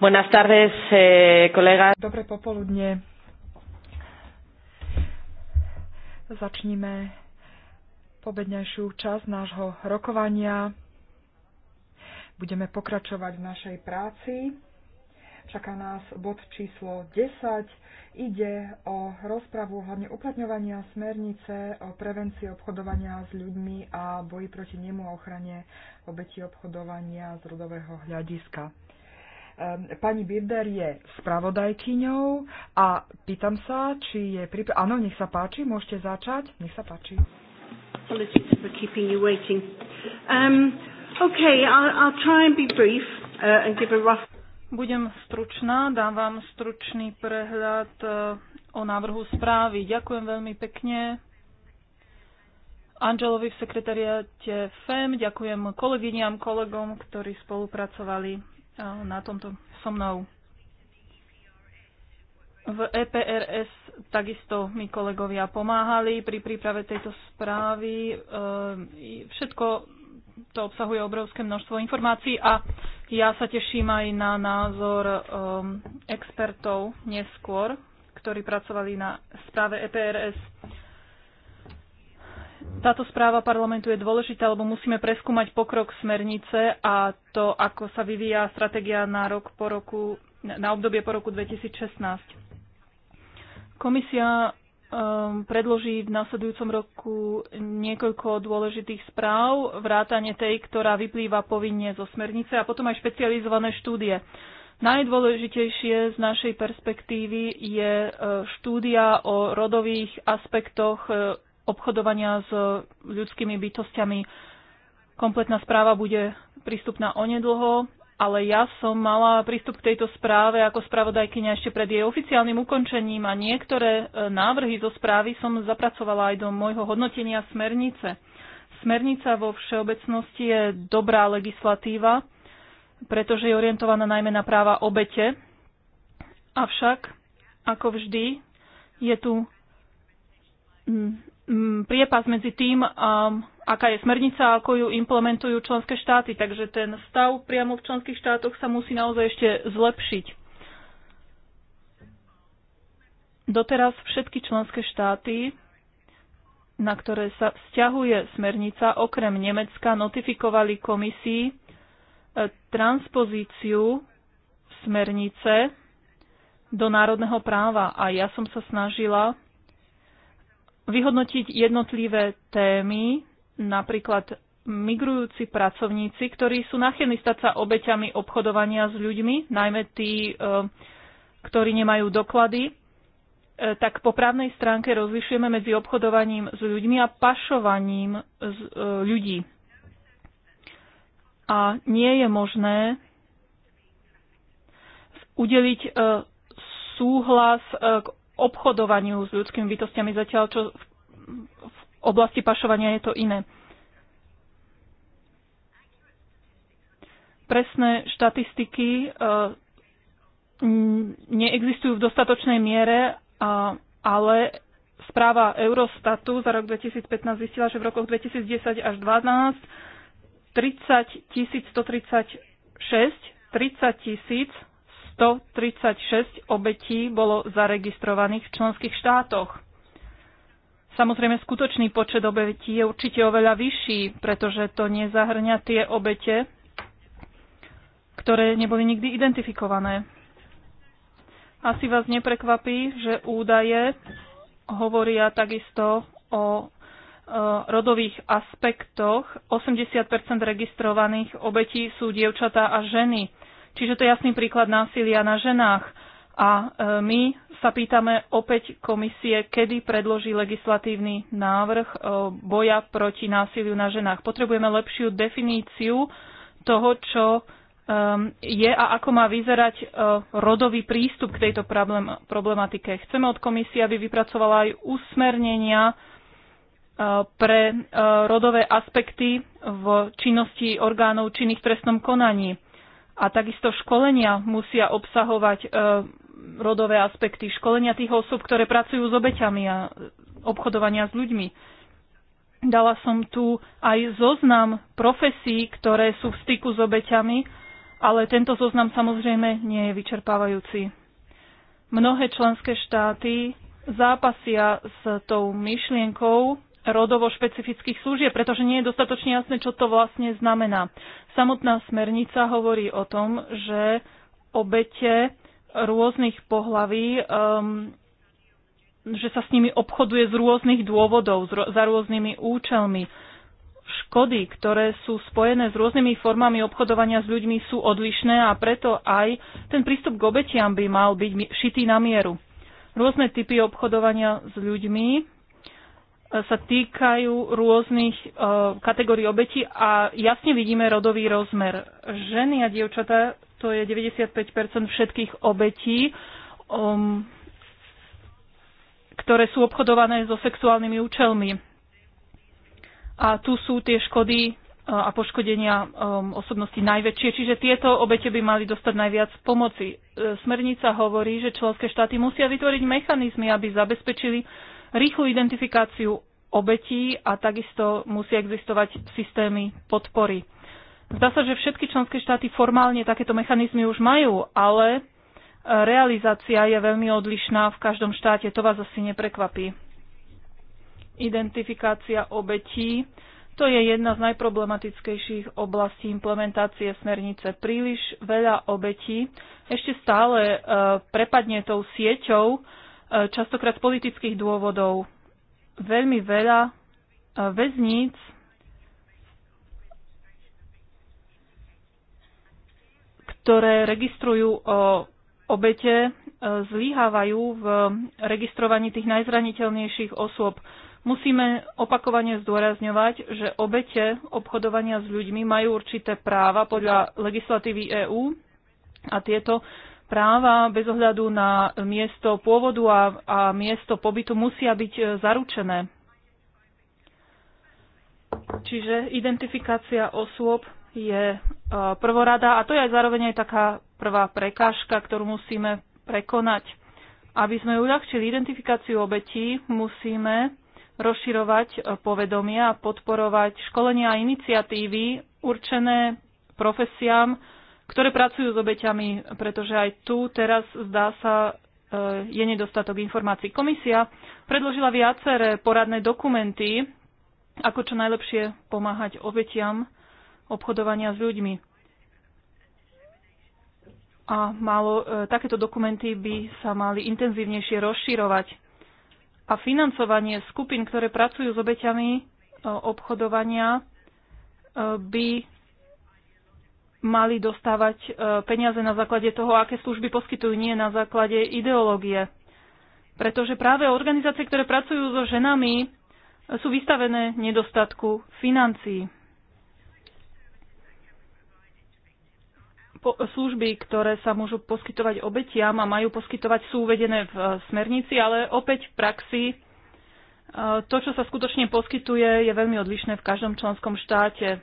Buenas tardes, eh, kolega. Dobre popoludne. Začníme pobednejšiu časť nášho rokovania. Budeme pokračovať v našej práci. Čaká nás bod číslo 10. Ide o rozpravu hlavne uplatňovania smernice o prevencii obchodovania s ľuďmi a boji proti nemu a ochrane obeti obchodovania z rodového hľadiska. Pani Birder je spravodajkyňou a pýtam sa, či je pripravená. Áno, nech sa páči, môžete začať. Nech sa páči. Uh, Budem stručná, dám vám stručný prehľad uh, o návrhu správy. Ďakujem veľmi pekne Angelovi v sekretariate FEM, ďakujem kolegyniam, kolegom, ktorí spolupracovali na tomto so mnou. V EPRS takisto mi kolegovia pomáhali pri príprave tejto správy. Ehm, všetko to obsahuje obrovské množstvo informácií a ja sa teším aj na názor ehm, expertov neskôr, ktorí pracovali na správe EPRS. Táto správa parlamentu je dôležitá, lebo musíme preskúmať pokrok smernice a to, ako sa vyvíja stratégia na, rok po roku, na obdobie po roku 2016. Komisia um, predloží v následujúcom roku niekoľko dôležitých správ, vrátane tej, ktorá vyplýva povinne zo smernice a potom aj špecializované štúdie. Najdôležitejšie z našej perspektívy je e, štúdia o rodových aspektoch e, obchodovania s ľudskými bytostiami. Kompletná správa bude prístupná onedlho, ale ja som mala prístup k tejto správe ako spravodajkyňa ešte pred jej oficiálnym ukončením a niektoré e, návrhy zo správy som zapracovala aj do môjho hodnotenia smernice. Smernica vo všeobecnosti je dobrá legislatíva, pretože je orientovaná najmä na práva obete. Avšak, ako vždy, je tu priepas medzi tým, aká je smernica a ako ju implementujú členské štáty. Takže ten stav priamo v členských štátoch sa musí naozaj ešte zlepšiť. Doteraz všetky členské štáty, na ktoré sa vzťahuje smernica, okrem Nemecka notifikovali komisii e, transpozíciu smernice do národného práva. A ja som sa snažila vyhodnotiť jednotlivé témy, napríklad migrujúci pracovníci, ktorí sú nachylní stať sa obeťami obchodovania s ľuďmi, najmä tí, e, ktorí nemajú doklady, e, tak po právnej stránke rozlišujeme medzi obchodovaním s ľuďmi a pašovaním z, e, ľudí. A nie je možné udeliť súhlas k obchodovaniu s ľudskými bytostiami, zatiaľ čo v, v oblasti pašovania je to iné. Presné štatistiky eh, neexistujú v dostatočnej miere, ale správa Eurostatu za rok 2015 zistila, že v rokoch 2010 až 2012 30 136, 30 tisíc 136 obetí bolo zaregistrovaných v členských štátoch. Samozrejme, skutočný počet obetí je určite oveľa vyšší, pretože to nezahrňa tie obete, ktoré neboli nikdy identifikované. Asi vás neprekvapí, že údaje hovoria takisto o e, rodových aspektoch. 80 registrovaných obetí sú dievčatá a ženy. Čiže to je jasný príklad násilia na ženách. A e, my sa pýtame opäť komisie, kedy predloží legislatívny návrh e, boja proti násiliu na ženách. Potrebujeme lepšiu definíciu toho, čo je a ako má vyzerať e, rodový prístup k tejto problematike. Chceme od komisie, aby vypracovala aj usmernenia pre rodové aspekty v činnosti orgánov činných trestnom konaní. A takisto školenia musia obsahovať e, rodové aspekty, školenia tých osob, ktoré pracujú s obeťami a obchodovania s ľuďmi. Dala som tu aj zoznam profesí, ktoré sú v styku s obeťami, ale tento zoznam samozrejme nie je vyčerpávajúci. Mnohé členské štáty zápasia s tou myšlienkou rodovo špecifických služieb, pretože nie je dostatočne jasné, čo to vlastne znamená. Samotná smernica hovorí o tom, že obete rôznych pohlaví, um, že sa s nimi obchoduje z rôznych dôvodov, za rôznymi účelmi. Škody, ktoré sú spojené s rôznymi formami obchodovania s ľuďmi, sú odlišné a preto aj ten prístup k obetiam by mal byť šitý na mieru. Rôzne typy obchodovania s ľuďmi E, sa týkajú rôznych e, kategórií obetí a jasne vidíme rodový rozmer. Ženy a dievčatá, to je 95 všetkých obetí, um, ktoré sú obchodované so sexuálnymi účelmi. A tu sú tie škody e, a poškodenia um, osobnosti najväčšie. Čiže tieto obete by mali dostať najviac pomoci. Smernica hovorí, že členské štáty musia vytvoriť mechanizmy, aby zabezpečili rýchlu identifikáciu obetí a takisto musí existovať systémy podpory. Zdá sa, že všetky členské štáty formálne takéto mechanizmy už majú, ale realizácia je veľmi odlišná v každom štáte. To vás asi neprekvapí. Identifikácia obetí. To je jedna z najproblematickejších oblastí implementácie smernice. Príliš veľa obetí ešte stále e, prepadne tou sieťou, E, častokrát z politických dôvodov. Veľmi veľa e, väzníc ktoré registrujú o e, obete, zlyhávajú v registrovaní tých najzraniteľnejších osôb. Musíme opakovane zdôrazňovať, že obete obchodovania s ľuďmi majú určité práva podľa legislatívy EÚ a tieto práva bez ohľadu na miesto pôvodu a, a miesto pobytu musia byť e, zaručené. Čiže identifikácia osôb je e, prvorada a to je aj zároveň aj taká prvá prekážka, ktorú musíme prekonať. Aby sme uľahčili identifikáciu obetí, musíme rozširovať e, povedomia a podporovať školenia a iniciatívy určené profesiám, ktoré pracujú s obeťami, pretože aj tu teraz zdá sa e, je nedostatok informácií. Komisia predložila viaceré poradné dokumenty, ako čo najlepšie pomáhať obetiam obchodovania s ľuďmi. A malo, e, takéto dokumenty by sa mali intenzívnejšie rozširovať. A financovanie skupín, ktoré pracujú s obeťami e, obchodovania, by mali dostávať e, peniaze na základe toho, aké služby poskytujú, nie na základe ideológie. Pretože práve organizácie, ktoré pracujú so ženami, sú vystavené nedostatku financií. služby, ktoré sa môžu poskytovať obetiam a majú poskytovať, sú uvedené v e, smernici, ale opäť v praxi e, to, čo sa skutočne poskytuje, je veľmi odlišné v každom členskom štáte.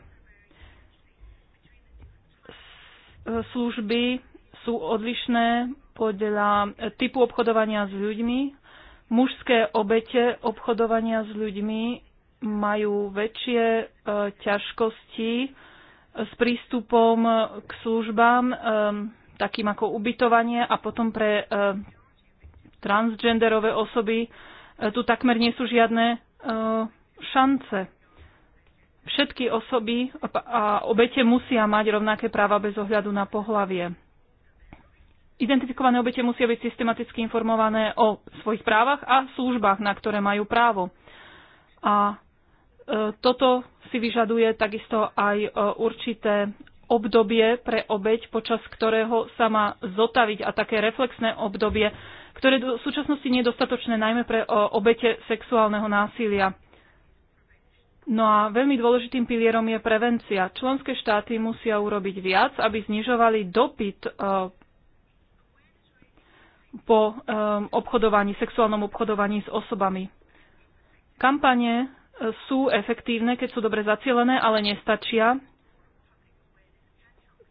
služby sú odlišné podľa typu obchodovania s ľuďmi. Mužské obete obchodovania s ľuďmi majú väčšie e, ťažkosti s prístupom k službám, e, takým ako ubytovanie a potom pre e, transgenderové osoby tu takmer nie sú žiadne šance všetky osoby a obete musia mať rovnaké práva bez ohľadu na pohlavie. Identifikované obete musia byť systematicky informované o svojich právach a službách, na ktoré majú právo. A e, toto si vyžaduje takisto aj e, určité obdobie pre obeď, počas ktorého sa má zotaviť a také reflexné obdobie, ktoré v súčasnosti nie je dostatočné najmä pre obete sexuálneho násilia. No a veľmi dôležitým pilierom je prevencia. Členské štáty musia urobiť viac, aby znižovali dopyt e, po e, obchodovaní, sexuálnom obchodovaní s osobami. Kampane e, sú efektívne, keď sú dobre zacielené, ale nestačia.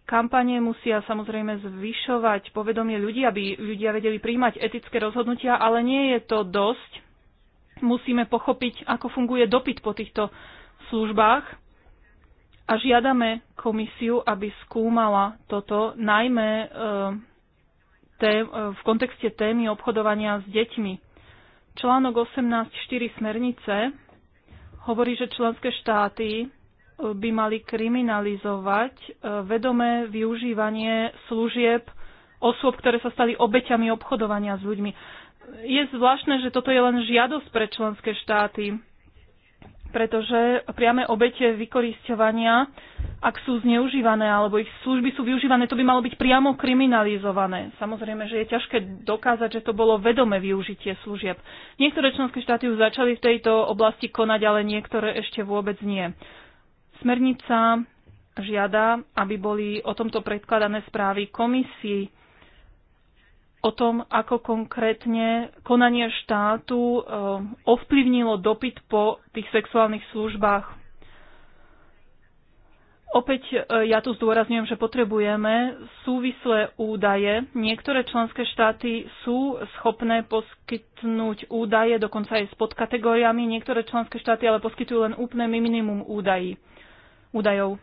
Kampane musia samozrejme zvyšovať povedomie ľudí, aby ľudia vedeli príjmať etické rozhodnutia, ale nie je to dosť Musíme pochopiť, ako funguje dopyt po týchto službách a žiadame komisiu, aby skúmala toto, najmä e, e, v kontexte témy obchodovania s deťmi. Článok 18.4 smernice hovorí, že členské štáty e, by mali kriminalizovať vedomé využívanie služieb osôb, ktoré sa stali obeťami obchodovania s ľuďmi je zvláštne, že toto je len žiadosť pre členské štáty, pretože priame obete vykoristovania, ak sú zneužívané alebo ich služby sú využívané, to by malo byť priamo kriminalizované. Samozrejme, že je ťažké dokázať, že to bolo vedomé využitie služieb. Niektoré členské štáty už začali v tejto oblasti konať, ale niektoré ešte vôbec nie. Smernica žiada, aby boli o tomto predkladané správy komisii o tom, ako konkrétne konanie štátu eh, ovplyvnilo dopyt po tých sexuálnych službách. Opäť eh, ja tu zdôrazňujem, že potrebujeme súvislé údaje. Niektoré členské štáty sú schopné poskytnúť údaje, dokonca aj s podkategóriami. Niektoré členské štáty ale poskytujú len úplne minimum údají, údajov.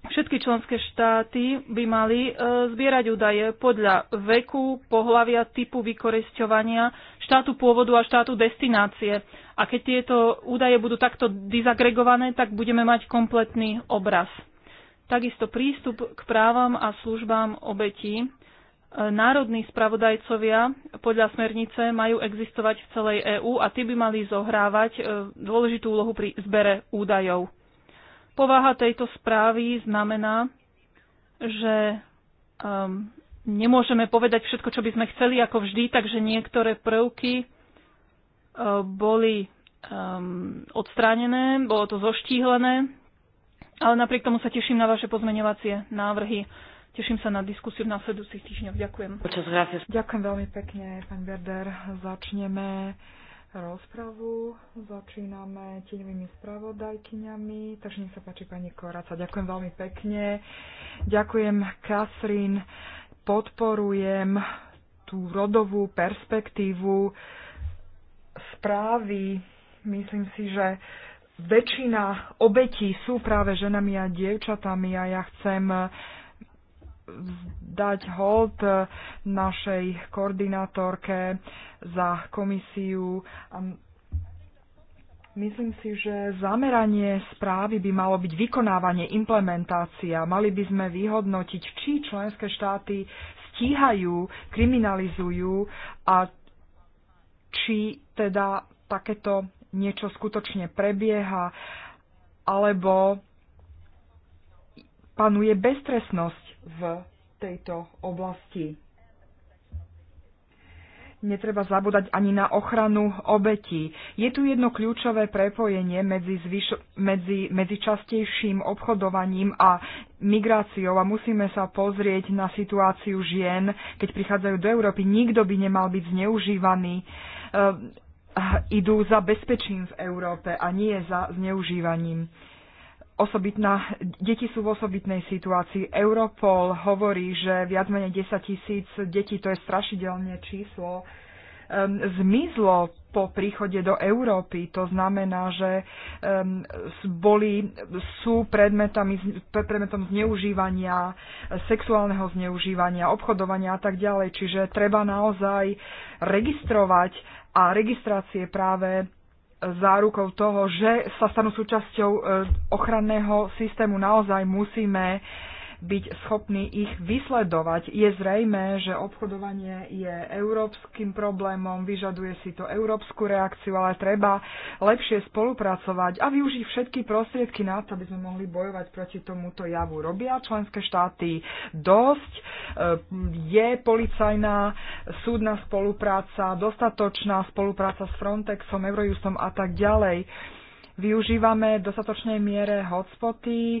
Všetky členské štáty by mali e, zbierať údaje podľa veku, pohlavia, typu vykoresťovania, štátu pôvodu a štátu destinácie. A keď tieto údaje budú takto dizagregované, tak budeme mať kompletný obraz. Takisto prístup k právam a službám obetí. E, národní spravodajcovia podľa smernice majú existovať v celej EÚ a tí by mali zohrávať e, dôležitú úlohu pri zbere údajov. Povaha tejto správy znamená, že um, nemôžeme povedať všetko, čo by sme chceli, ako vždy, takže niektoré prvky uh, boli um, odstránené, bolo to zoštíhlené, ale napriek tomu sa teším na vaše pozmeňovacie návrhy. Teším sa na diskusiu v následujúcich týždňoch. Ďakujem. Ďakujem veľmi pekne, pán Berder. Začneme rozpravu. Začíname tieňovými spravodajkyňami, takže nech sa páči pani Koraca. Ďakujem veľmi pekne. Ďakujem Kasrin, podporujem tú rodovú perspektívu správy. Myslím si, že väčšina obetí sú práve ženami a dievčatami a ja chcem dať hold e, našej koordinátorke za komisiu. Myslím si, že zameranie správy by malo byť vykonávanie, implementácia. Mali by sme vyhodnotiť, či členské štáty stíhajú, kriminalizujú a či teda takéto niečo skutočne prebieha, alebo panuje beztresnosť v tejto oblasti. Netreba zabúdať ani na ochranu obetí. Je tu jedno kľúčové prepojenie medzi, zvyš- medzi, medzi častejším obchodovaním a migráciou a musíme sa pozrieť na situáciu žien, keď prichádzajú do Európy. Nikto by nemal byť zneužívaný. Ehm, idú za bezpečím v Európe a nie za zneužívaním osobitná, deti sú v osobitnej situácii. Europol hovorí, že viac menej 10 tisíc detí, to je strašidelné číslo, um, zmizlo po príchode do Európy. To znamená, že um, boli, sú predmetami, predmetom zneužívania, sexuálneho zneužívania, obchodovania a tak ďalej. Čiže treba naozaj registrovať a registrácie práve zárukou toho, že sa stanú súčasťou e, ochranného systému. Naozaj musíme byť schopní ich vysledovať. Je zrejme, že obchodovanie je európskym problémom, vyžaduje si to európsku reakciu, ale treba lepšie spolupracovať a využiť všetky prostriedky na to, aby sme mohli bojovať proti tomuto javu. Robia členské štáty dosť, e, je policajná súdna spolupráca, dostatočná spolupráca s Frontexom, Eurojustom a tak ďalej využívame v dostatočnej miere hotspoty, e,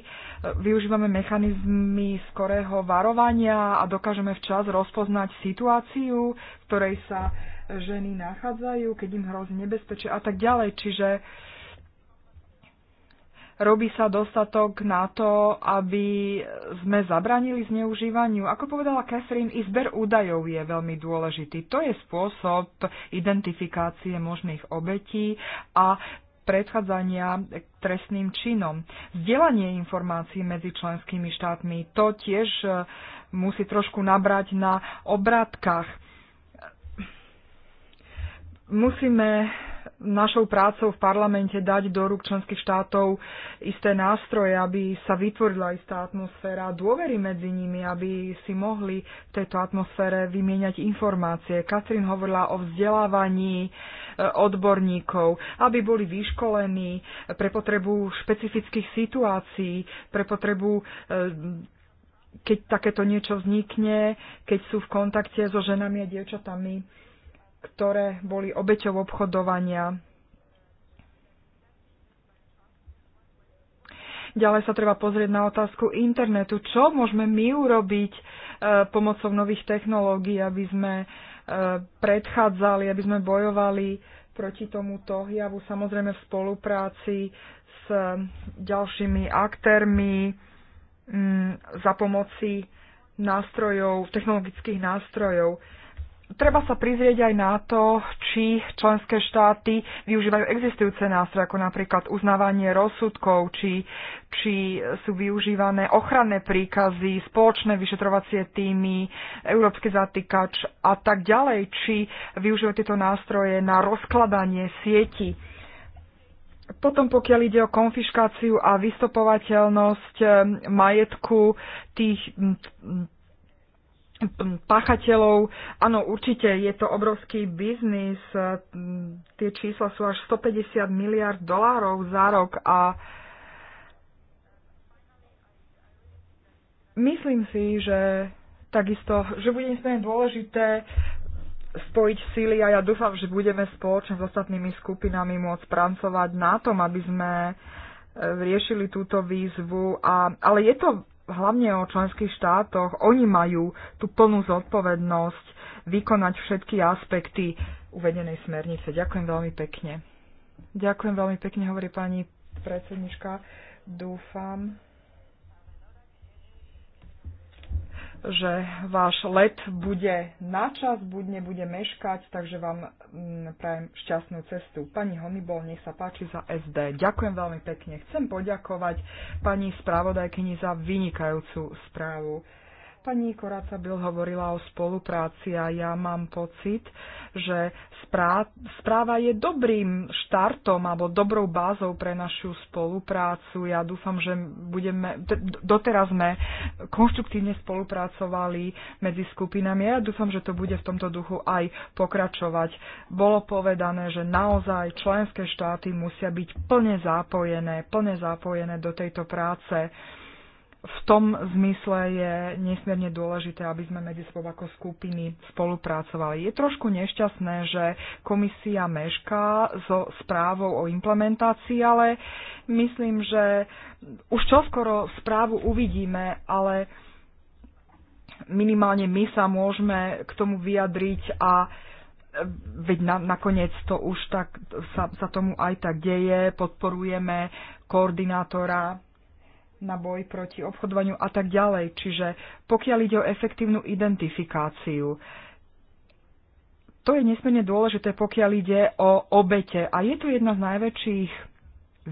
využívame mechanizmy skorého varovania a dokážeme včas rozpoznať situáciu, v ktorej sa ženy nachádzajú, keď im hrozí nebezpečie a tak ďalej. Čiže robí sa dostatok na to, aby sme zabranili zneužívaniu. Ako povedala Catherine, i zber údajov je veľmi dôležitý. To je spôsob identifikácie možných obetí a predchádzania trestným činom. Zdieľanie informácií medzi členskými štátmi, to tiež e, musí trošku nabrať na obratkách. Musíme našou prácou v parlamente dať do rúk členských štátov isté nástroje, aby sa vytvorila istá atmosféra dôvery medzi nimi, aby si mohli v tejto atmosfére vymieňať informácie. Katrin hovorila o vzdelávaní, odborníkov, aby boli vyškolení pre potrebu špecifických situácií, pre potrebu e, keď takéto niečo vznikne, keď sú v kontakte so ženami a dievčatami, ktoré boli obeťou obchodovania. Ďalej sa treba pozrieť na otázku internetu. Čo môžeme my urobiť e, pomocou nových technológií, aby sme predchádzali, aby sme bojovali proti tomuto javu, samozrejme v spolupráci s ďalšími aktérmi za pomoci nástrojov, technologických nástrojov treba sa prizrieť aj na to, či členské štáty využívajú existujúce nástroje, ako napríklad uznávanie rozsudkov, či, či sú využívané ochranné príkazy, spoločné vyšetrovacie týmy, európsky zatýkač a tak ďalej, či využívajú tieto nástroje na rozkladanie sieti. Potom pokiaľ ide o konfiškáciu a vystopovateľnosť eh, majetku tých páchateľov. Áno, určite je to obrovský biznis. E, tie čísla sú až 150 miliard dolárov za rok a myslím si, že takisto, že bude nesmierne dôležité spojiť síly a ja dúfam, že budeme spoločne s ostatnými skupinami môcť pracovať na tom, aby sme e, riešili túto výzvu. A, ale je to hlavne o členských štátoch. Oni majú tú plnú zodpovednosť vykonať všetky aspekty uvedenej smernice. Ďakujem veľmi pekne. Ďakujem veľmi pekne, hovorí pani predsednička. Dúfam, že váš let bude na čas, buď nebude meškať, takže vám mm, prajem šťastnú cestu. Pani Honibol, nech sa páči za SD. Ďakujem veľmi pekne. Chcem poďakovať pani spravodajkyni za vynikajúcu správu. Pani Koráca Bil hovorila o spolupráci a ja mám pocit, že správa je dobrým štartom alebo dobrou bázou pre našu spoluprácu. Ja dúfam, že budeme, doteraz sme konštruktívne spolupracovali medzi skupinami a ja dúfam, že to bude v tomto duchu aj pokračovať. Bolo povedané, že naozaj členské štáty musia byť plne zapojené, plne zapojené do tejto práce v tom zmysle je nesmierne dôležité, aby sme medzi sebou ako skupiny spolupracovali. Je trošku nešťastné, že komisia mešká so správou o implementácii, ale myslím, že už čoskoro správu uvidíme, ale minimálne my sa môžeme k tomu vyjadriť a veď na, nakoniec to už tak sa, sa tomu aj tak deje, podporujeme koordinátora na boj proti obchodovaniu a tak ďalej. Čiže pokiaľ ide o efektívnu identifikáciu, to je nesmierne dôležité, pokiaľ ide o obete. A je to jedna z najväčších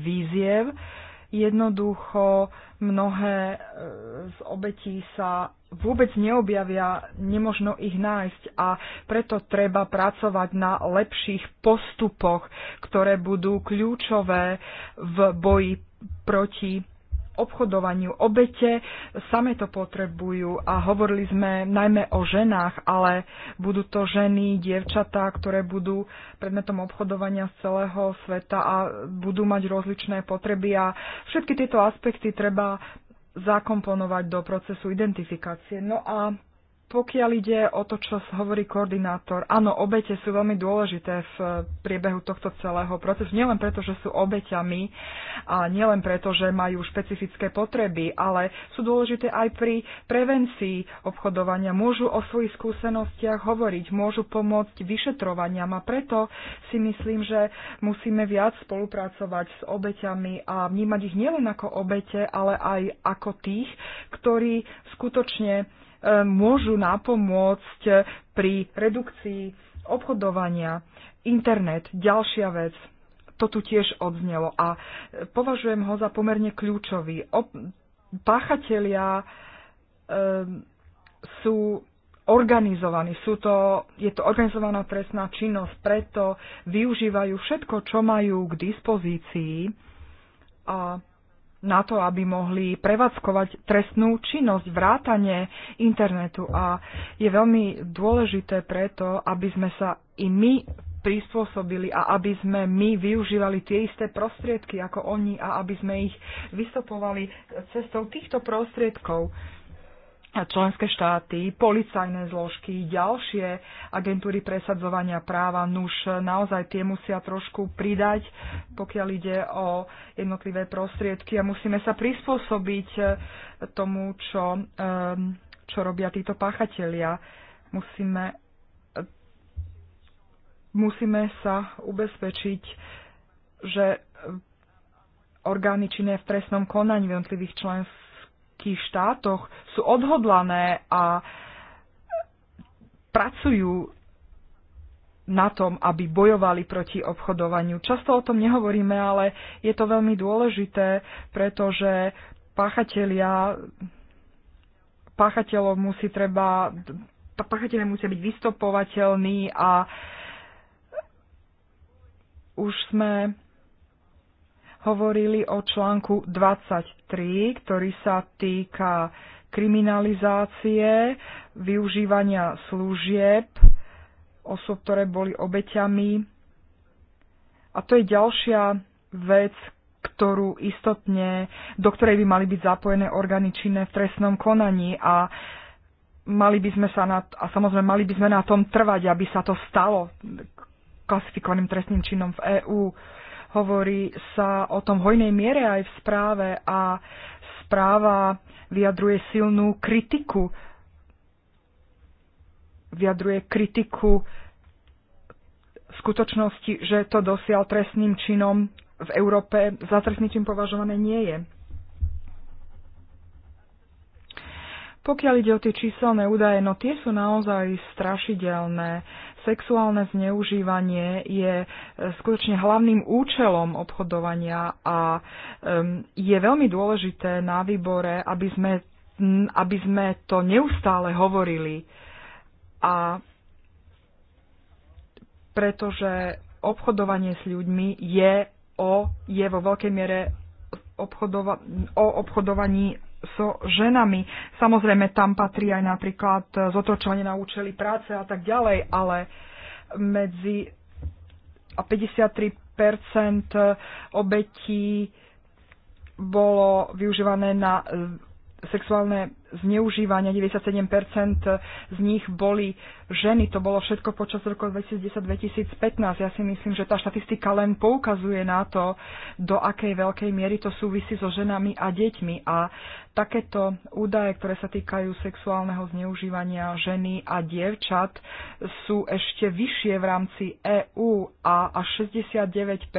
víziev. Jednoducho mnohé e, z obetí sa vôbec neobjavia, nemožno ich nájsť a preto treba pracovať na lepších postupoch, ktoré budú kľúčové v boji proti obchodovaniu. Obete same to potrebujú a hovorili sme najmä o ženách, ale budú to ženy, dievčatá, ktoré budú predmetom obchodovania z celého sveta a budú mať rozličné potreby a všetky tieto aspekty treba zakomponovať do procesu identifikácie. No a pokiaľ ide o to, čo hovorí koordinátor, áno, obete sú veľmi dôležité v eh, priebehu tohto celého procesu. Nielen preto, že sú obeťami a nielen preto, že majú špecifické potreby, ale sú dôležité aj pri prevencii obchodovania. Môžu o svojich skúsenostiach hovoriť, môžu pomôcť vyšetrovaniam a preto si myslím, že musíme viac spolupracovať s obeťami a vnímať ich nielen ako obete, ale aj ako tých, ktorí skutočne môžu napomôcť pri redukcii obchodovania. Internet, ďalšia vec, to tu tiež odznelo a považujem ho za pomerne kľúčový. páchatelia e, sú organizovaní, sú to, je to organizovaná trestná činnosť, preto využívajú všetko, čo majú k dispozícii a na to, aby mohli prevádzkovať trestnú činnosť, vrátanie internetu. A je veľmi dôležité preto, aby sme sa i my prispôsobili a aby sme my využívali tie isté prostriedky ako oni a aby sme ich vystupovali cestou týchto prostriedkov členské štáty, policajné zložky, ďalšie agentúry presadzovania práva, nuž naozaj tie musia trošku pridať, pokiaľ ide o jednotlivé prostriedky a musíme sa prispôsobiť eh, tomu, čo, ehm, čo robia títo páchatelia. Musíme, eh, musíme sa ubezpečiť, že eh, orgány činné v trestnom konaní v jednotlivých členských členských štátoch sú odhodlané a pracujú na tom, aby bojovali proti obchodovaniu. Často o tom nehovoríme, ale je to veľmi dôležité, pretože páchatelia, páchateľov musí treba, páchatelia musia byť vystopovateľní a už sme hovorili o článku 23, ktorý sa týka kriminalizácie, využívania služieb osob, ktoré boli obeťami. A to je ďalšia vec, ktorú istotne, do ktorej by mali byť zapojené orgány činné v trestnom konaní a mali by sme sa na, a samozrejme mali by sme na tom trvať, aby sa to stalo klasifikovaným trestným činom v EÚ. Hovorí sa o tom hojnej miere aj v správe a správa vyjadruje silnú kritiku vyjadruje kritiku skutočnosti, že to dosiaľ trestným činom v Európe za trestný čin považované nie je. Pokiaľ ide o tie číselné údaje, no tie sú naozaj strašidelné. Sexuálne zneužívanie je e, skutočne hlavným účelom obchodovania a je veľmi dôležité na výbore, aby sme, aby sme to neustále hovorili. A pretože obchodovanie s ľuďmi je, o, je vo veľkej miere obchodova- o obchodovaní so ženami. Samozrejme, tam patrí aj napríklad e, zotročovanie na účely práce a tak ďalej, ale medzi a 53% e, obetí bolo využívané na e, sexuálne zneužívania, 97% z nich boli ženy. To bolo všetko počas roku 2010-2015. Ja si myslím, že tá štatistika len poukazuje na to, do akej veľkej miery to súvisí so ženami a deťmi. A takéto údaje, ktoré sa týkajú sexuálneho zneužívania ženy a dievčat, sú ešte vyššie v rámci EÚ a až 69%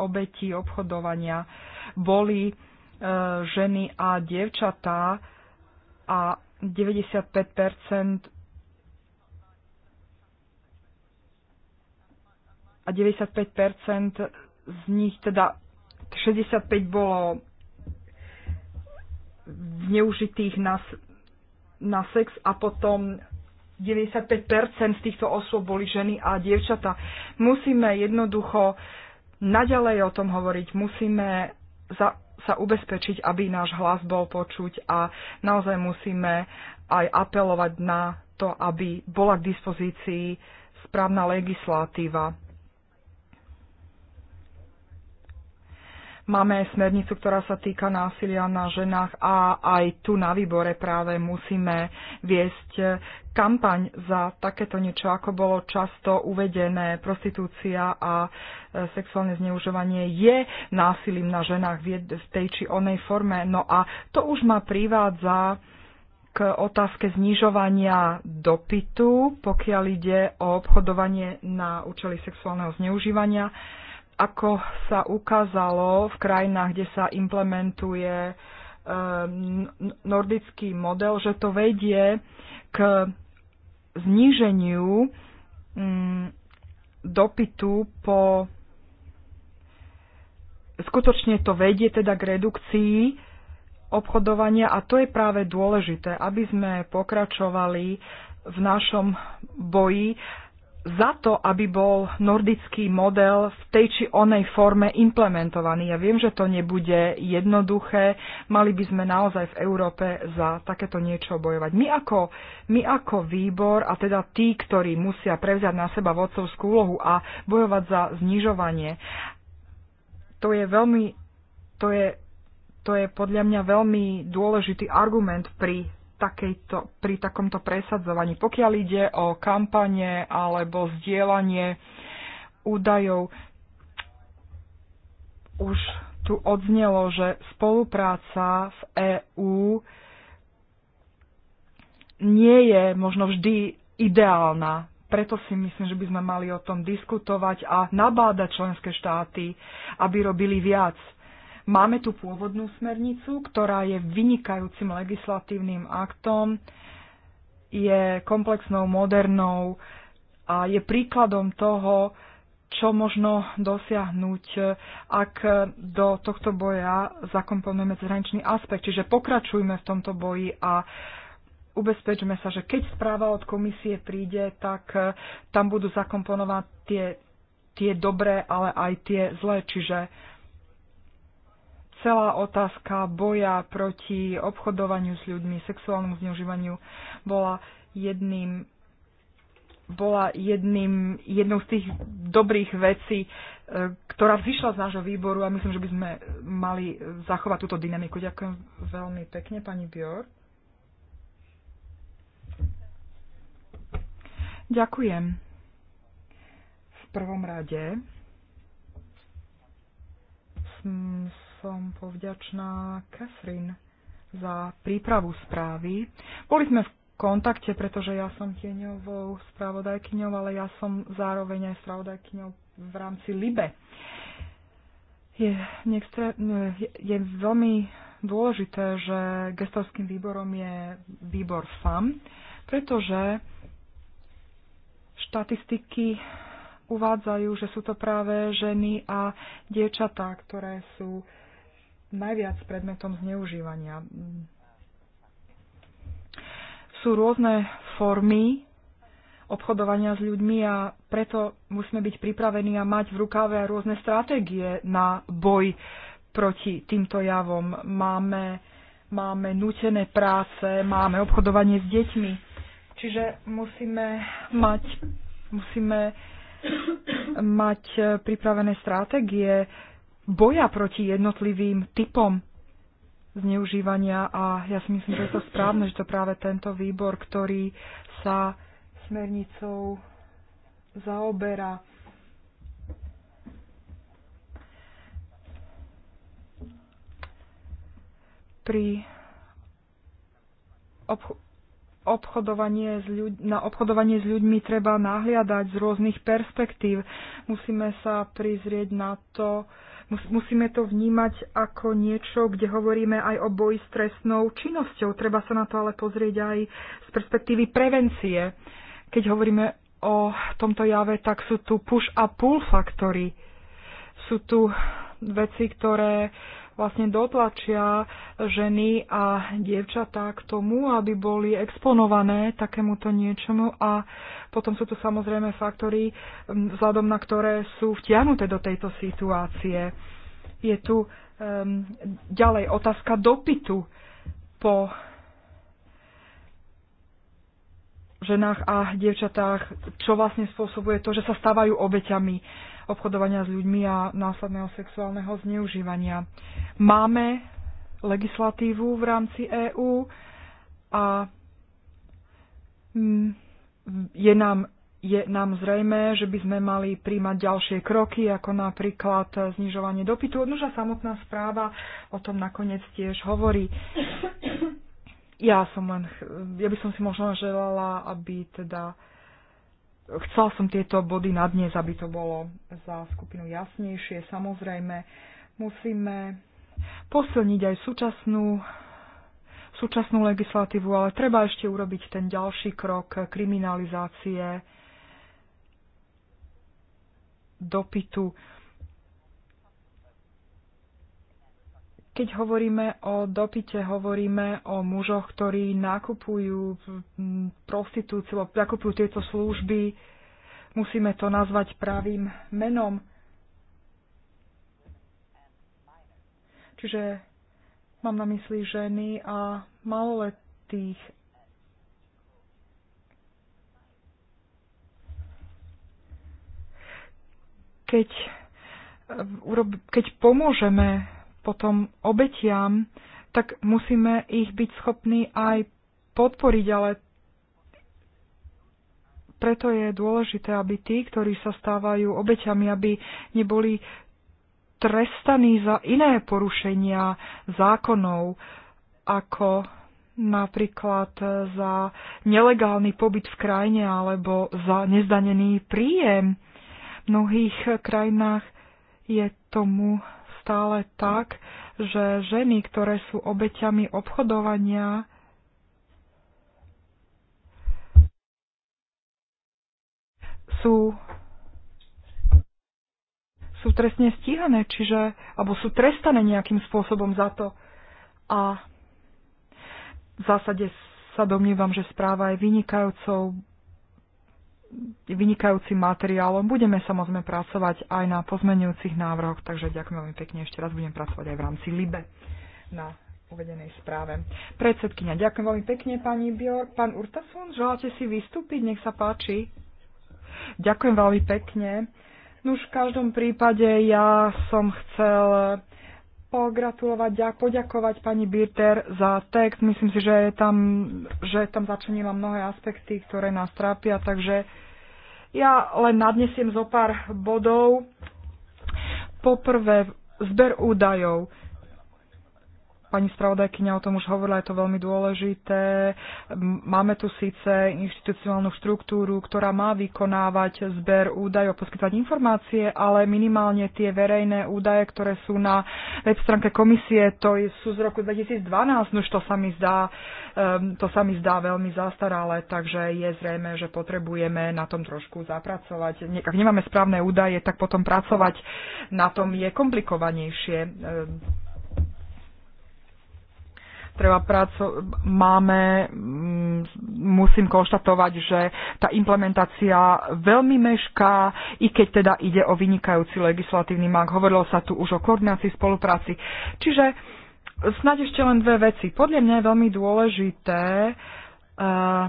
obetí obchodovania boli ženy a dievčatá a 95 a 95 z nich teda 65 bolo zneužitých na, na sex a potom 95% z týchto osôb boli ženy a dievčata. Musíme jednoducho naďalej o tom hovoriť. Musíme za, sa ubezpečiť, aby náš hlas bol počuť a naozaj musíme aj apelovať na to, aby bola k dispozícii správna legislatíva. Máme aj smernicu, ktorá sa týka násilia na ženách a aj tu na výbore práve musíme viesť eh, kampaň za takéto niečo, ako bolo často uvedené. Prostitúcia a eh, sexuálne zneužovanie je násilím na ženách v tej či onej forme. No a to už ma privádza k otázke znižovania dopytu, pokiaľ ide o obchodovanie na účely sexuálneho zneužívania ako sa ukázalo v krajinách, kde sa implementuje ehm, nordický model, že to vedie k zníženiu mm, dopytu po skutočne to vedie teda k redukcii obchodovania a to je práve dôležité, aby sme pokračovali v našom boji za to, aby bol nordický model v tej či onej forme implementovaný. Ja viem, že to nebude jednoduché. Mali by sme naozaj v Európe za takéto niečo bojovať. My ako, my ako výbor, a teda tí, ktorí musia prevziať na seba vodcovskú úlohu a bojovať za znižovanie, to je veľmi, to je, to je podľa mňa veľmi dôležitý argument pri takejto, pri takomto presadzovaní. Pokiaľ ide o kampane alebo zdieľanie údajov, už tu odznelo, že spolupráca v EÚ nie je možno vždy ideálna. Preto si myslím, že by sme mali o tom diskutovať a nabádať členské štáty, aby robili viac Máme tu pôvodnú smernicu, ktorá je vynikajúcim legislatívnym aktom, je komplexnou, modernou a je príkladom toho, čo možno dosiahnuť, ak do tohto boja zakomponujeme zahraničný aspekt. Čiže pokračujme v tomto boji a ubezpečme sa, že keď správa od komisie príde, tak eh, tam budú zakomponovať tie, tie dobré, ale aj tie zlé. Čiže celá otázka boja proti obchodovaniu s ľuďmi, sexuálnemu zneužívaniu bola jedným bola jedným, jednou z tých dobrých vecí, e, ktorá vyšla z nášho výboru a myslím, že by sme mali zachovať túto dynamiku. Ďakujem veľmi pekne, pani Bior. Ďakujem. V prvom rade som povďačná Catherine za prípravu správy. Boli sme v kontakte, pretože ja som tieňovou spravodajkyňou, ale ja som zároveň aj spravodajkyňou v rámci LIBE. Je, nextre, je veľmi dôležité, že gestorským výborom je výbor FAM, pretože štatistiky uvádzajú, že sú to práve ženy a diečatá, ktoré sú najviac predmetom zneužívania. Sú rôzne formy obchodovania s ľuďmi a preto musíme byť pripravení a mať v rukáve aj rôzne stratégie na boj proti týmto javom. Máme, máme nutené práce, máme obchodovanie s deťmi. Čiže musíme mať, musíme mať pripravené stratégie, boja proti jednotlivým typom zneužívania a ja si myslím, že je to správne, že to práve tento výbor, ktorý sa smernicou zaoberá. Pri obchodovanie s ľuď- na obchodovanie s ľuďmi treba nahliadať z rôznych perspektív. Musíme sa prizrieť na to, Musíme to vnímať ako niečo, kde hovoríme aj o boji s trestnou činnosťou. Treba sa na to ale pozrieť aj z perspektívy prevencie. Keď hovoríme o tomto jave, tak sú tu push a pull faktory. Sú tu veci, ktoré vlastne dotlačia ženy a dievčatá k tomu, aby boli exponované takémuto niečomu a potom sú tu samozrejme faktory, vzhľadom na ktoré sú vtiahnuté do tejto situácie. Je tu um, ďalej otázka dopytu po ženách a dievčatách, čo vlastne spôsobuje to, že sa stávajú obeťami obchodovania s ľuďmi a následného sexuálneho zneužívania. Máme legislatívu v rámci EÚ a mm, je nám, je nám zrejme, že by sme mali príjmať ďalšie kroky, ako napríklad znižovanie dopytu. Odnoža samotná správa o tom nakoniec tiež hovorí. Ja, som len, ja by som si možno želala, aby teda Chcela som tieto body na dnes, aby to bolo za skupinu jasnejšie. Samozrejme, musíme posilniť aj súčasnú, súčasnú legislatívu, ale treba ešte urobiť ten ďalší krok kriminalizácie dopytu Keď hovoríme o dopite, hovoríme o mužoch, ktorí nakupujú prostitúciu, nakupujú tieto služby. Musíme to nazvať pravým menom. Čiže mám na mysli ženy a maloletých. Keď, e, keď pomôžeme potom obetiam, tak musíme ich byť schopní aj podporiť, ale preto je dôležité, aby tí, ktorí sa stávajú obeťami, aby neboli trestaní za iné porušenia zákonov, ako napríklad za nelegálny pobyt v krajine alebo za nezdanený príjem. V mnohých krajinách je tomu stále tak, že ženy, ktoré sú obeťami obchodovania, sú sú trestne stíhané, čiže, alebo sú trestané nejakým spôsobom za to. A v zásade sa domnívam, že správa je vynikajúcou vynikajúcim materiálom. Budeme samozrejme pracovať aj na pozmenujúcich návrhoch, takže ďakujem veľmi pekne. Ešte raz budem pracovať aj v rámci LIBE na uvedenej správe. Predsedkynia, ďakujem veľmi pekne, pani Bior. Pán Urtasun, želáte si vystúpiť? Nech sa páči. Ďakujem veľmi pekne. No už v každom prípade ja som chcel pogratulovať a poďakovať pani Birter za text. Myslím si, že tam, že tam začlenila mnohé aspekty, ktoré nás trápia, takže ja len nadnesiem zo pár bodov. Poprvé, zber údajov. Pani spravodajkyňa o tom už hovorila, je to veľmi dôležité. Máme tu síce inštitucionálnu štruktúru, ktorá má vykonávať zber údajov, poskytovať informácie, ale minimálne tie verejné údaje, ktoré sú na web stránke komisie, to sú z roku 2012, no už to sa mi zdá, ehm, to sa mi zdá veľmi zastaralé, takže je zrejme, že potrebujeme na tom trošku zapracovať. Ak nemáme správne údaje, tak potom pracovať na tom je komplikovanejšie ehm, treba práco, máme, mm, musím konštatovať, že tá implementácia veľmi mešká, i keď teda ide o vynikajúci legislatívny mák. Hovorilo sa tu už o koordinácii spolupráci. Čiže snáď ešte len dve veci. Podľa mňa je veľmi dôležité uh,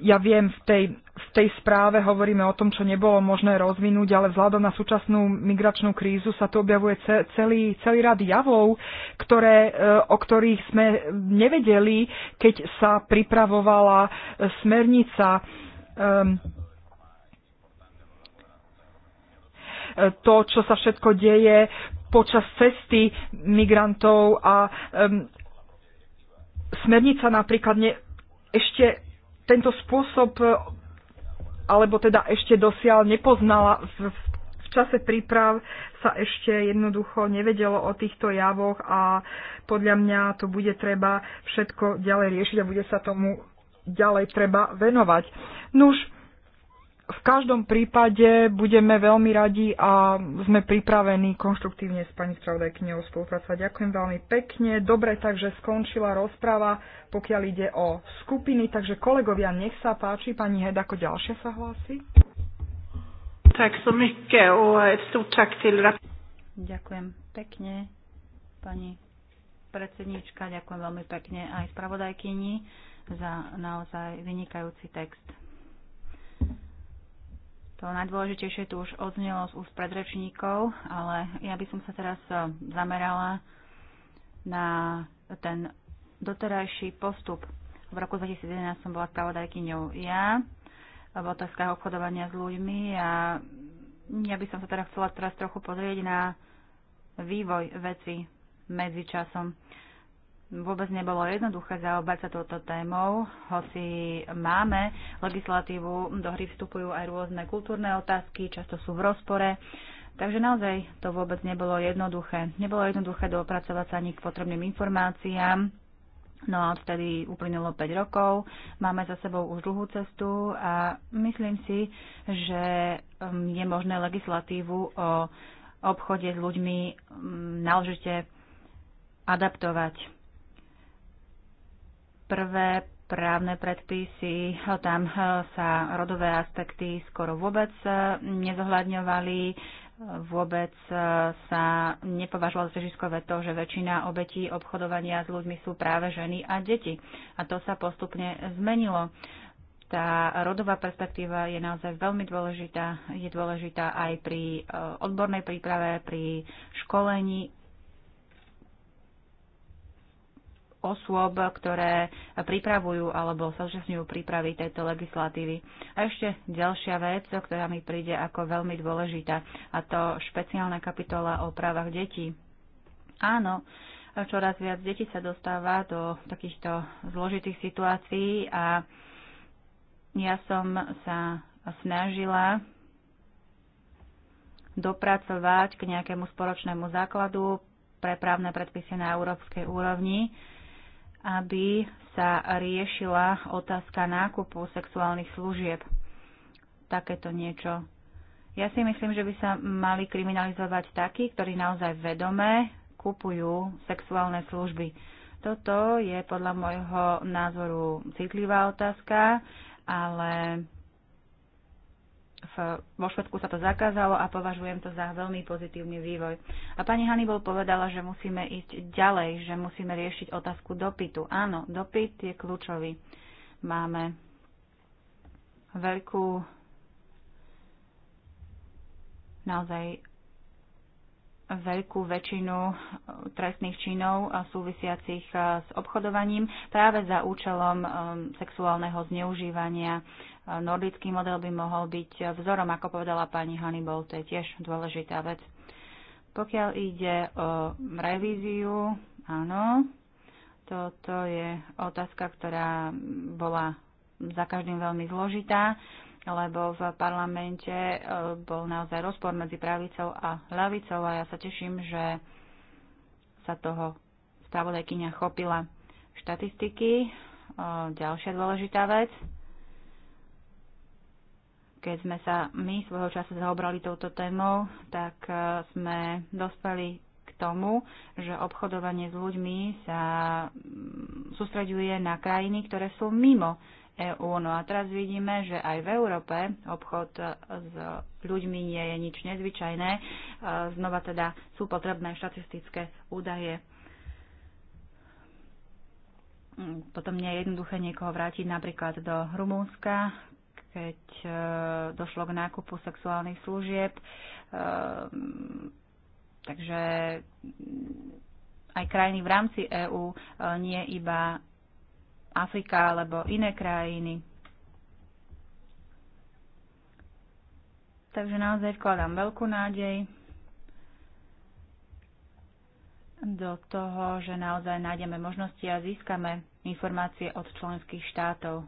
ja viem, v tej, v tej správe hovoríme o tom, čo nebolo možné rozvinúť, ale vzhľadom na súčasnú migračnú krízu sa tu objavuje celý, celý rad javov, ktoré, e, o ktorých sme nevedeli, keď sa pripravovala e, smernica. Um, to, čo sa všetko deje počas cesty migrantov a um, smernica napríklad ne, ešte tento spôsob e, alebo teda ešte dosiaľ nepoznala v, v čase príprav sa ešte jednoducho nevedelo o týchto javoch a podľa mňa to bude treba všetko ďalej riešiť a bude sa tomu ďalej treba venovať. Nuž, no v každom prípade budeme veľmi radi a sme pripravení konštruktívne s pani spravodajkyňou spolupracovať. Ďakujem veľmi pekne. Dobre, takže skončila rozprava, pokiaľ ide o skupiny. Takže kolegovia, nech sa páči. Pani Hed, ako ďalšia sa hlási? Tak som mycket o Ďakujem pekne, pani predsedníčka, ďakujem veľmi pekne aj spravodajkyni za naozaj vynikajúci text. To najdôležitejšie tu už odznelo z úst predrečníkov, ale ja by som sa teraz eh, zamerala na ten doterajší postup. V roku 2011 som bola spravodajkyňou ja v otázkach obchodovania s ľuďmi a ja by som sa teda chcela teraz trochu pozrieť na vývoj veci medzi časom vôbec nebolo jednoduché zaobať sa touto témou, hoci máme legislatívu, do hry vstupujú aj rôzne kultúrne otázky, často sú v rozpore. Takže naozaj to vôbec nebolo jednoduché. Nebolo jednoduché dopracovať sa ani k potrebným informáciám. No a odtedy uplynulo 5 rokov, máme za sebou už dlhú cestu a myslím si, že um, je možné legislatívu o obchode s ľuďmi um, náležite adaptovať prvé právne predpisy, eh, tam eh, sa rodové aspekty skoro vôbec eh, nezohľadňovali, vôbec sa nepovažovalo za ťažiskové to, že väčšina obetí obchodovania s ľuďmi sú práve ženy a deti. A to sa postupne zmenilo. Tá rodová perspektíva je naozaj veľmi dôležitá. Je dôležitá aj pri odbornej príprave, pri školení osôb, ktoré pripravujú alebo súčasňujú prípravy tejto legislatívy. A ešte ďalšia vec, ktorá mi príde ako veľmi dôležitá, a to špeciálna kapitola o právach detí. Áno, čoraz viac detí sa dostáva do takýchto zložitých situácií a ja som sa snažila dopracovať k nejakému spoločnému základu pre právne predpisy na európskej úrovni aby sa riešila otázka nákupu sexuálnych služieb. Takéto niečo. Ja si myslím, že by sa mali kriminalizovať takí, ktorí naozaj vedomé kupujú sexuálne služby. Toto je podľa môjho názoru citlivá otázka, ale v, vo Švedsku sa to zakázalo a považujem to za veľmi pozitívny vývoj. A pani Hannibal povedala, že musíme ísť ďalej, že musíme riešiť otázku dopytu. Áno, dopyt je kľúčový. Máme veľkú naozaj veľkú väčšinu e, trestných činov e, súvisiacich e, s obchodovaním práve za účelom sexuálneho zneužívania nordický model by mohol byť vzorom, ako povedala pani Hannibal, to je tiež dôležitá vec. Pokiaľ ide o revíziu, áno, toto je otázka, ktorá bola za každým veľmi zložitá, lebo v parlamente e, bol naozaj rozpor medzi pravicou a ľavicou a ja sa teším, že sa toho spravodajkyňa chopila štatistiky. E, ďalšia dôležitá vec, keď sme sa my svojho času zaobrali touto témou, tak e, sme dospeli k tomu, že obchodovanie s ľuďmi sa mm, sústreďuje na krajiny, ktoré sú mimo EÚ. No a teraz vidíme, že aj v Európe obchod e, s ľuďmi nie je nič nezvyčajné. E, znova teda sú potrebné štatistické údaje mm, potom nie je jednoduché niekoho vrátiť napríklad do Rumúnska, keď e, došlo k nákupu sexuálnych služieb. E, takže aj krajiny v rámci EÚ, e, nie iba Afrika alebo iné krajiny. Takže naozaj vkladám veľkú nádej do toho, že naozaj nájdeme možnosti a získame informácie od členských štátov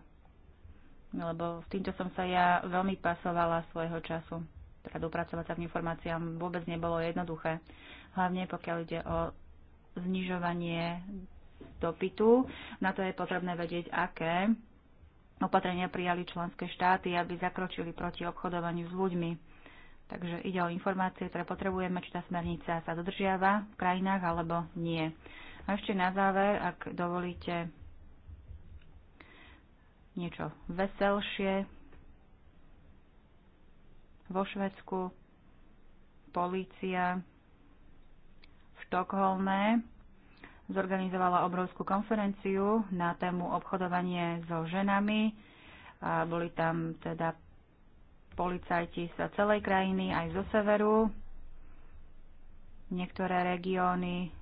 lebo s týmto som sa ja veľmi pasovala svojho času. Teda dopracovať sa k informáciám vôbec nebolo jednoduché. Hlavne pokiaľ ide o znižovanie dopytu. Na to je potrebné vedieť, aké opatrenia prijali členské štáty, aby zakročili proti obchodovaniu s ľuďmi. Takže ide o informácie, ktoré potrebujeme, či tá smernica sa dodržiava v krajinách alebo nie. A ešte na záver, ak dovolíte niečo veselšie vo Švedsku, polícia v Štokholme zorganizovala obrovskú konferenciu na tému obchodovanie so ženami. A boli tam teda policajti sa celej krajiny, aj zo severu. Niektoré regióny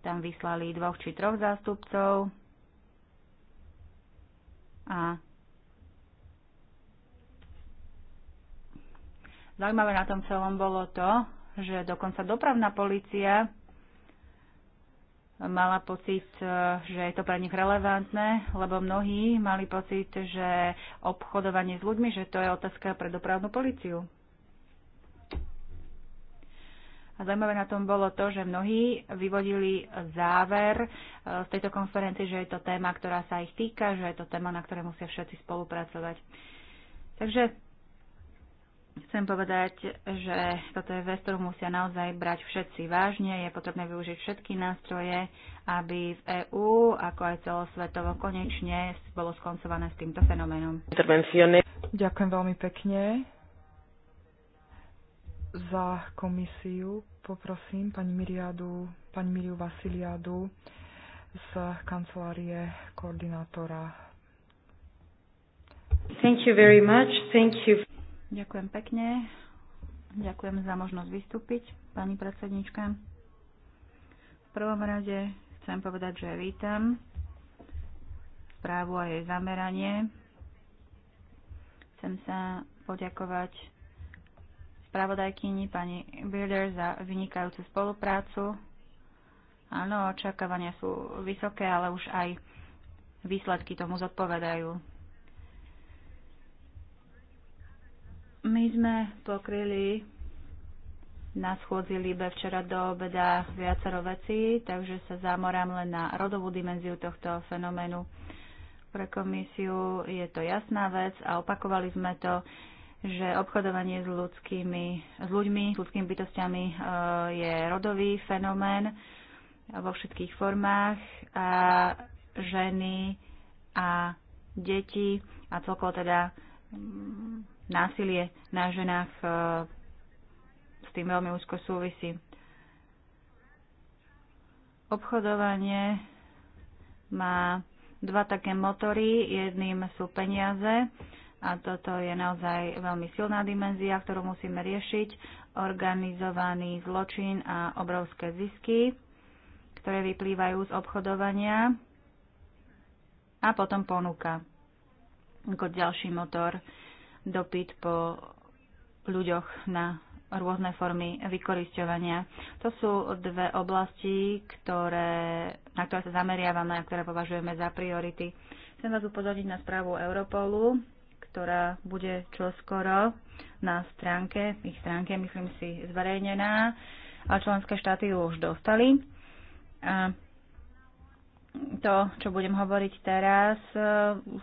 tam vyslali dvoch či troch zástupcov. A zaujímavé na tom celom bolo to, že dokonca dopravná policia mala pocit, eh, že je to pre nich relevantné, lebo mnohí mali pocit, že obchodovanie s ľuďmi, že to je otázka pre dopravnú policiu. A zaujímavé na tom bolo to, že mnohí vyvodili záver z e, tejto konferencie, že je to téma, ktorá sa ich týka, že je to téma, na ktoré musia všetci spolupracovať. Takže chcem povedať, že toto je vec, ktorú musia naozaj brať všetci vážne. Je potrebné využiť všetky nástroje, aby v EÚ, ako aj celosvetovo, konečne bolo skoncované s týmto fenoménom. Ďakujem veľmi pekne za komisiu poprosím pani Miriadu, pani Miriu Vasiliadu z kancelárie koordinátora. Thank you very much. Thank you. Ďakujem pekne. Ďakujem za možnosť vystúpiť, pani predsednička. V prvom rade chcem povedať, že vítam správu a jej zameranie. Chcem sa poďakovať spravodajkyni pani Bilder za vynikajúcu spoluprácu. Áno, očakávania sú vysoké, ale už aj výsledky tomu zodpovedajú. My sme pokryli na schôdzi Libe včera do obeda viacero vecí, takže sa zamorám len na rodovú dimenziu tohto fenoménu pre komisiu je to jasná vec a opakovali sme to že obchodovanie s, ľudskými, s ľuďmi, s ľudskými bytostiami e, je rodový fenomén vo všetkých formách a ženy a deti a celkovo teda mm, násilie na ženách e, s tým veľmi úzko súvisí. Obchodovanie má dva také motory. Jedným sú peniaze, a toto je naozaj veľmi silná dimenzia, ktorú musíme riešiť, organizovaný zločin a obrovské zisky, ktoré vyplývajú z obchodovania a potom ponuka ako ďalší motor, dopyt po ľuďoch na rôzne formy vykorisťovania. To sú dve oblasti, ktoré, na ktoré sa zameriavame a ktoré považujeme za priority. Chcem vás upozorniť na správu Europolu, ktorá bude čoskoro na stránke, ich stránke, myslím si, zverejnená a členské štáty ju už dostali. A to, čo budem hovoriť teraz, e,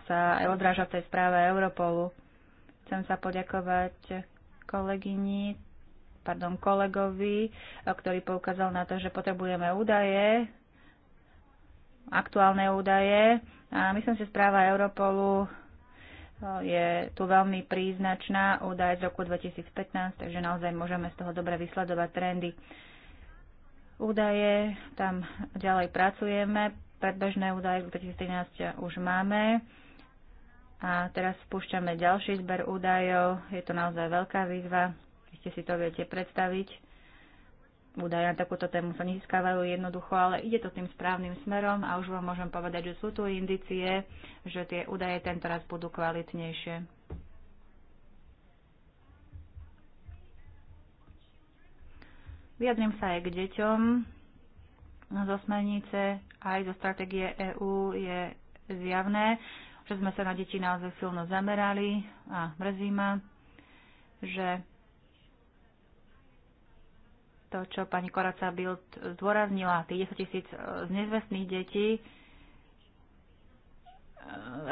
sa aj odráža v tej správe Europolu. Chcem sa poďakovať kolegyni, pardon, kolegovi, e, ktorý poukázal na to, že potrebujeme údaje, aktuálne údaje. A myslím, že správa Europolu je tu veľmi príznačná údaj z roku 2015, takže naozaj môžeme z toho dobre vysledovať trendy. Údaje, tam ďalej pracujeme, predbežné údaje z 2013 už máme a teraz spúšťame ďalší zber údajov, je to naozaj veľká výzva, ešte si to viete predstaviť údaje na takúto tému sa nezískavajú jednoducho, ale ide to tým správnym smerom a už vám môžem povedať, že sú tu indicie, že tie údaje raz budú kvalitnejšie. Vyjadrím sa aj k deťom zo smernice, aj zo stratégie EÚ je zjavné, že sme sa na deti naozaj silno zamerali a mrzí ma, že to, čo pani Koraca Bild zdôraznila, tých 10 tisíc e, z nezvestných detí, e,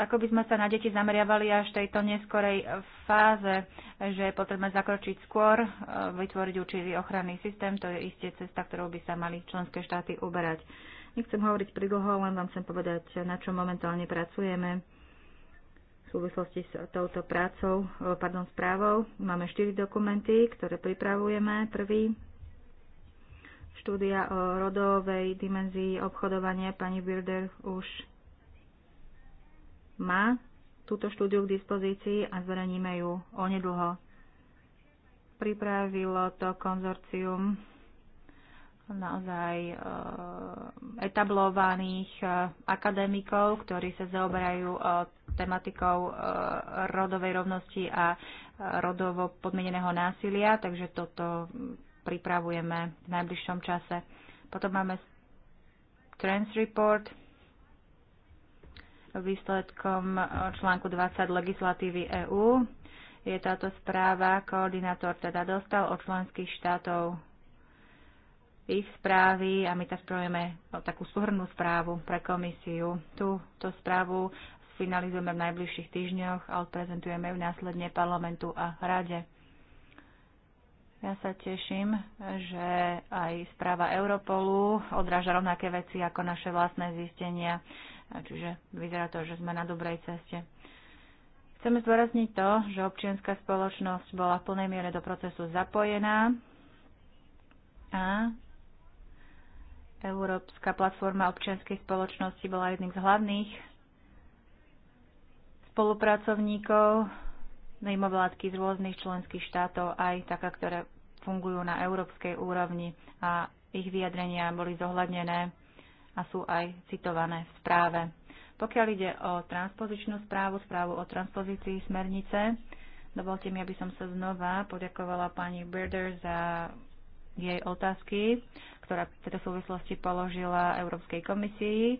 ako by sme sa na deti zameriavali až v tejto neskorej fáze, že je potrebné zakročiť skôr, e, vytvoriť určitý ochranný systém, to je isté cesta, ktorou by sa mali členské štáty uberať. Nechcem hovoriť pridlho, len vám chcem povedať, na čo momentálne pracujeme v súvislosti s touto prácou, pardon, správou. Máme štyri dokumenty, ktoré pripravujeme. Prvý štúdia o rodovej dimenzii obchodovania. Pani Birder už má túto štúdiu k dispozícii a zverejníme ju onedlho. Pripravilo to konzorcium naozaj e, etablovaných e, akadémikov, ktorí sa zaoberajú e, tematikou rodovej rovnosti a rodovo podmieneného násilia, takže toto pripravujeme v najbližšom čase. Potom máme Trends Report výsledkom článku 20 legislatívy EÚ. Je táto správa, koordinátor teda dostal od členských štátov ich správy a my tak spravujeme no, takú súhrnú správu pre komisiu. Túto správu sfinalizujeme v najbližších týždňoch a odprezentujeme ju následne parlamentu a rade. Ja sa teším, že aj správa Europolu odráža rovnaké veci ako naše vlastné zistenia. Čiže vyzerá to, že sme na dobrej ceste. Chceme zdôrazniť to, že občianská spoločnosť bola v plnej miere do procesu zapojená a Európska platforma občianskej spoločnosti bola jedným z hlavných spolupracovníkov mimovládky z rôznych členských štátov, aj taká, ktorá, fungujú na európskej úrovni a ich vyjadrenia boli zohľadnené a sú aj citované v správe. Pokiaľ ide o transpozičnú správu, správu o transpozícii smernice, dovolte mi, aby som sa znova poďakovala pani Birder za jej otázky, ktorá v tejto súvislosti položila Európskej komisii.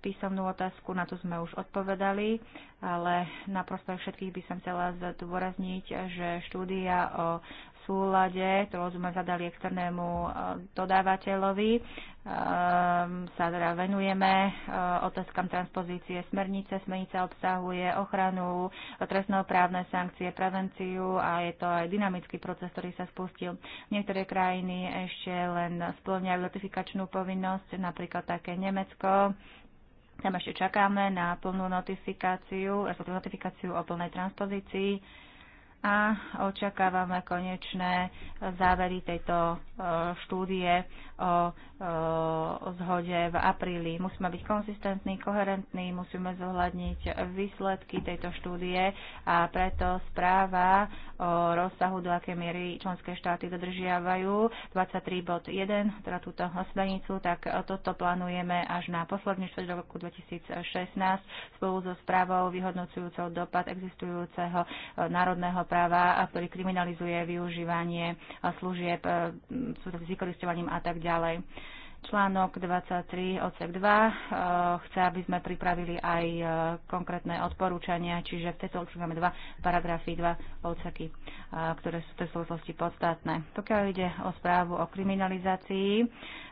Písomnú otázku, na to sme už odpovedali, ale na prospech všetkých by som chcela zdôrazniť, že štúdia o súlade, ktorú sme zadali externému e, dodávateľovi, e, sa teda venujeme e, otázkam transpozície smernice. Smernica obsahuje ochranu, trestnoprávne sankcie, prevenciu a je to aj dynamický proces, ktorý sa spustil. Niektoré krajiny ešte len splňajú notifikačnú povinnosť, napríklad také Nemecko, tam ešte čakáme na plnú notifikáciu, respektíve notifikáciu o plnej transpozícii a očakávame konečné závery tejto e, štúdie o zhode v apríli. Musíme byť konzistentní, koherentní, musíme zohľadniť výsledky tejto štúdie a preto správa o rozsahu, do aké miery členské štáty dodržiavajú 23 1, teda túto smernicu, tak toto plánujeme až na posledný do roku 2016 spolu so správou vyhodnocujúcou dopad existujúceho národného práva, ktorý kriminalizuje využívanie služieb e, s vykoristovaním a tak ďalej. Článok 23 odsek 2 eh, chce, aby sme pripravili aj eh, konkrétne odporúčania, čiže v tejto odsek máme dva paragrafy, dva odseky, eh, ktoré sú v tej súvislosti podstatné. Pokiaľ ide o správu o kriminalizácii,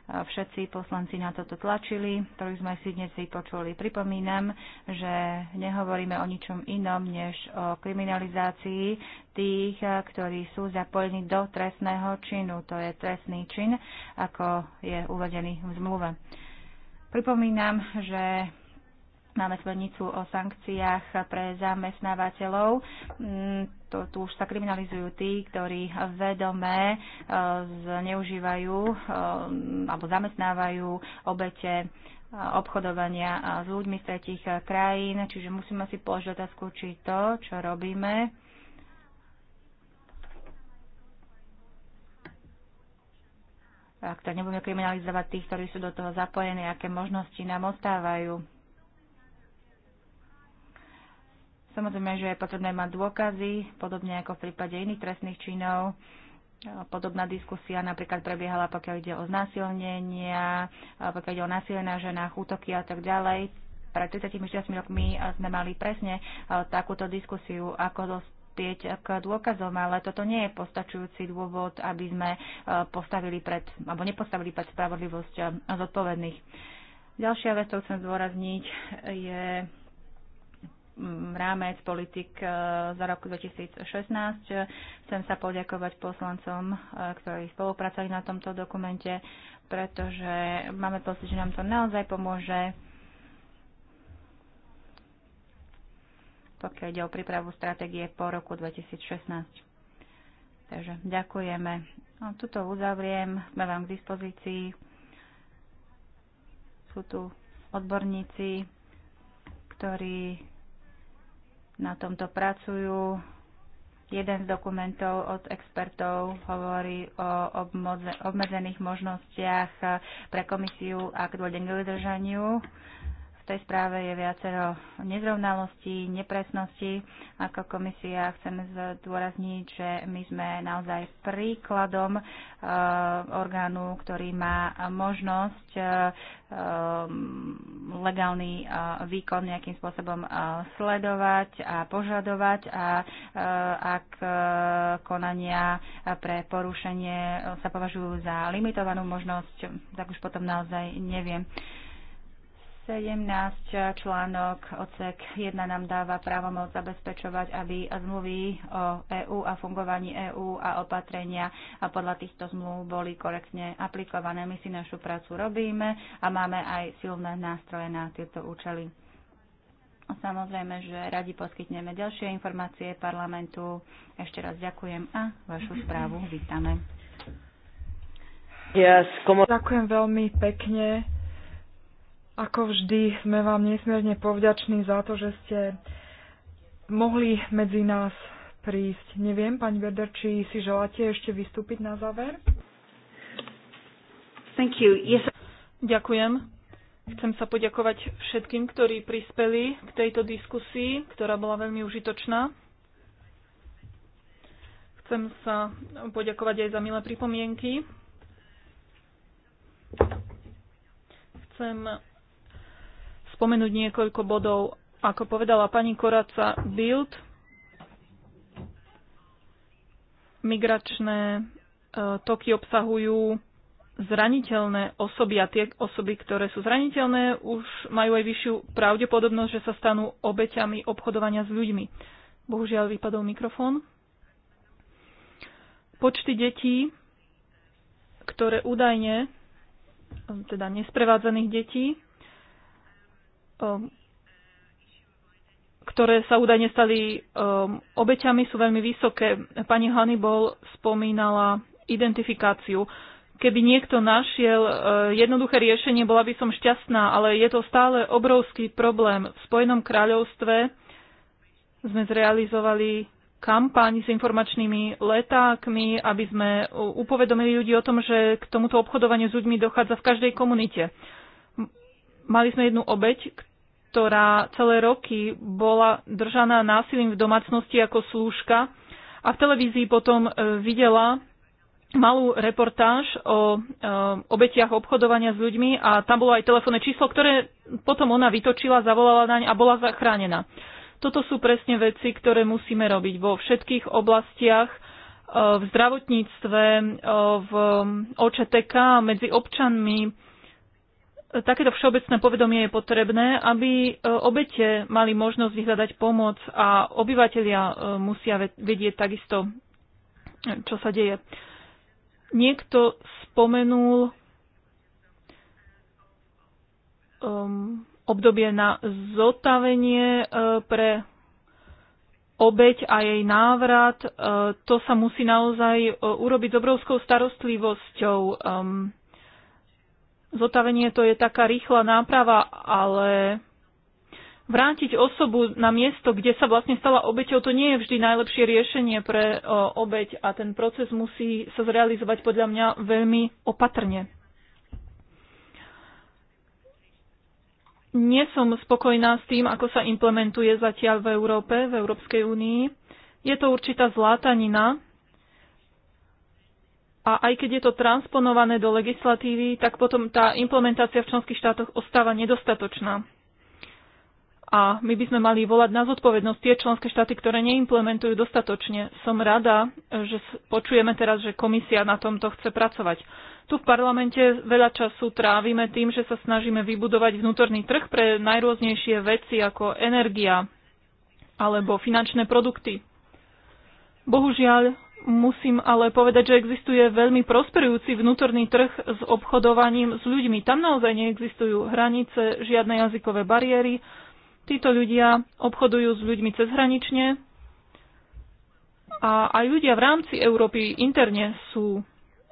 všetci poslanci na toto tlačili, ktorú sme si dnes vypočuli. Pripomínam, že nehovoríme o ničom inom než o kriminalizácii tých, ktorí sú zapojení do trestného činu. To je trestný čin, ako je uvedené uvedený v zmluve. Pripomínam, že Máme smernicu o sankciách pre zamestnávateľov. Mm, to, tu už sa kriminalizujú tí, ktorí vedome e, zneužívajú e, alebo zamestnávajú obete e, obchodovania s ľuďmi z tretich krajín. Čiže musíme si položiť otázku, či to, čo robíme, ak to nebudeme kriminalizovať tých, ktorí sú do toho zapojení, aké možnosti nám ostávajú. Samozrejme, že je potrebné mať dôkazy, podobne ako v prípade iných trestných činov. Podobná diskusia napríklad prebiehala, pokiaľ ide o znásilnenia, pokiaľ ide o násilie na ženách, útoky a tak ďalej. Pred 36 rokmi sme mali presne eh, takúto diskusiu, ako prispieť k dôkazom, ale toto nie je postačujúci dôvod, aby sme e, postavili pred, alebo nepostavili pred spravodlivosť e, zodpovedných. Ďalšia vec, ktorú chcem zdôrazniť, je mm, rámec politik e, za rok 2016. Chcem sa poďakovať poslancom, ktorí spolupracovali na tomto dokumente, pretože máme pocit, že nám to naozaj pomôže pokiaľ ide o prípravu stratégie po roku 2016. Takže ďakujeme. No, tuto uzavriem, sme vám k dispozícii. Sú tu odborníci, ktorí na tomto pracujú. Jeden z dokumentov od expertov hovorí o obmedzených možnostiach pre komisiu a k dôjde k v tej správe je viacero nezrovnalostí, nepresností. Ako komisia chceme zdôrazniť, že my sme naozaj príkladom e, orgánu, ktorý má možnosť e, legálny e, výkon nejakým spôsobom e, sledovať a požadovať a e, ak e, konania pre porušenie sa považujú za limitovanú možnosť, tak už potom naozaj neviem. E, 17 článok odsek 1 nám dáva právomoc zabezpečovať, aby zmluvy o EÚ a fungovaní EÚ a opatrenia a podľa týchto zmluv boli korektne aplikované. My si našu prácu robíme a máme aj silné nástroje na tieto účely. Samozrejme, že radi poskytneme ďalšie informácie parlamentu. Ešte raz ďakujem a vašu správu vítame. Yes, Ďakujem veľmi pekne. Ako vždy sme vám nesmierne povďační za to, že ste mohli medzi nás prísť. Neviem, pani Verder, či si želáte ešte vystúpiť na záver? Thank you. Yes. Ďakujem. Chcem sa poďakovať všetkým, ktorí prispeli k tejto diskusii, ktorá bola veľmi užitočná. Chcem sa poďakovať aj za milé pripomienky. Chcem spomenúť niekoľko bodov. Ako povedala pani Koraca Bild, migračné e, toky obsahujú zraniteľné osoby a tie osoby, ktoré sú zraniteľné, už majú aj vyššiu pravdepodobnosť, že sa stanú obeťami obchodovania s ľuďmi. Bohužiaľ vypadol mikrofón. Počty detí, ktoré údajne, teda nesprevádzaných detí, ktoré sa údajne stali obeťami, sú veľmi vysoké. Pani Hannibal spomínala identifikáciu. Keby niekto našiel e, jednoduché riešenie, bola by som šťastná, ale je to stále obrovský problém. V Spojenom kráľovstve sme zrealizovali kampaň s informačnými letákmi, aby sme upovedomili ľudí o tom, že k tomuto obchodovaniu s ľuďmi dochádza v každej komunite. Mali sme jednu obeď, ktorá celé roky bola držaná násilím v domácnosti ako slúžka a v televízii potom e, videla malú reportáž o e, obetiach obchodovania s ľuďmi a tam bolo aj telefónne číslo, ktoré potom ona vytočila, zavolala naň a bola zachránená. Toto sú presne veci, ktoré musíme robiť vo všetkých oblastiach, e, v zdravotníctve, v OČTK, medzi občanmi, Takéto všeobecné povedomie je potrebné, aby e, obete mali možnosť vyhľadať pomoc a obyvateľia e, musia vedieť takisto, e, čo sa deje. Niekto spomenul um, obdobie na zotavenie uh, pre obeď a jej návrat. Uh, to sa musí naozaj uh, urobiť s obrovskou starostlivosťou. Um, Zotavenie to je taká rýchla náprava, ale vrátiť osobu na miesto, kde sa vlastne stala obeťou, to nie je vždy najlepšie riešenie pre obeť a ten proces musí sa zrealizovať podľa mňa veľmi opatrne. Nie som spokojná s tým, ako sa implementuje zatiaľ v Európe, v Európskej únii. Je to určitá zlátanina, a aj keď je to transponované do legislatívy, tak potom tá implementácia v členských štátoch ostáva nedostatočná. A my by sme mali volať na zodpovednosť tie členské štáty, ktoré neimplementujú dostatočne. Som rada, že počujeme teraz, že komisia na tomto chce pracovať. Tu v parlamente veľa času trávime tým, že sa snažíme vybudovať vnútorný trh pre najrôznejšie veci ako energia alebo finančné produkty. Bohužiaľ, Musím ale povedať, že existuje veľmi prosperujúci vnútorný trh s obchodovaním s ľuďmi. Tam naozaj neexistujú hranice, žiadne jazykové bariéry. Títo ľudia obchodujú s ľuďmi cezhranične a aj ľudia v rámci Európy interne sú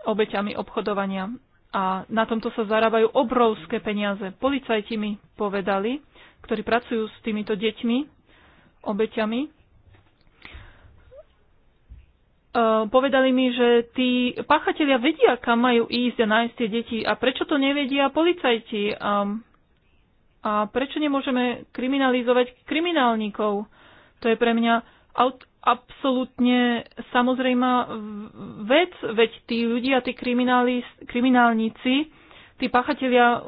obeťami obchodovania. A na tomto sa zarábajú obrovské peniaze. Policajti mi povedali, ktorí pracujú s týmito deťmi, obeťami, Eh, povedali mi, že tí páchatelia vedia, kam majú ísť a nájsť tie deti. A prečo to nevedia policajti? A, ehm, a prečo nemôžeme kriminalizovať kriminálnikov? To je pre mňa absolútne samozrejma vec, veď tí ľudia, tí kriminálnici, tí páchatelia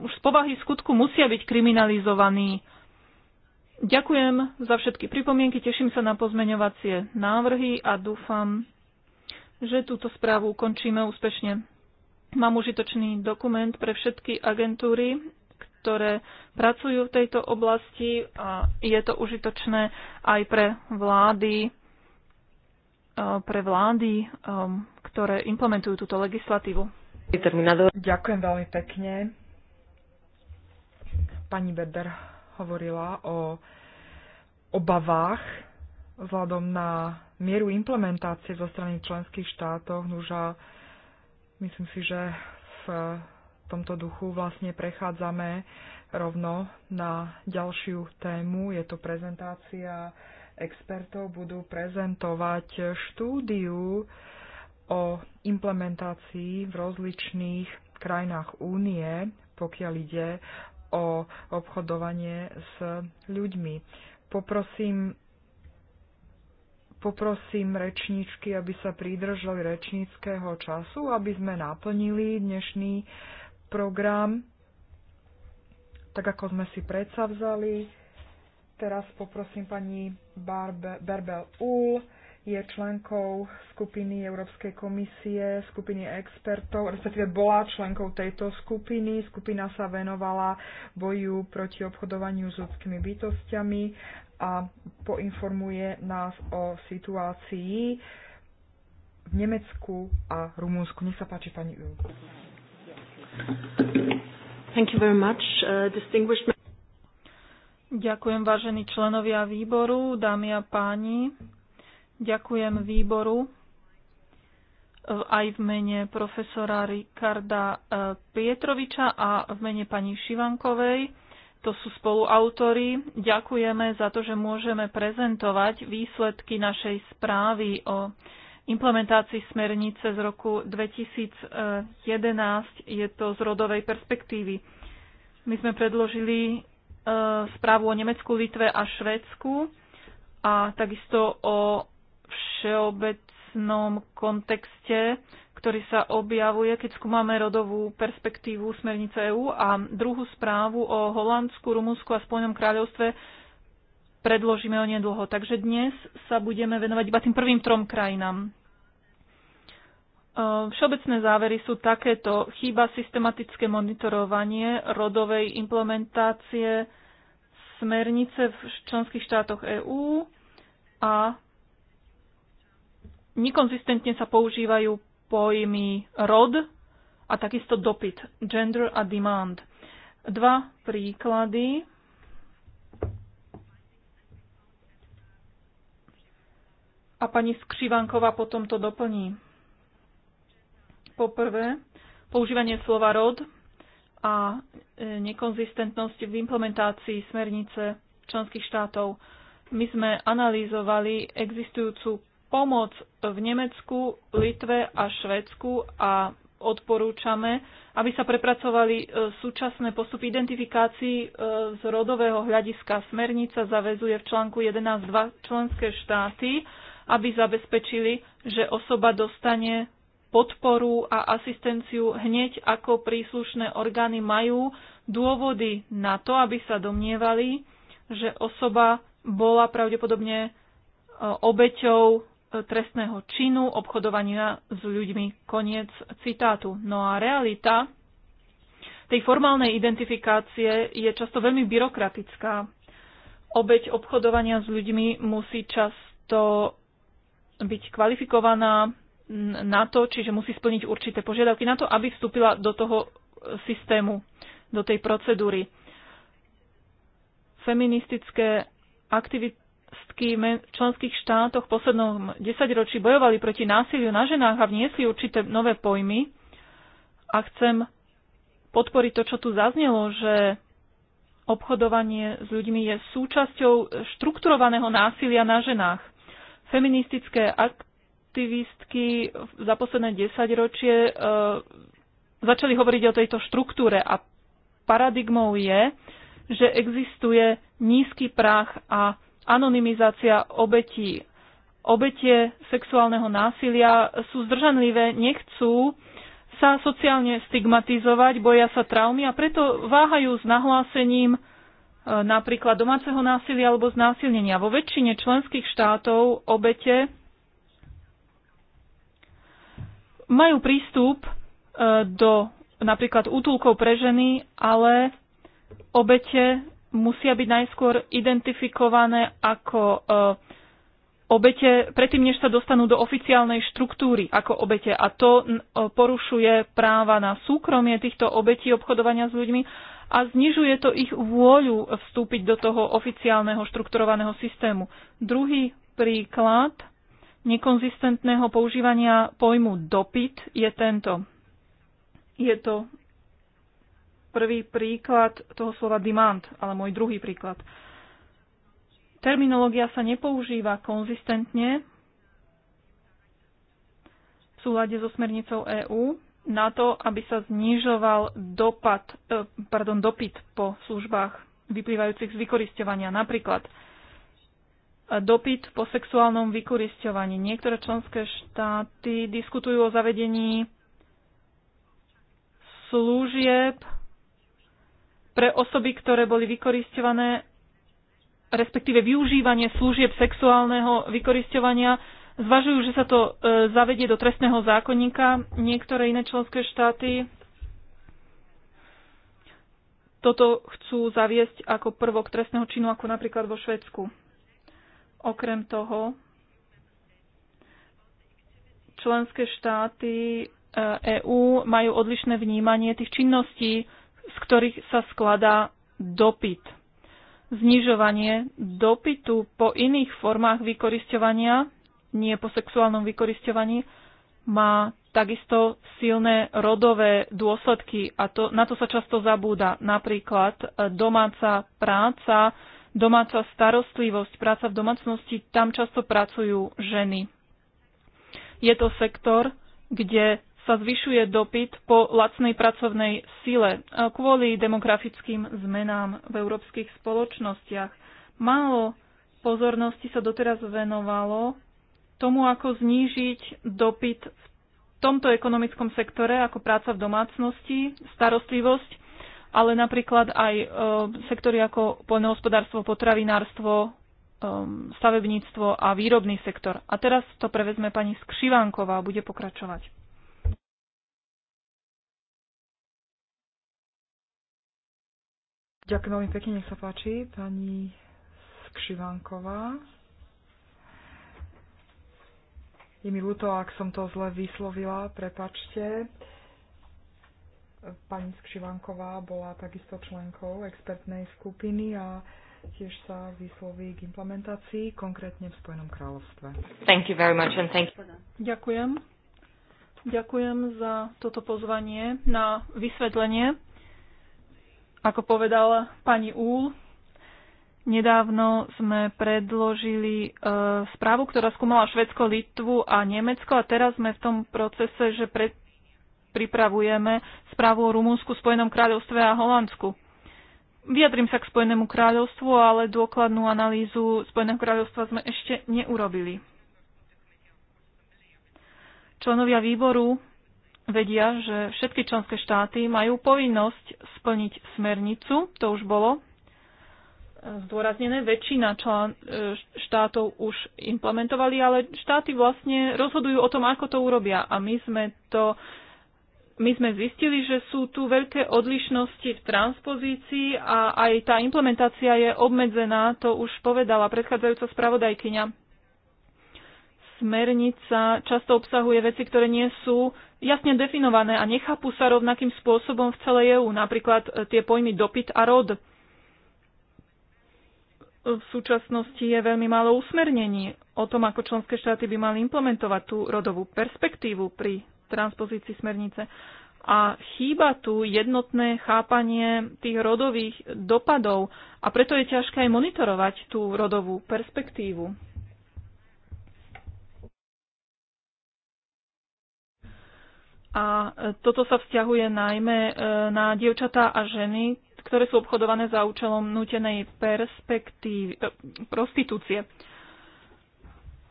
už z povahy skutku musia byť kriminalizovaní. Ďakujem za všetky pripomienky, teším sa na pozmeňovacie návrhy a dúfam, že túto správu ukončíme úspešne. Mám užitočný dokument pre všetky agentúry, ktoré pracujú v tejto oblasti a je to užitočné aj pre vlády, e, pre vlády, e, ktoré implementujú túto legislatívu. Ďakujem veľmi pekne. Pani Beder, hovorila o obavách vzhľadom na mieru implementácie zo strany členských štátov. a myslím si, že v tomto duchu vlastne prechádzame rovno na ďalšiu tému. Je to prezentácia expertov, budú prezentovať štúdiu o implementácii v rozličných krajinách únie, pokiaľ ide o obchodovanie s ľuďmi. Poprosím, poprosím rečníčky, aby sa pridržali rečníckého času, aby sme naplnili dnešný program, tak ako sme si predsa vzali. Teraz poprosím pani Barbe, Berbel Ull, je členkou skupiny Európskej komisie, skupiny expertov, respektíve bola členkou tejto skupiny. Skupina sa venovala boju proti obchodovaniu s ľudskými bytostiami a poinformuje nás o situácii v Nemecku a Rumúnsku. Nech sa páči, pani Ül. Thank you very much, uh, distinguished... Ďakujem, vážení členovia výboru, dámy a páni. Ďakujem výboru aj v mene profesora Rikarda e, Pietroviča a v mene pani Šivankovej. To sú spoluautori. Ďakujeme za to, že môžeme prezentovať výsledky našej správy o implementácii smernice z roku 2011. E, Je to z rodovej perspektívy. My sme predložili e, správu o Nemecku, Litve a Švédsku a takisto o všeobecnom kontexte, ktorý sa objavuje, keď skúmame rodovú perspektívu smernice EÚ a druhú správu o Holandsku, Rumunsku a Spojenom kráľovstve predložíme o nedlho. Takže dnes sa budeme venovať iba tým prvým trom krajinám. E, všeobecné závery sú takéto. Chýba systematické monitorovanie rodovej implementácie smernice v členských štátoch EÚ a nekonzistentne sa používajú pojmy rod a takisto dopyt, gender a demand. Dva príklady. A pani Skřivanková potom to doplní. Poprvé, používanie slova rod a e, nekonzistentnosť v implementácii smernice členských štátov. My sme analýzovali existujúcu pomoc v Nemecku, Litve a Švedsku a odporúčame, aby sa prepracovali e, súčasné postupy identifikácií e, z rodového hľadiska. Smernica zavezuje v článku 11.2 členské štáty, aby zabezpečili, že osoba dostane podporu a asistenciu hneď ako príslušné orgány majú dôvody na to, aby sa domnievali, že osoba bola pravdepodobne e, obeťou trestného činu obchodovania s ľuďmi. Koniec citátu. No a realita tej formálnej identifikácie je často veľmi byrokratická. Obeď obchodovania s ľuďmi musí často byť kvalifikovaná na to, čiže musí splniť určité požiadavky na to, aby vstúpila do toho systému, do tej procedúry. Feministické aktivity aktivistky v členských štátoch v poslednom desaťročí bojovali proti násiliu na ženách a vniesli určité nové pojmy. A chcem podporiť to, čo tu zaznelo, že obchodovanie s ľuďmi je súčasťou štrukturovaného násilia na ženách. Feministické aktivistky za posledné desaťročie e, začali hovoriť o tejto štruktúre a paradigmou je, že existuje nízky prach a anonymizácia obetí. Obetie sexuálneho násilia sú zdržanlivé, nechcú sa sociálne stigmatizovať, boja sa traumy a preto váhajú s nahlásením e, napríklad domáceho násilia alebo znásilnenia. Vo väčšine členských štátov obete majú prístup e, do napríklad útulkov pre ženy, ale obete musia byť najskôr identifikované ako eh, obete, predtým než sa dostanú do oficiálnej štruktúry ako obete. A to eh, porušuje práva na súkromie týchto obetí obchodovania s ľuďmi a znižuje to ich vôľu vstúpiť do toho oficiálneho štrukturovaného systému. Druhý príklad nekonzistentného používania pojmu dopyt je tento. Je to prvý príklad toho slova demand, ale môj druhý príklad. Terminológia sa nepoužíva konzistentne v súlade so smernicou EÚ na to, aby sa znižoval dopad, e, pardon, dopyt po službách vyplývajúcich z vykoristovania. Napríklad e, dopyt po sexuálnom vykoristovaní. Niektoré členské štáty diskutujú o zavedení služieb pre osoby, ktoré boli vykoristované, respektíve využívanie služieb sexuálneho vykoristovania. Zvažujú, že sa to e, zavedie do trestného zákonníka. Niektoré iné členské štáty toto chcú zaviesť ako prvok trestného činu, ako napríklad vo Švedsku. Okrem toho, členské štáty EÚ e majú odlišné vnímanie tých činností, z ktorých sa skladá dopyt. Znižovanie dopytu po iných formách vykorisťovania, nie po sexuálnom vykorisťovaní, má takisto silné rodové dôsledky a to, na to sa často zabúda. Napríklad e, domáca práca, domáca starostlivosť, práca v domácnosti, tam často pracujú ženy. Je to sektor, kde sa zvyšuje dopyt po lacnej pracovnej sile e, kvôli demografickým zmenám v európskych spoločnostiach. Málo pozornosti sa doteraz venovalo tomu, ako znížiť dopyt v tomto ekonomickom sektore, ako práca v domácnosti, starostlivosť, ale napríklad aj e, sektory ako poľnohospodárstvo, potravinárstvo, e, stavebníctvo a výrobný sektor. A teraz to prevezme pani Skřivánková a bude pokračovať. Ďakujem veľmi pekne, nech sa páči, pani Skšivanková. Je mi ľúto, ak som to zle vyslovila, prepačte. Pani Skřivanková bola takisto členkou expertnej skupiny a tiež sa vysloví k implementácii, konkrétne v Spojenom kráľovstve. Thank you very much and thank you. Ďakujem. Ďakujem za toto pozvanie na vysvetlenie. Ako povedala pani Úl, nedávno sme predložili e, správu, ktorá skúmala Švedsko, Litvu a Nemecko a teraz sme v tom procese, že pre, pripravujeme správu o Rumúnsku, Spojenom kráľovstve a Holandsku. Vyjadrím sa k Spojenému kráľovstvu, ale dôkladnú analýzu Spojeného kráľovstva sme ešte neurobili. Členovia výboru vedia, že všetky členské štáty majú povinnosť splniť smernicu, to už bolo zdôraznené, väčšina člán, e, štátov už implementovali, ale štáty vlastne rozhodujú o tom, ako to urobia. A my sme to my sme zistili, že sú tu veľké odlišnosti v transpozícii a aj tá implementácia je obmedzená, to už povedala predchádzajúca spravodajkyňa smernica často obsahuje veci, ktoré nie sú jasne definované a nechápu sa rovnakým spôsobom v celej EÚ, napríklad e, tie pojmy dopyt a rod. V súčasnosti je veľmi málo usmernení o tom, ako členské štáty by mali implementovať tú rodovú perspektívu pri transpozícii smernice. A chýba tu jednotné chápanie tých rodových dopadov a preto je ťažké aj monitorovať tú rodovú perspektívu. A e, toto sa vzťahuje najmä e, na dievčatá a ženy, ktoré sú obchodované za účelom nutenej perspektívy, e, prostitúcie.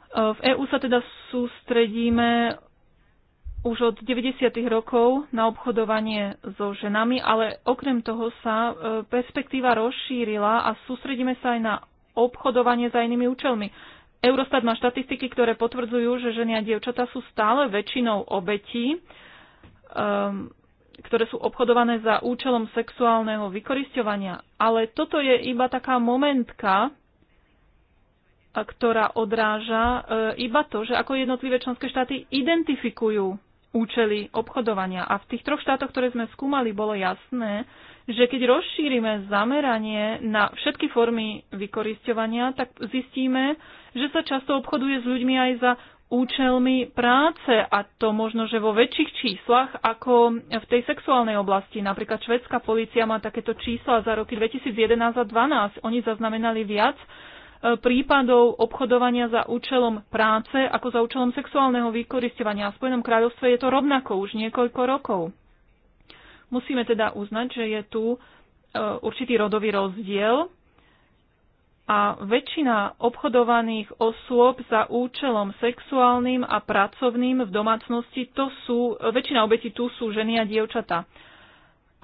V EÚ sa teda sústredíme už od 90. rokov na obchodovanie so ženami, ale okrem toho sa perspektíva rozšírila a sústredíme sa aj na obchodovanie za inými účelmi. Eurostat má štatistiky, ktoré potvrdzujú, že ženy a dievčatá sú stále väčšinou obetí um, ktoré sú obchodované za účelom sexuálneho vykorisťovania, Ale toto je iba taká momentka, ktorá odráža e, iba to, že ako jednotlivé členské štáty identifikujú účely obchodovania. A v tých troch štátoch, ktoré sme skúmali, bolo jasné, že keď rozšírime zameranie na všetky formy vykorisťovania, tak zistíme, že sa často obchoduje s ľuďmi aj za účelmi práce a to možno, že vo väčších číslach ako v tej sexuálnej oblasti. Napríklad švedská policia má takéto čísla za roky 2011 a 2012. Oni zaznamenali viac e, prípadov obchodovania za účelom práce ako za účelom sexuálneho vykoristovania. A v Spojenom kráľovstve je to rovnako už niekoľko rokov. Musíme teda uznať, že je tu e, určitý rodový rozdiel a väčšina obchodovaných osôb za účelom sexuálnym a pracovným v domácnosti, to sú, väčšina obetí tu sú ženy a dievčatá.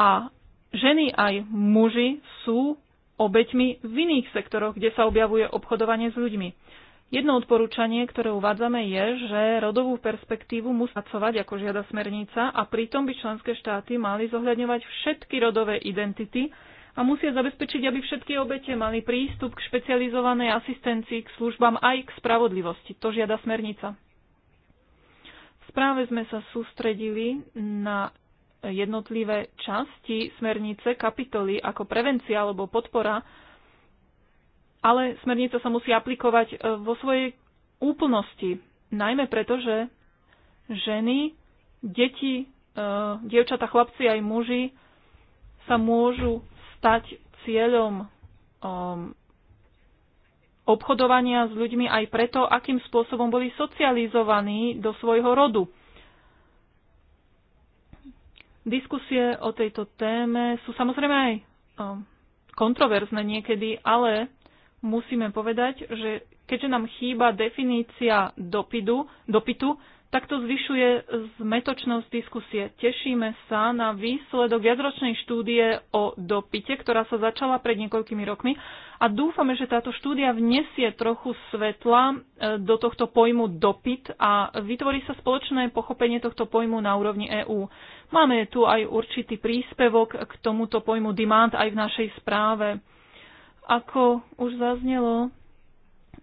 A ženy aj muži sú obeťmi v iných sektoroch, kde sa objavuje obchodovanie s ľuďmi. Jedno odporúčanie, ktoré uvádzame, je, že rodovú perspektívu musí pracovať, ako žiada smernica, a pritom by členské štáty mali zohľadňovať všetky rodové identity, a musia zabezpečiť, aby všetky obete mali prístup k špecializovanej asistencii, k službám aj k spravodlivosti. To žiada smernica. V správe sme sa sústredili na jednotlivé časti smernice, kapitoly ako prevencia alebo podpora, ale smernica sa musí aplikovať e, vo svojej úplnosti, najmä preto, že ženy, deti, e, dievčata, chlapci aj muži sa môžu stať cieľom um, obchodovania s ľuďmi aj preto, akým spôsobom boli socializovaní do svojho rodu. Diskusie o tejto téme sú samozrejme aj um, kontroverzné niekedy, ale musíme povedať, že keďže nám chýba definícia dopidu, dopitu, tak to zvyšuje zmetočnosť diskusie. Tešíme sa na výsledok viacročnej štúdie o dopite, ktorá sa začala pred niekoľkými rokmi a dúfame, že táto štúdia vniesie trochu svetla e, do tohto pojmu dopyt a vytvorí sa spoločné pochopenie tohto pojmu na úrovni EÚ. Máme tu aj určitý príspevok k tomuto pojmu demand aj v našej správe. Ako už zaznelo,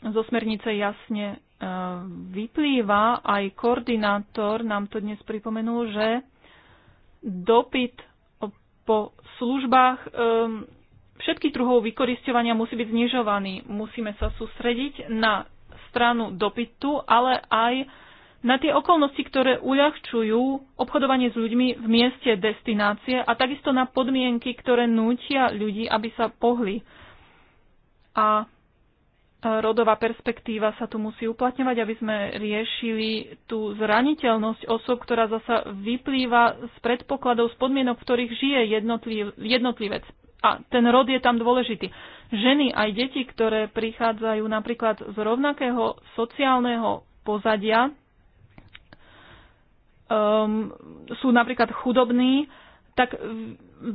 zo smernice jasne vyplýva, aj koordinátor nám to dnes pripomenul, že dopyt po službách ehm, všetkých druhov vykoristovania musí byť znižovaný. Musíme sa sústrediť na stranu dopytu, ale aj na tie okolnosti, ktoré uľahčujú obchodovanie s ľuďmi v mieste destinácie a takisto na podmienky, ktoré nútia ľudí, aby sa pohli. A rodová perspektíva sa tu musí uplatňovať, aby sme riešili tú zraniteľnosť osob, ktorá zasa vyplýva z predpokladov, z podmienok, v ktorých žije jednotliv, jednotlivec. A ten rod je tam dôležitý. Ženy aj deti, ktoré prichádzajú napríklad z rovnakého sociálneho pozadia, um, sú napríklad chudobní, tak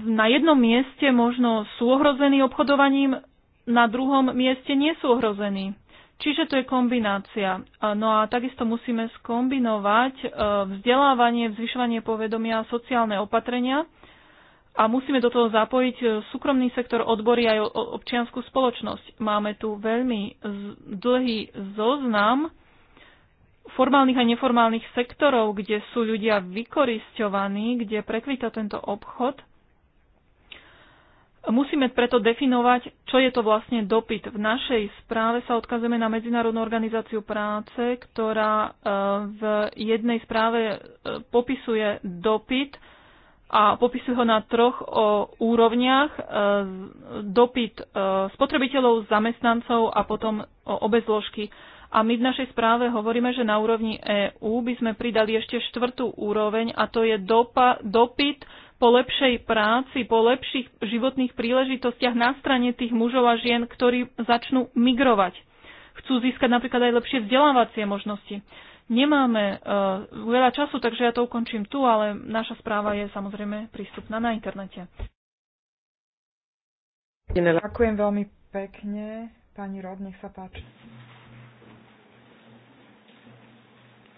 na jednom mieste možno sú ohrození obchodovaním na druhom mieste nie sú ohrození. Čiže to je kombinácia. No a takisto musíme skombinovať e, vzdelávanie, zvyšovanie povedomia, sociálne opatrenia a musíme do toho zapojiť e, súkromný sektor, odbory aj občianskú spoločnosť. Máme tu veľmi dlhý zoznam formálnych a neformálnych sektorov, kde sú ľudia vykoristovaní, kde prekvita tento obchod – Musíme preto definovať, čo je to vlastne dopyt. V našej správe sa odkazujeme na Medzinárodnú organizáciu práce, ktorá e, v jednej správe e, popisuje dopyt a popisuje ho na troch úrovniach. E, dopyt spotrebiteľov, zamestnancov a potom obe zložky. A my v našej správe hovoríme, že na úrovni EÚ by sme pridali ešte štvrtú úroveň a to je dopa, dopyt po lepšej práci, po lepších životných príležitostiach na strane tých mužov a žien, ktorí začnú migrovať. Chcú získať napríklad aj lepšie vzdelávacie možnosti. Nemáme uh, veľa času, takže ja to ukončím tu, ale naša správa je samozrejme prístupná na internete. Ďakujem veľmi pekne. Pani Rod, nech sa páči.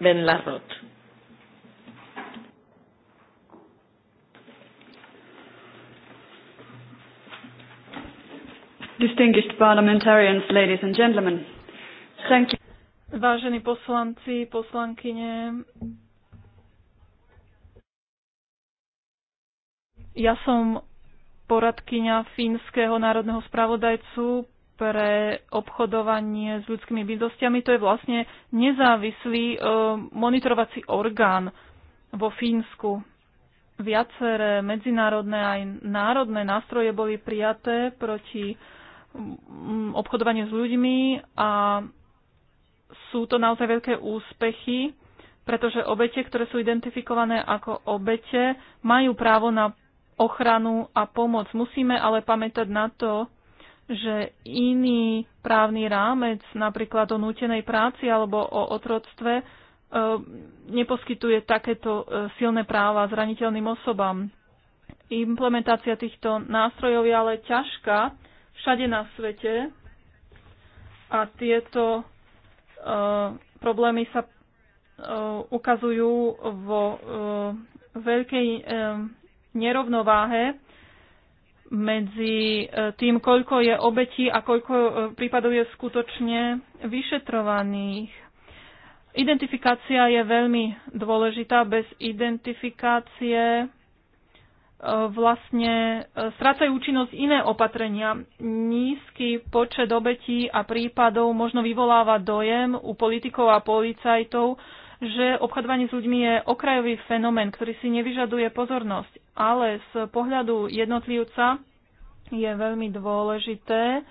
Ben Larrot. Distinguished parliamentarians, ladies and gentlemen. Thank you. Vážení poslanci, poslankyne, ja som poradkyňa fínskeho národného spravodajcu pre obchodovanie s ľudskými bytostiami. To je vlastne nezávislý e, monitorovací orgán vo Fínsku. Viaceré medzinárodné aj národné nástroje boli prijaté proti Mm, obchodovanie s ľuďmi a sú to naozaj veľké úspechy, pretože obete, ktoré sú identifikované ako obete, majú právo na ochranu a pomoc. Musíme ale pamätať na to, že iný právny rámec, napríklad o nútenej práci alebo o otroctve, e, neposkytuje takéto e, silné práva zraniteľným osobám. Implementácia týchto nástrojov je ale ťažká, všade na svete a tieto uh, problémy sa uh, ukazujú vo uh, veľkej uh, nerovnováhe medzi uh, tým, koľko je obetí a koľko uh, prípadov je skutočne vyšetrovaných. Identifikácia je veľmi dôležitá. Bez identifikácie E, vlastne e, strácajú účinnosť iné opatrenia. Nízky počet obetí a prípadov možno vyvoláva dojem u politikov a policajtov, že obchodovanie s ľuďmi je okrajový fenomén, ktorý si nevyžaduje pozornosť. Ale z pohľadu jednotlivca je veľmi dôležité, e,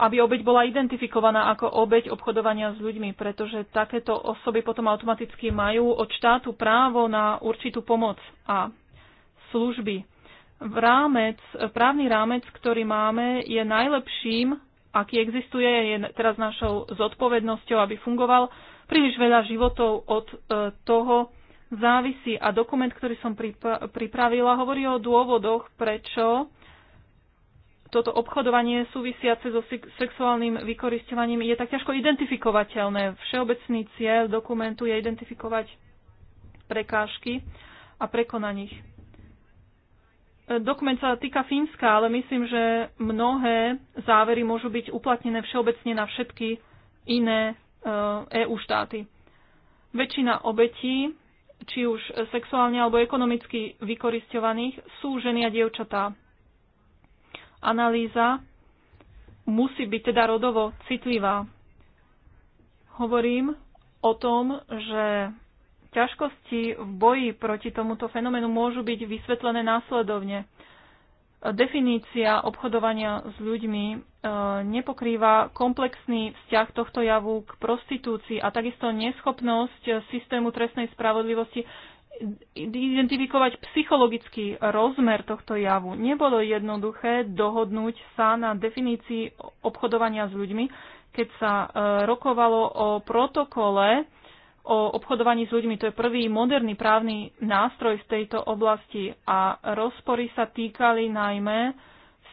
aby obeď bola identifikovaná ako obeď obchodovania s ľuďmi, pretože takéto osoby potom automaticky majú od štátu právo na určitú pomoc a služby. V rámec, právny rámec, ktorý máme, je najlepším, aký existuje, je teraz našou zodpovednosťou, aby fungoval. Príliš veľa životov od e, toho závisí a dokument, ktorý som pripravila, hovorí o dôvodoch, prečo toto obchodovanie súvisiace so sexuálnym vykoristovaním je tak ťažko identifikovateľné. Všeobecný cieľ dokumentu je identifikovať prekážky a prekonaných. E, dokument sa týka Fínska, ale myslím, že mnohé závery môžu byť uplatnené všeobecne na všetky iné EU e štáty. Väčšina obetí, či už sexuálne alebo ekonomicky vykoristovaných, sú ženy a dievčatá. Analýza musí byť teda rodovo citlivá. Hovorím o tom, že Ťažkosti v boji proti tomuto fenoménu môžu byť vysvetlené následovne. Definícia obchodovania s ľuďmi e, nepokrýva komplexný vzťah tohto javu k prostitúcii a takisto neschopnosť systému trestnej spravodlivosti identifikovať psychologický rozmer tohto javu. Nebolo jednoduché dohodnúť sa na definícii obchodovania s ľuďmi, keď sa e, rokovalo o protokole o obchodovaní s ľuďmi. To je prvý moderný právny nástroj v tejto oblasti a rozpory sa týkali najmä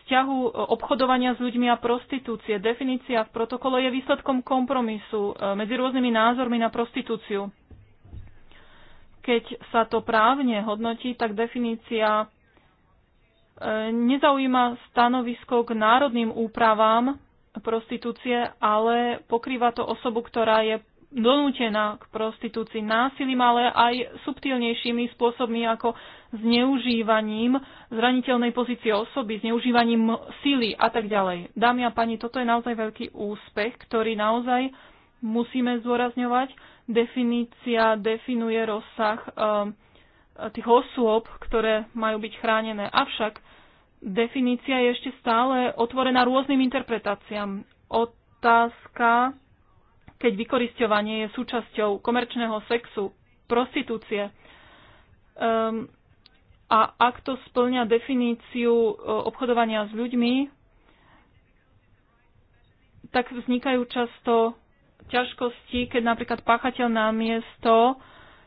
vzťahu obchodovania s ľuďmi a prostitúcie. Definícia v protokole je výsledkom kompromisu e, medzi rôznymi názormi na prostitúciu. Keď sa to právne hodnotí, tak definícia e, nezaujíma stanovisko k národným úpravám prostitúcie, ale pokrýva to osobu, ktorá je donútená k prostitúcii násilím, ale aj subtilnejšími spôsobmi ako zneužívaním zraniteľnej pozície osoby, zneužívaním sily a tak ďalej. Dámy a pani, toto je naozaj veľký úspech, ktorý naozaj musíme zdôrazňovať. Definícia definuje rozsah eh, tých osôb, ktoré majú byť chránené. Avšak definícia je ešte stále otvorená rôznym interpretáciám. Otázka keď vykorisťovanie je súčasťou komerčného sexu, prostitúcie. Um, a ak to splňa definíciu e, obchodovania s ľuďmi, tak vznikajú často ťažkosti, keď napríklad páchateľ na miesto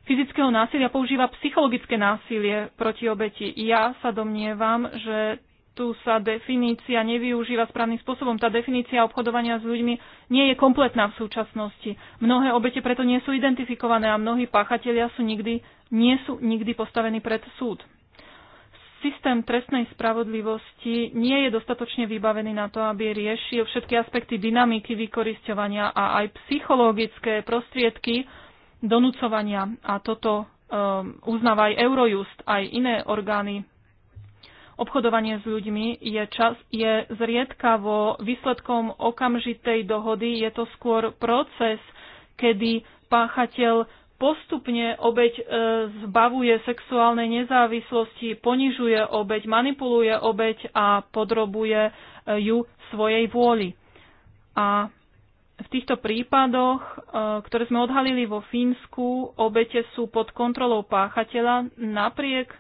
fyzického násilia používa psychologické násilie proti obeti. Ja sa domnievam, že tu sa definícia nevyužíva správnym spôsobom. Tá definícia obchodovania s ľuďmi nie je kompletná v súčasnosti. Mnohé obete preto nie sú identifikované a mnohí páchatelia sú nikdy, nie sú nikdy postavení pred súd. Systém trestnej spravodlivosti nie je dostatočne vybavený na to, aby riešil všetky aspekty dynamiky vykorisťovania a aj psychologické prostriedky donúcovania. A toto um, uznáva aj Eurojust, aj iné orgány obchodovanie s ľuďmi je, čas, je zriedkavo výsledkom okamžitej dohody. Je to skôr proces, kedy páchateľ postupne obeď e, zbavuje sexuálnej nezávislosti, ponižuje obeď, manipuluje obeď a podrobuje e, ju svojej vôli. A v týchto prípadoch, e, ktoré sme odhalili vo Fínsku, obete sú pod kontrolou páchateľa napriek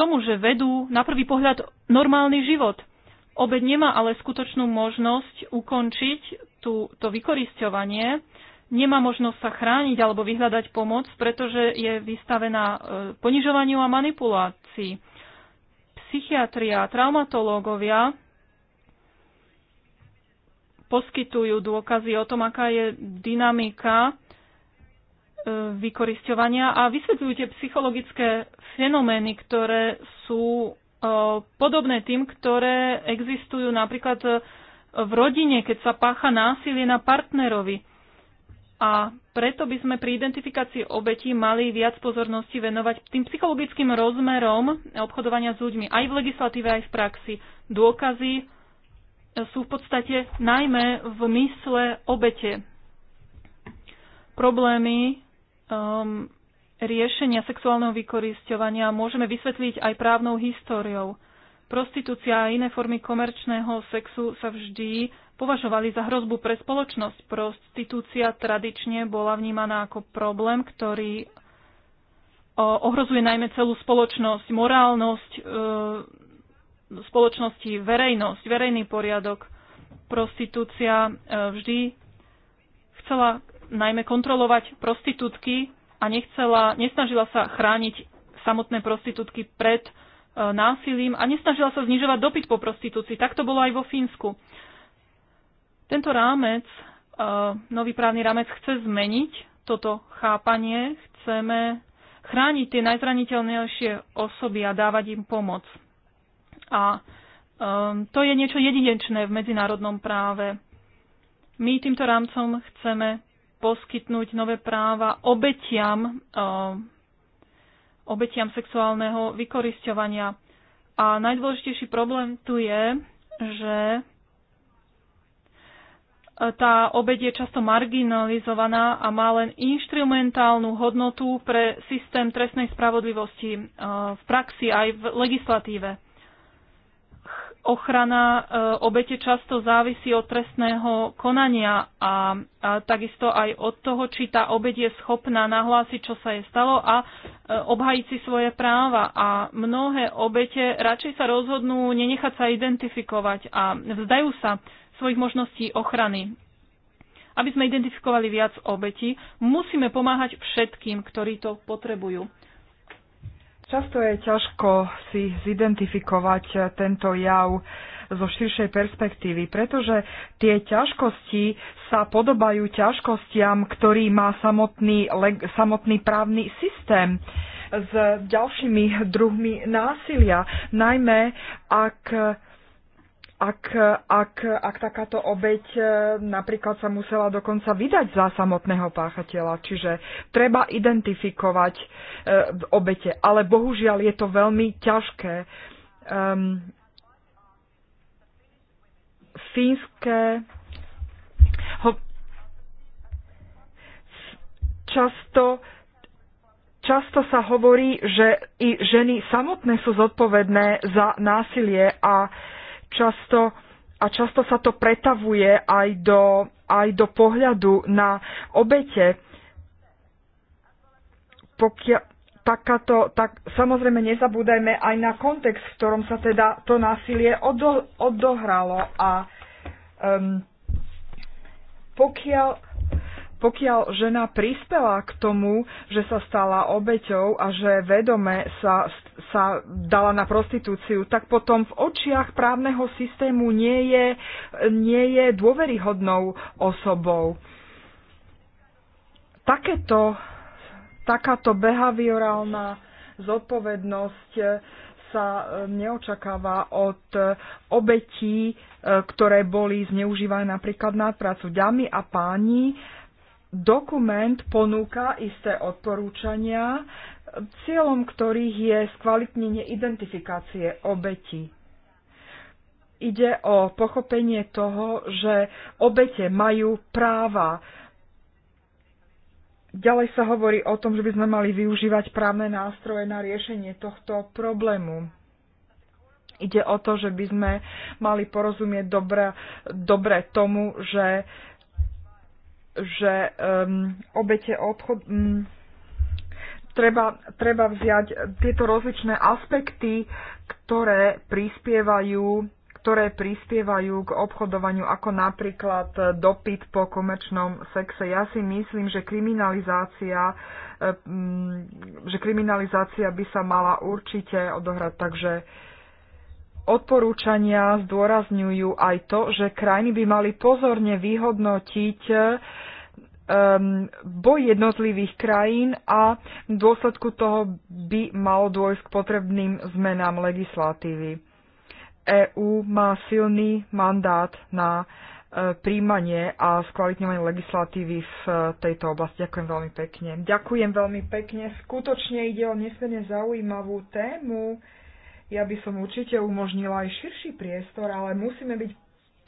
tomu, že vedú na prvý pohľad normálny život. Obed nemá ale skutočnú možnosť ukončiť tú, to vykorisťovanie, nemá možnosť sa chrániť alebo vyhľadať pomoc, pretože je vystavená e, ponižovaniu a manipulácii. Psychiatria, traumatológovia poskytujú dôkazy o tom, aká je dynamika E, vykoristovania a vysvetľujú tie psychologické fenomény, ktoré sú e, podobné tým, ktoré existujú napríklad e, v rodine, keď sa pácha násilie na partnerovi. A preto by sme pri identifikácii obetí mali viac pozornosti venovať tým psychologickým rozmerom obchodovania s ľuďmi aj v legislatíve, aj v praxi. Dôkazy sú v podstate najmä v mysle obete. Problémy um, riešenia sexuálneho vykoristovania môžeme vysvetliť aj právnou históriou. Prostitúcia a iné formy komerčného sexu sa vždy považovali za hrozbu pre spoločnosť. Prostitúcia tradične bola vnímaná ako problém, ktorý ohrozuje najmä celú spoločnosť, morálnosť e, spoločnosti, verejnosť, verejný poriadok. Prostitúcia e, vždy chcela najmä kontrolovať prostitútky a nechcela, nesnažila sa chrániť samotné prostitútky pred e, násilím a nesnažila sa znižovať dopyt po prostitúcii. Tak to bolo aj vo Fínsku. Tento rámec, e, nový právny rámec chce zmeniť toto chápanie. Chceme chrániť tie najzraniteľnejšie osoby a dávať im pomoc. A e, to je niečo jedinečné v medzinárodnom práve. My týmto rámcom chceme poskytnúť nové práva obetiam, eh, obetiam sexuálneho vykorisťovania. A najdôležitejší problém tu je, že eh, tá obed je často marginalizovaná a má len inštrumentálnu hodnotu pre systém trestnej spravodlivosti eh, v praxi aj v legislatíve. Ochrana e, obete často závisí od trestného konania a, a takisto aj od toho, či tá obeť je schopná nahlásiť, čo sa je stalo a e, obhajiť si svoje práva. A mnohé obete radšej sa rozhodnú nenechať sa identifikovať a vzdajú sa svojich možností ochrany. Aby sme identifikovali viac obetí, musíme pomáhať všetkým, ktorí to potrebujú. Často je ťažko si zidentifikovať tento jav zo širšej perspektívy, pretože tie ťažkosti sa podobajú ťažkostiam, ktorý má samotný, samotný právny systém s ďalšími druhmi násilia, najmä ak ak, ak, ak takáto obeď e, napríklad sa musela dokonca vydať za samotného páchateľa. Čiže treba identifikovať e, obete. Ale bohužiaľ je to veľmi ťažké. Um, fínske ho, často často sa hovorí, že i ženy samotné sú zodpovedné za násilie a často a často sa to pretavuje aj do, aj do pohľadu na obete. Pokia, takáto, tak samozrejme nezabúdajme aj na kontext, v ktorom sa teda to násilie odo, odohralo a um, pokiaľ, pokiaľ žena prispela k tomu, že sa stala obeťou a že vedome sa sa dala na prostitúciu, tak potom v očiach právneho systému nie je, nie je dôveryhodnou osobou. Takéto, takáto behaviorálna zodpovednosť sa eh, neočakáva od eh, obetí, eh, ktoré boli zneužívané napríklad na prácu. Dámy a páni, dokument ponúka isté odporúčania, cieľom ktorých je skvalitnenie identifikácie obeti. Ide o pochopenie toho, že obete majú práva. Ďalej sa hovorí o tom, že by sme mali využívať právne nástroje na riešenie tohto problému. Ide o to, že by sme mali porozumieť dobre, dobre tomu, že, že um, obete obchod, um, treba, treba vziať tieto rozličné aspekty, ktoré prispievajú ktoré prispievajú k obchodovaniu, ako napríklad dopyt po komerčnom sexe. Ja si myslím, že kriminalizácia, e, mm, že kriminalizácia by sa mala určite odohrať, takže odporúčania zdôrazňujú aj to, že krajiny by mali pozorne vyhodnotiť um, boj jednotlivých krajín a v dôsledku toho by malo dôjsť k potrebným zmenám legislatívy. EÚ má silný mandát na e, príjmanie a skvalitňovanie legislatívy v e, tejto oblasti. Ďakujem veľmi pekne. Ďakujem veľmi pekne. Skutočne ide o nesmierne zaujímavú tému. Ja by som určite umožnila aj širší priestor, ale musíme byť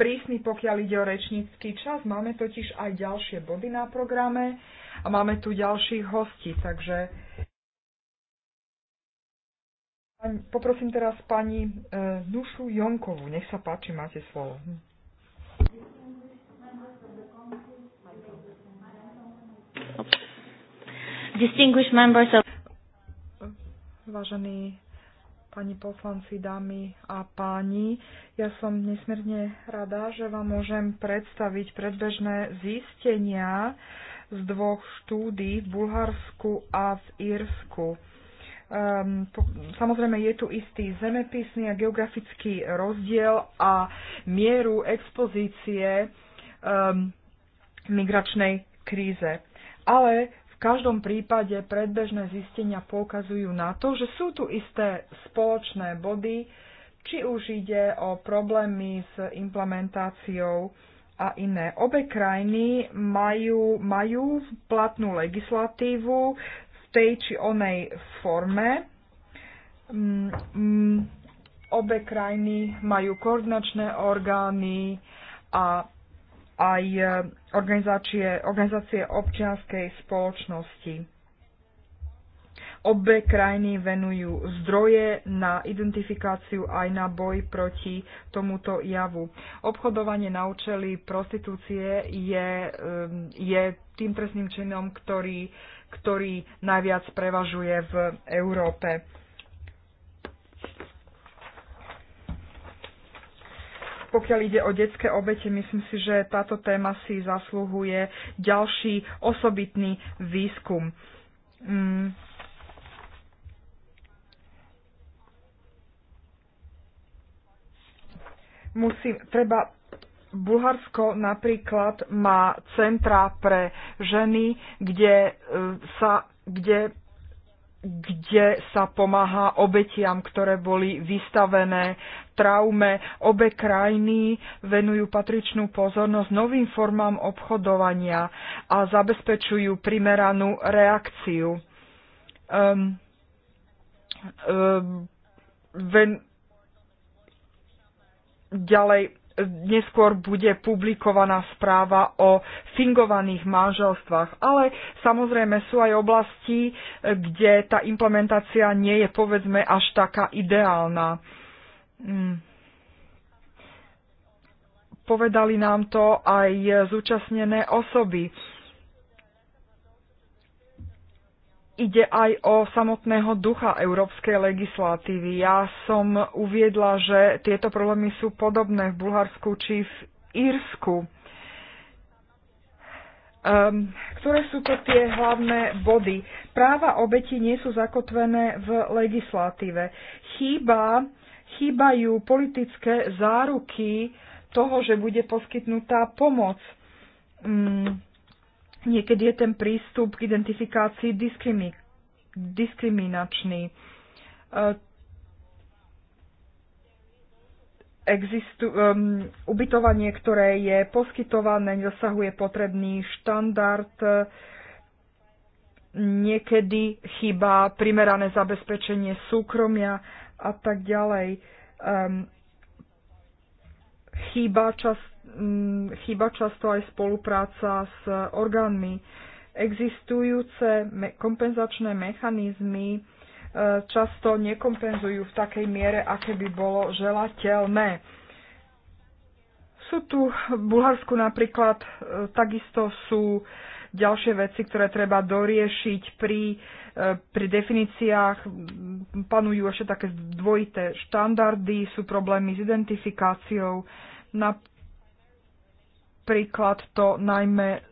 prísny, pokiaľ ide o rečnícky čas. Máme totiž aj ďalšie body na programe a máme tu ďalších hostí, takže poprosím teraz pani e, Nušu Jonkovú. Nech sa páči, máte slovo. Hm. Distinguished members of... Vážení pani poslanci, dámy a páni. Ja som nesmierne rada, že vám môžem predstaviť predbežné zistenia z dvoch štúdí v Bulharsku a v Írsku. Um, po, samozrejme je tu istý zemepisný a geografický rozdiel a mieru expozície um, migračnej kríze. Ale každom prípade predbežné zistenia poukazujú na to, že sú tu isté spoločné body, či už ide o problémy s implementáciou a iné. Obe krajiny majú, majú platnú legislatívu v tej či onej forme. Mm, mm, obe krajiny majú koordinačné orgány a aj e, organizácie, organizácie občianskej spoločnosti. Obe krajiny venujú zdroje na identifikáciu aj na boj proti tomuto javu. Obchodovanie na účely prostitúcie je, je tým trestným činom, ktorý, ktorý najviac prevažuje v Európe Pokiaľ ide o detské obete, myslím si, že táto téma si zasluhuje ďalší osobitný výskum. Mm. Musím, treba, Bulharsko napríklad má centra pre ženy, kde e, sa, kde kde sa pomáha obetiam, ktoré boli vystavené traume. Obe krajiny venujú patričnú pozornosť novým formám obchodovania a zabezpečujú primeranú reakciu. Um, um, ven, ďalej neskôr bude publikovaná správa o fingovaných manželstvách. Ale samozrejme sú aj oblasti, kde tá implementácia nie je povedzme až taká ideálna. Mm. Povedali nám to aj zúčastnené osoby. ide aj o samotného ducha európskej legislatívy. Ja som uviedla, že tieto problémy sú podobné v Bulharsku či v Írsku. Um, ktoré sú to tie hlavné body? Práva obeti nie sú zakotvené v legislatíve. Chýba, chýbajú politické záruky toho, že bude poskytnutá pomoc. Um, Niekedy je ten prístup k identifikácii diskrimi- diskriminačný. E, existu- um, ubytovanie, ktoré je poskytované, nedosahuje potrebný štandard, niekedy chýba primerané zabezpečenie súkromia a tak ďalej. Um, chýba čas, Mm, chýba často aj spolupráca s orgánmi. Existujúce kompenzačné mechanizmy e, často nekompenzujú v takej miere, aké by bolo želateľné. Sú tu v Bulharsku napríklad e, takisto sú ďalšie veci, ktoré treba doriešiť pri, e, pri definíciách. Panujú ešte také dvojité štandardy, sú problémy s identifikáciou. Na, príklad to najmä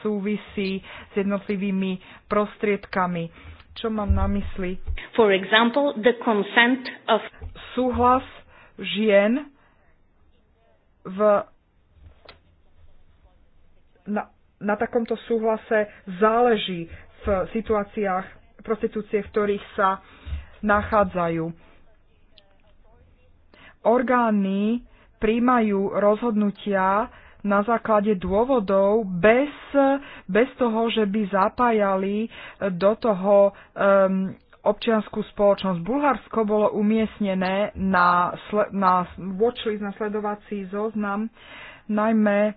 súvisí s jednotlivými prostriedkami. Čo mám na mysli? For example, the consent of... Súhlas žien v, na, na takomto súhlase záleží v situáciách prostitúcie, v ktorých sa nachádzajú. Orgány príjmajú rozhodnutia, na základe dôvodov bez, bez toho, že by zapájali e, do toho um, občianskú spoločnosť. Bulharsko bolo umiestnené na, na watchlist, na sledovací zoznam, najmä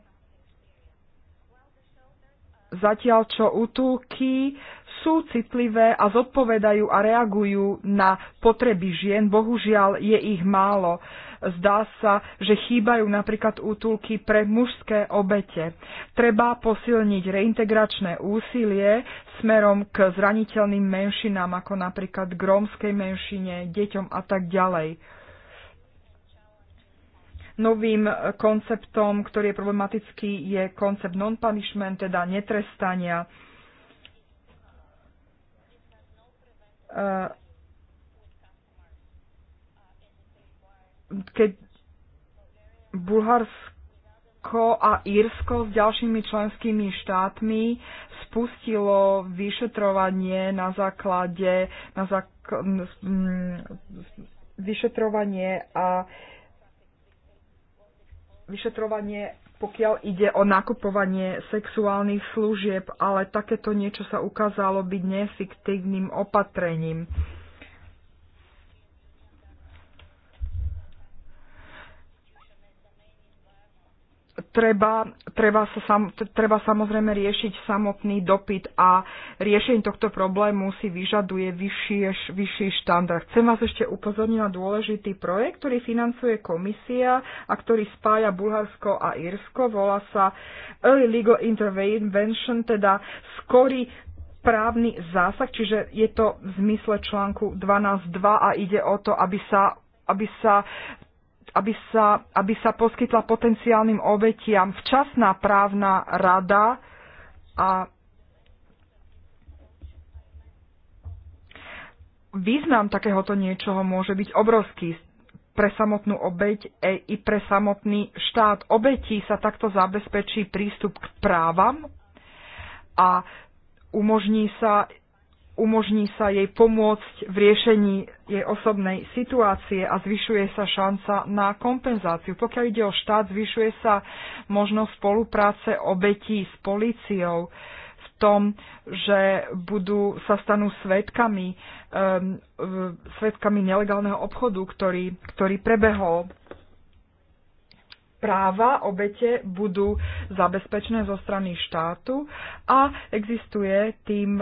zatiaľ čo útulky sú citlivé a zodpovedajú a reagujú na potreby žien, bohužiaľ je ich málo. Zdá sa, že chýbajú napríklad útulky pre mužské obete. Treba posilniť reintegračné úsilie smerom k zraniteľným menšinám, ako napríklad k rómskej menšine, deťom a tak ďalej novým konceptom, ktorý je problematický, je koncept non-punishment, teda netrestania. E, keď Bulharsko a Írsko s ďalšími členskými štátmi spustilo vyšetrovanie na základe na zák- vyšetrovanie a vyšetrovanie pokiaľ ide o nakupovanie sexuálnych služieb, ale takéto niečo sa ukázalo byť nefiktívnym opatrením. treba, treba, sa sam, treba samozrejme riešiť samotný dopyt a riešenie tohto problému si vyžaduje vyšší, vyšší štandard. Chcem vás ešte upozorniť na dôležitý projekt, ktorý financuje komisia a ktorý spája Bulharsko a Írsko. Volá sa Early Legal Intervention, teda skorý právny zásah, čiže je to v zmysle článku 12.2 a ide o to, aby sa aby sa aby sa, aby sa poskytla potenciálnym obetiam včasná právna rada a význam takéhoto niečoho môže byť obrovský pre samotnú obeď e, i pre samotný štát. Obetí sa takto zabezpečí prístup k právam a umožní sa umožní sa jej pomôcť v riešení jej osobnej situácie a zvyšuje sa šanca na kompenzáciu. Pokiaľ ide o štát, zvyšuje sa možnosť spolupráce obetí s policiou v tom, že budú, sa stanú svetkami, um, svetkami nelegálneho obchodu, ktorý, ktorý prebehol. Práva obete budú zabezpečené zo strany štátu a existuje tým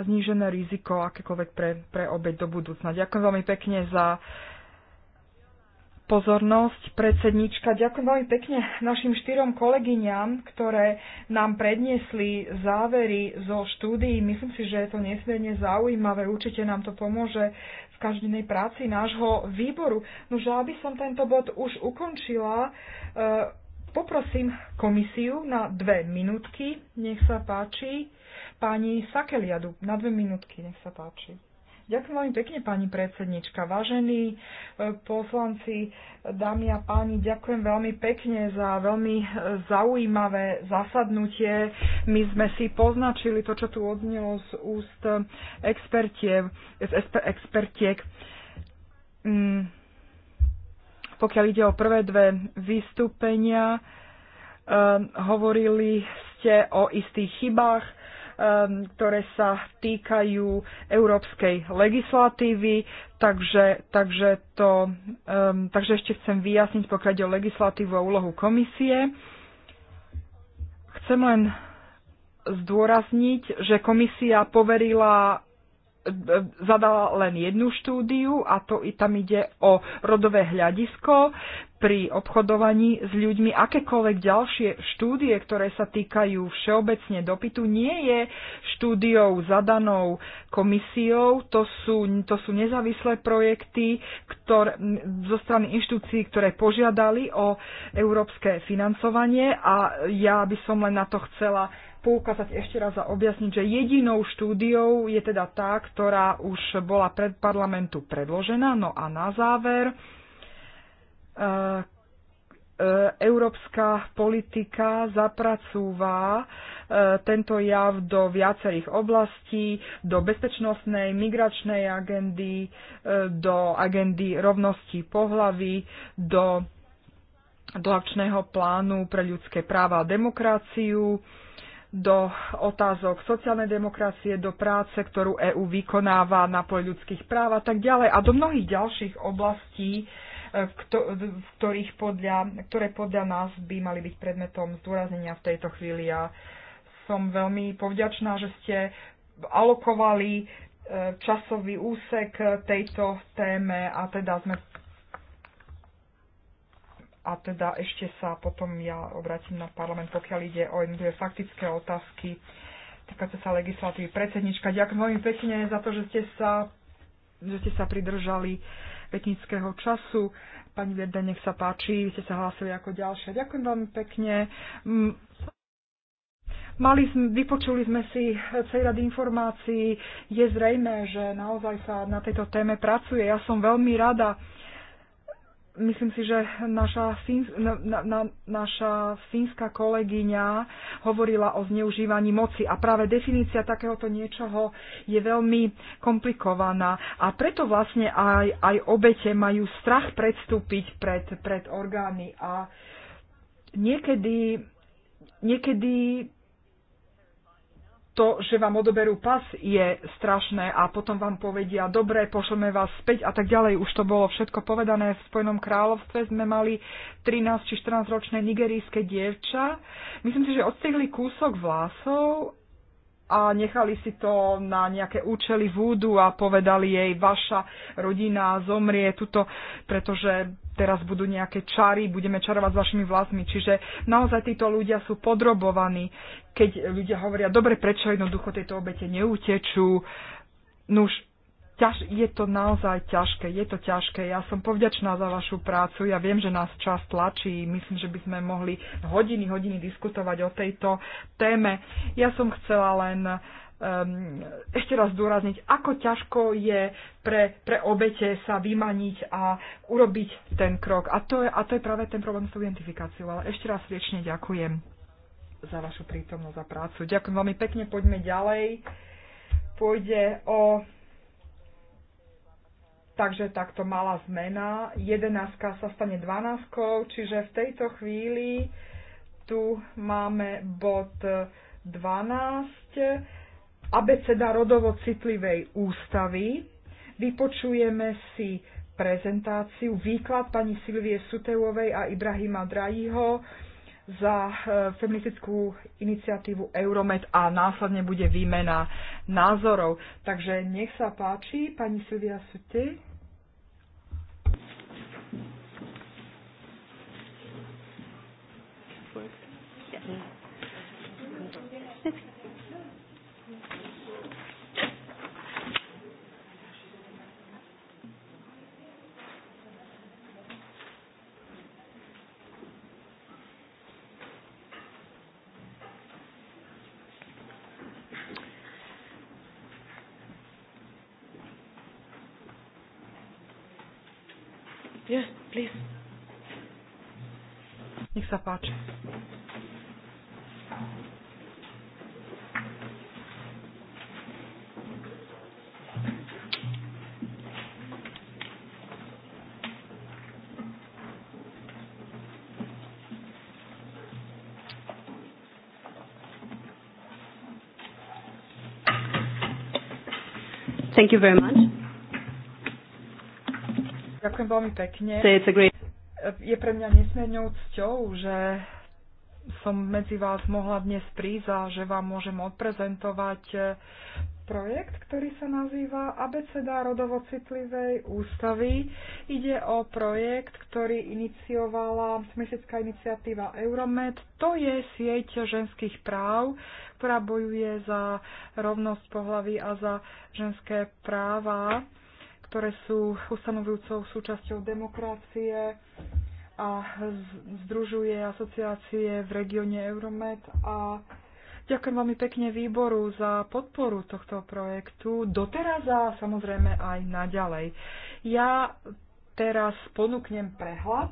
znížené riziko akékoľvek pre, pre obeď do budúcna. Ďakujem veľmi pekne za pozornosť, predsednička. Ďakujem veľmi pekne našim štyrom kolegyňam, ktoré nám predniesli závery zo štúdií. Myslím si, že je to nesmierne zaujímavé. Určite nám to pomôže v každodennej práci nášho výboru. No, že aby som tento bod už ukončila, eh, poprosím komisiu na dve minútky. Nech sa páči. Pani Sakeliadu, na dve minútky, nech sa páči. Ďakujem veľmi pekne, pani predsednička. Vážení e, poslanci, dámy a páni, ďakujem veľmi pekne za veľmi e, zaujímavé zasadnutie. My sme si poznačili to, čo tu odnelo z úst expertiev, z expertiek. Mm, pokiaľ ide o prvé dve vystúpenia, e, hovorili ste o istých chybách, Um, ktoré sa týkajú európskej legislatívy, takže, takže, to, um, takže ešte chcem vyjasniť, pokiaľ ide o legislatívu a úlohu komisie. Chcem len zdôrazniť, že komisia poverila zadala len jednu štúdiu a to i tam ide o rodové hľadisko pri obchodovaní s ľuďmi. Akékoľvek ďalšie štúdie, ktoré sa týkajú všeobecne dopytu, nie je štúdiou zadanou komisiou. To sú, to sú nezávislé projekty ktoré, zo strany inštitúcií, ktoré požiadali o európske financovanie a ja by som len na to chcela poukázať ešte raz a objasniť, že jedinou štúdiou je teda tá, ktorá už bola pred parlamentu predložená. No a na záver, e, e, európska politika zapracúva e, tento jav do viacerých oblastí, do bezpečnostnej, migračnej agendy, do agendy rovnosti pohlavy, do do akčného plánu pre ľudské práva a demokraciu do otázok sociálnej demokracie, do práce, ktorú EÚ vykonáva na poli ľudských práv a tak ďalej a do mnohých ďalších oblastí, e, ktorých podľa, ktoré podľa nás by mali byť predmetom zdôraznenia v tejto chvíli. Ja som veľmi povďačná, že ste alokovali e, časový úsek tejto téme a teda sme a teda ešte sa potom ja obratím na parlament, pokiaľ ide o jednotlivé faktické otázky týkajúce sa legislatívy. Predsednička, ďakujem veľmi pekne za to, že ste sa, že ste sa pridržali vetnického času. Pani Verda, nech sa páči, vy ste sa hlásili ako ďalšia. Ďakujem veľmi pekne. Mm. Mali, vypočuli sme si celý rad informácií. Je zrejme, že naozaj sa na tejto téme pracuje. Ja som veľmi rada, myslím si, že naša, na, na, na, naša fínska kolegyňa hovorila o zneužívaní moci a práve definícia takéhoto niečoho je veľmi komplikovaná a preto vlastne aj, aj obete majú strach predstúpiť pred, pred orgány a niekedy, niekedy to, že vám odoberú pas, je strašné a potom vám povedia, dobre, pošleme vás späť a tak ďalej. Už to bolo všetko povedané. V Spojenom kráľovstve sme mali 13 či 14 ročné nigerijské dievča. Myslím si, že odstihli kúsok vlasov a nechali si to na nejaké účely vúdu a povedali jej, vaša rodina zomrie tuto, pretože teraz budú nejaké čary, budeme čarovať s vašimi vlastmi. Čiže naozaj títo ľudia sú podrobovaní, keď ľudia hovoria, dobre, prečo jednoducho tejto obete neutečú. Nuž, ťaž, je to naozaj ťažké, je to ťažké. Ja som povďačná za vašu prácu, ja viem, že nás čas tlačí, myslím, že by sme mohli hodiny, hodiny diskutovať o tejto téme. Ja som chcela len um, ešte raz zdôrazniť, ako ťažko je pre, pre obete sa vymaniť a urobiť ten krok. A to je, a to je práve ten problém s tou identifikáciou. Ale ešte raz riečne ďakujem za vašu prítomnosť a prácu. Ďakujem veľmi pekne, poďme ďalej. Pôjde o Takže takto malá zmena. 11 sa stane 12, čiže v tejto chvíli tu máme bod 12 abeceda rodovo citlivej ústavy. Vypočujeme si prezentáciu, výklad pani Silvie Suteovej a Ibrahima Drajího za e, feministickú iniciatívu Euromed a následne bude výmena názorov. Takže nech sa páči, pani Silvia Sute. Please. Nech sa páči. Thank you very much. Ďakujem veľmi pekne. Je pre mňa nesmiernou cťou, že som medzi vás mohla dnes prísť a že vám môžem odprezentovať eh, projekt, ktorý sa nazýva ABCD rodovo citlivej ústavy. Ide o projekt, ktorý iniciovala mesecká iniciatíva Euromed. To je sieť ženských práv, ktorá bojuje za rovnosť pohlaví a za ženské práva ktoré sú ustanovujúcou súčasťou demokracie a združuje asociácie v regióne Euromed a Ďakujem veľmi pekne výboru za podporu tohto projektu doteraz a samozrejme aj naďalej. Ja teraz ponúknem prehľad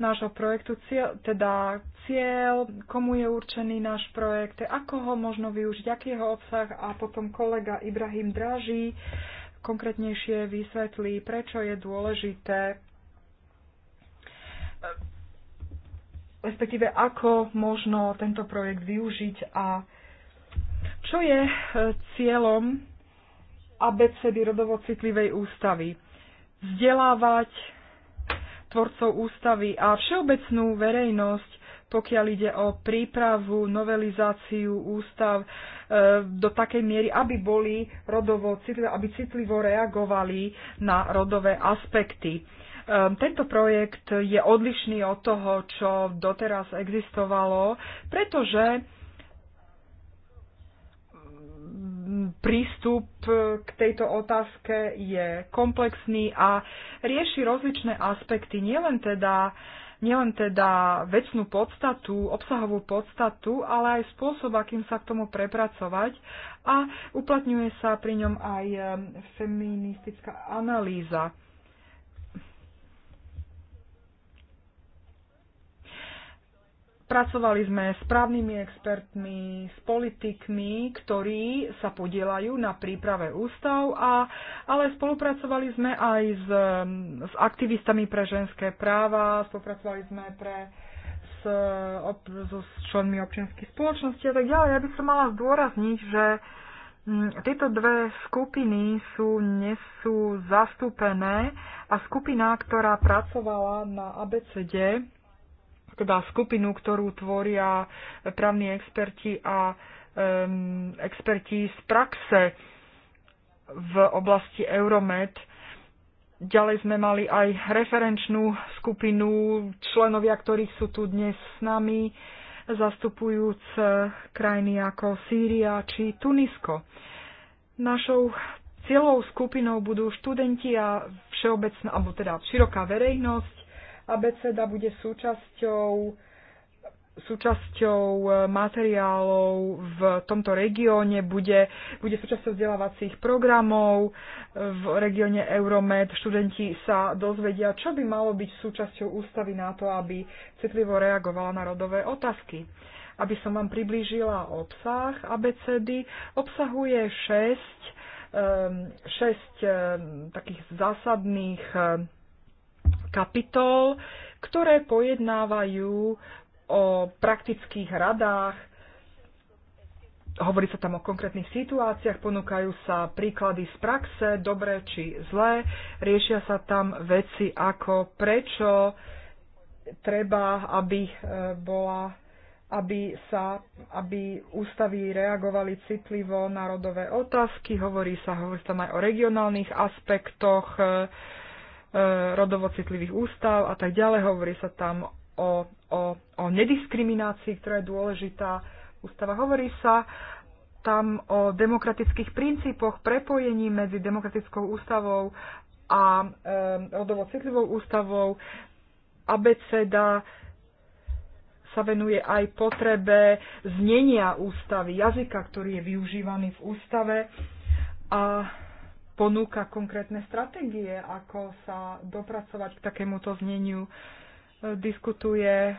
nášho projektu, cieľ, teda cieľ, komu je určený náš projekt, ako ho možno využiť, aký jeho obsah a potom kolega Ibrahim Draží konkrétnejšie vysvetlí, prečo je dôležité respektíve ako možno tento projekt využiť a čo je e, cieľom abecedy rodovo citlivej ústavy. Vzdelávať tvorcov ústavy a všeobecnú verejnosť pokiaľ ide o prípravu, novelizáciu ústav e, do takej miery, aby boli rodovo citlivo, aby citlivo reagovali na rodové aspekty. E, tento projekt je odlišný od toho, čo doteraz existovalo, pretože prístup k tejto otázke je komplexný a rieši rozličné aspekty, nielen teda nielen teda vecnú podstatu, obsahovú podstatu, ale aj spôsob, akým sa k tomu prepracovať a uplatňuje sa pri ňom aj ehm, feministická analýza. Pracovali sme s právnymi expertmi, s politikmi, ktorí sa podielajú na príprave ústav, a, ale spolupracovali sme aj s, s aktivistami pre ženské práva, spolupracovali sme pre, s, ob, so, s členmi občianských spoločnosti. a tak ďalej. Ja by som mala zdôrazniť, že mm, tieto dve skupiny sú, sú zastúpené a skupina, ktorá pracovala na ABCD, teda skupinu, ktorú tvoria právni experti a um, experti z praxe v oblasti Euromed. Ďalej sme mali aj referenčnú skupinu členovia, ktorých sú tu dnes s nami, zastupujúc krajiny ako Sýria či Tunisko. Našou cieľou skupinou budú študenti a všeobecná, alebo teda široká verejnosť, Abeceda bude súčasťou súčasťou e, materiálov v tomto regióne, bude, bude súčasťou vzdelávacích programov v regióne Euromed. Študenti sa dozvedia, čo by malo byť súčasťou ústavy na to, aby citlivo reagovala na rodové otázky. Aby som vám priblížila obsah ABCD, obsahuje 6, 6 e, e, takých zásadných kapitol, ktoré pojednávajú o praktických radách, Hovorí sa tam o konkrétnych situáciách, ponúkajú sa príklady z praxe, dobré či zlé, riešia sa tam veci ako prečo treba, aby e, bola aby, sa, aby ústavy reagovali citlivo na rodové otázky, hovorí sa, hovorí sa tam aj o regionálnych aspektoch, e, E, rodovo citlivých ústav a tak ďalej. Hovorí sa tam o, o, o nediskriminácii, ktorá je dôležitá. Ústava hovorí sa tam o demokratických princípoch, prepojení medzi demokratickou ústavou a e, rodovo citlivou ústavou. Abeceda sa venuje aj potrebe znenia ústavy, jazyka, ktorý je využívaný v ústave. A ponúka konkrétne stratégie, ako sa dopracovať k takémuto zneniu. E, diskutuje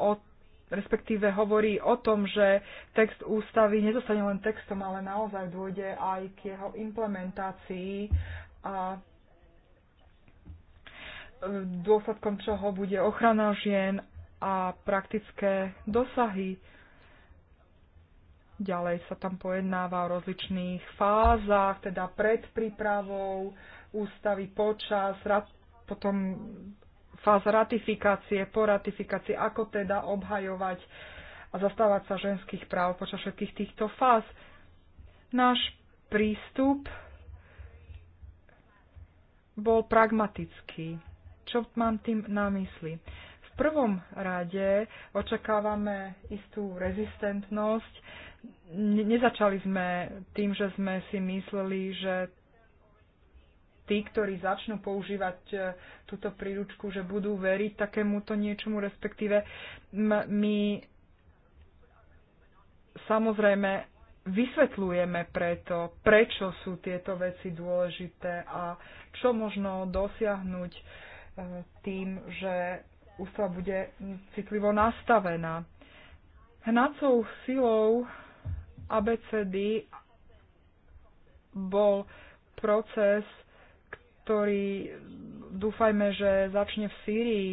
o respektíve hovorí o tom, že text ústavy nezostane len textom, ale naozaj dôjde aj k jeho implementácii a e, dôsledkom čoho bude ochrana žien a praktické dosahy Ďalej sa tam pojednáva o rozličných fázach, teda pred prípravou ústavy, počas, rat, potom fáza ratifikácie, po ratifikácii, ako teda obhajovať a zastávať sa ženských práv počas všetkých týchto fáz. Náš prístup bol pragmatický. Čo mám tým na mysli? V prvom rade očakávame istú rezistentnosť nezačali sme tým, že sme si mysleli, že tí, ktorí začnú používať e, túto príručku, že budú veriť takémuto niečomu, respektíve my samozrejme vysvetlujeme preto, prečo sú tieto veci dôležité a čo možno dosiahnuť e, tým, že ústava bude citlivo nastavená. Hnacou silou ABCD bol proces, ktorý dúfajme, že začne v Sýrii.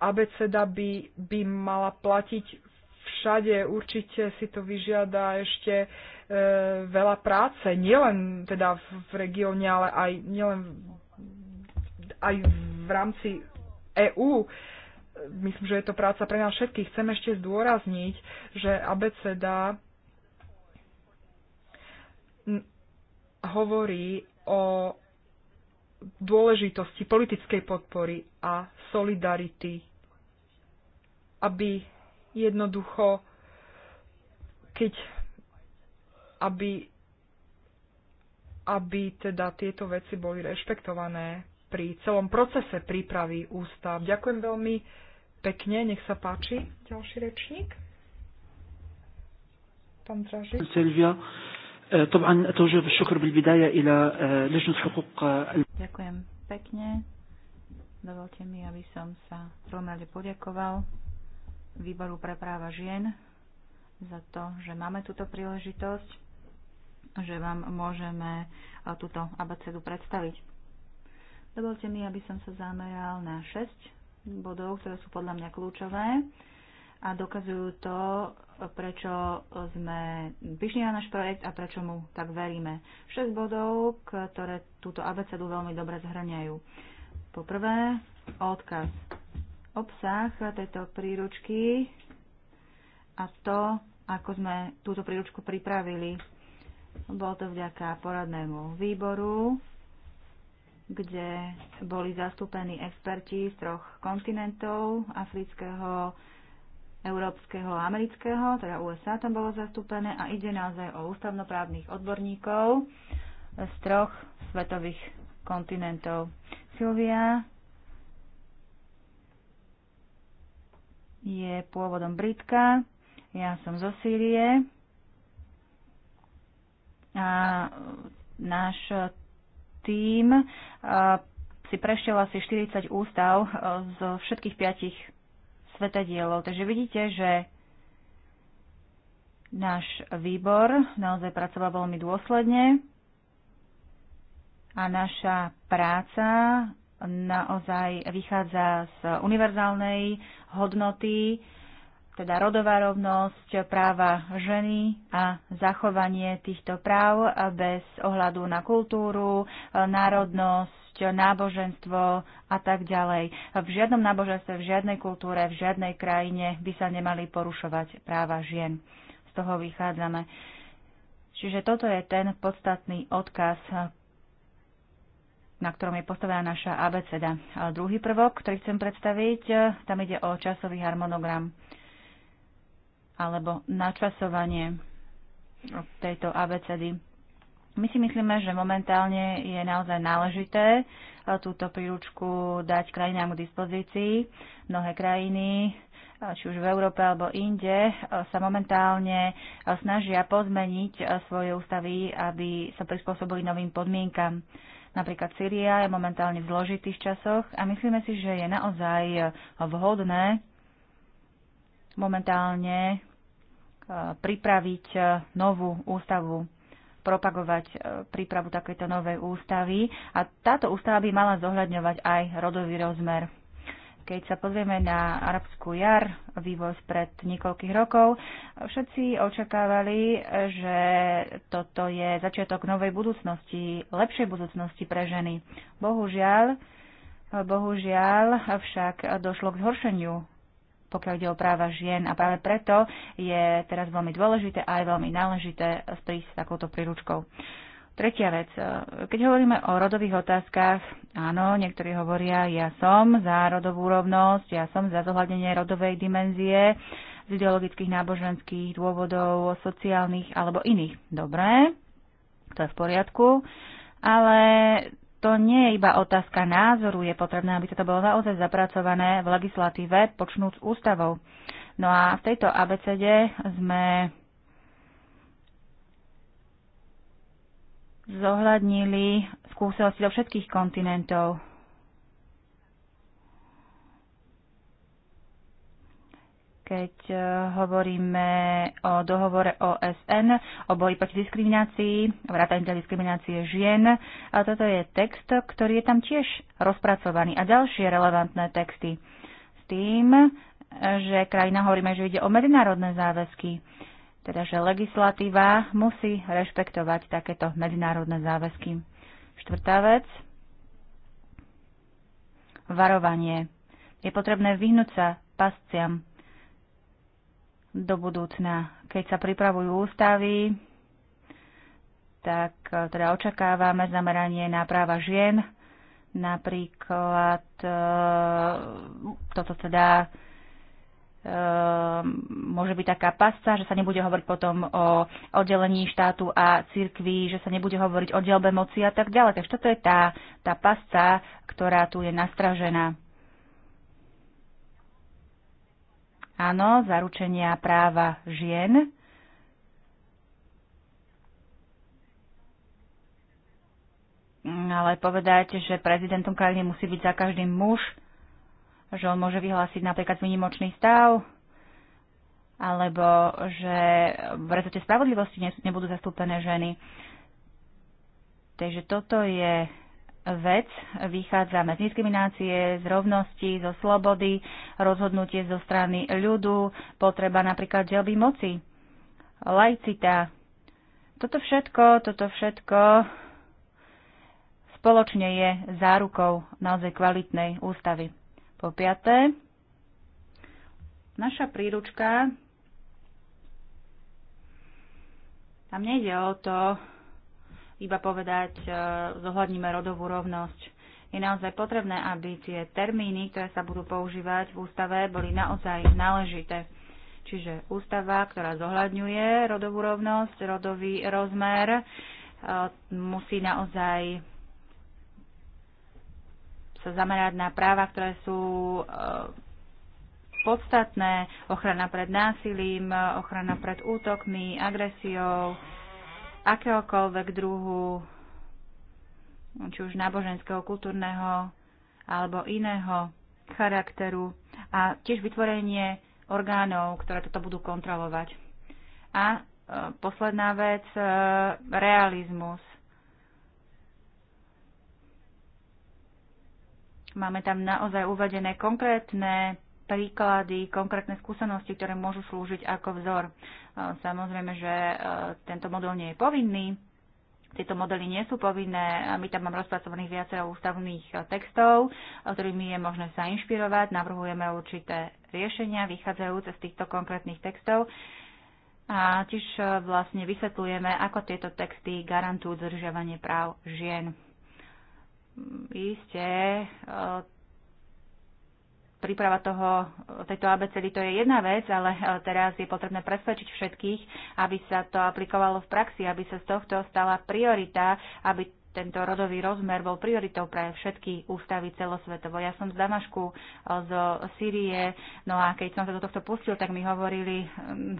ABCD by, by mala platiť všade. Určite si to vyžiada ešte e, veľa práce, nielen teda v, v regióne, ale aj nielen aj v rámci EÚ myslím, že je to práca pre nás všetkých. Chcem ešte zdôrazniť, že abeceda hovorí o dôležitosti politickej podpory a solidarity, aby jednoducho, keď aby, aby teda tieto veci boli rešpektované pri celom procese prípravy ústav. Ďakujem veľmi pekne, nech sa páči. Ďalší rečník. Pán Draži. Silvia, e, e, e, Ďakujem pekne. Dovolte mi, aby som sa prvom rade poďakoval Výboru pre práva žien za to, že máme túto príležitosť, že vám môžeme túto abecedu predstaviť. Dovolte mi, aby som sa zameral na 6 bodov, ktoré sú podľa mňa kľúčové a dokazujú to, prečo sme pyšní na náš projekt a prečo mu tak veríme. 6 bodov, ktoré túto abecedu veľmi dobre zhrňajú. Po prvé, odkaz. Obsah tejto príručky a to, ako sme túto príručku pripravili. Bolo to vďaka poradnému výboru, kde boli zastúpení experti z troch kontinentov, afrického, európskeho a amerického, teda USA tam bolo zastúpené a ide naozaj o ústavnoprávnych odborníkov z troch svetových kontinentov. Silvia je pôvodom Britka, ja som zo Sýrie a náš tým si prešiel asi 40 ústav z všetkých piatich svetadielov. Takže vidíte, že náš výbor naozaj pracoval veľmi dôsledne a naša práca naozaj vychádza z univerzálnej hodnoty, teda rodová rovnosť, práva ženy a zachovanie týchto práv bez ohľadu na kultúru, národnosť, náboženstvo a tak ďalej. V žiadnom náboženstve, v žiadnej kultúre, v žiadnej krajine by sa nemali porušovať práva žien. Z toho vychádzame. Čiže toto je ten podstatný odkaz, na ktorom je postavená naša abeceda. A druhý prvok, ktorý chcem predstaviť, tam ide o časový harmonogram alebo načasovanie tejto abecedy. My si myslíme, že momentálne je naozaj náležité e, túto príručku dať krajinám k dispozícii. Mnohé krajiny, e, či už v Európe alebo inde, e, sa momentálne snažia pozmeniť svoje ústavy, aby sa prispôsobili novým podmienkam. Napríklad Syria je momentálne v zložitých časoch a myslíme si, že je naozaj vhodné momentálne eh, pripraviť eh, novú ústavu propagovať eh, prípravu takejto novej ústavy. A táto ústava by mala zohľadňovať aj rodový rozmer. Keď sa pozrieme na arabskú jar, vývoj pred niekoľkých rokov, všetci očakávali, že toto je začiatok novej budúcnosti, lepšej budúcnosti pre ženy. Bohužiaľ, bohužiaľ však došlo k zhoršeniu pokiaľ ide o práva žien. A práve preto je teraz veľmi dôležité a aj veľmi náležité prísť s takouto príručkou. Tretia vec. Keď hovoríme o rodových otázkach, áno, niektorí hovoria, ja som za rodovú rovnosť, ja som za zohľadenie rodovej dimenzie z ideologických, náboženských dôvodov, sociálnych alebo iných. Dobre, to je v poriadku, ale to nie je iba otázka názoru, je potrebné, aby toto bolo naozaj zapracované v legislatíve počnúc ústavou. No a v tejto ABCD sme zohľadnili skúsenosti do všetkých kontinentov keď e, hovoríme o dohovore OSN o boji proti diskriminácii, vrátane teda diskriminácie žien. A toto je text, ktorý je tam tiež rozpracovaný a ďalšie relevantné texty. S tým, e, že krajina hovoríme, že ide o medzinárodné záväzky, teda že legislatíva musí rešpektovať takéto medzinárodné záväzky. Štvrtá vec. Varovanie. Je potrebné vyhnúť sa pasciam do budúcna. Keď sa pripravujú ústavy, tak e, teda očakávame zameranie na práva žien, napríklad e, toto teda e, môže byť taká pasca, že sa nebude hovoriť potom o oddelení štátu a cirkvi, že sa nebude hovoriť o dielbe moci a tak ďalej. Takže toto je tá, tá pasca, ktorá tu je nastražená. áno, zaručenia práva žien. Ale povedať, že prezidentom krajiny musí byť za každým muž, že on môže vyhlásiť napríklad výnimočný stav, alebo že v rezote spravodlivosti nebudú zastúpené ženy. Takže toto je vec. Vychádzame z diskriminácie, z rovnosti, zo slobody, rozhodnutie zo strany ľudu, potreba napríklad želby moci, laicita. Toto všetko, toto všetko spoločne je zárukou naozaj kvalitnej ústavy. Po piaté, naša príručka, tam nejde o to, iba povedať, e, zohľadníme rodovú rovnosť. Je naozaj potrebné, aby tie termíny, ktoré sa budú používať v ústave, boli naozaj náležité. Čiže ústava, ktorá zohľadňuje rodovú rovnosť, rodový rozmer, e, musí naozaj sa zamerať na práva, ktoré sú e, podstatné, ochrana pred násilím, ochrana pred útokmi, agresiou, akéhokoľvek druhu, či už náboženského, kultúrneho alebo iného charakteru a tiež vytvorenie orgánov, ktoré toto budú kontrolovať. A e, posledná vec, e, realizmus. Máme tam naozaj uvedené konkrétne príklady, konkrétne skúsenosti, ktoré môžu slúžiť ako vzor. E, samozrejme, že e, tento model nie je povinný, tieto modely nie sú povinné. My tam máme rozpracovaných viacero ústavných textov, ktorými je možné sa inšpirovať. Navrhujeme určité riešenia vychádzajúce z týchto konkrétnych textov. A tiež e, vlastne vysvetlujeme, ako tieto texty garantujú zdržiavanie práv žien. Hm, Isté, príprava toho, tejto abecedy to je jedna vec, ale e, teraz je potrebné presvedčiť všetkých, aby sa to aplikovalo v praxi, aby sa z tohto stala priorita, aby tento rodový rozmer bol prioritou pre všetky ústavy celosvetovo. Ja som z Damašku, e, zo Sýrie, no a keď som sa do tohto pustil, tak mi hovorili,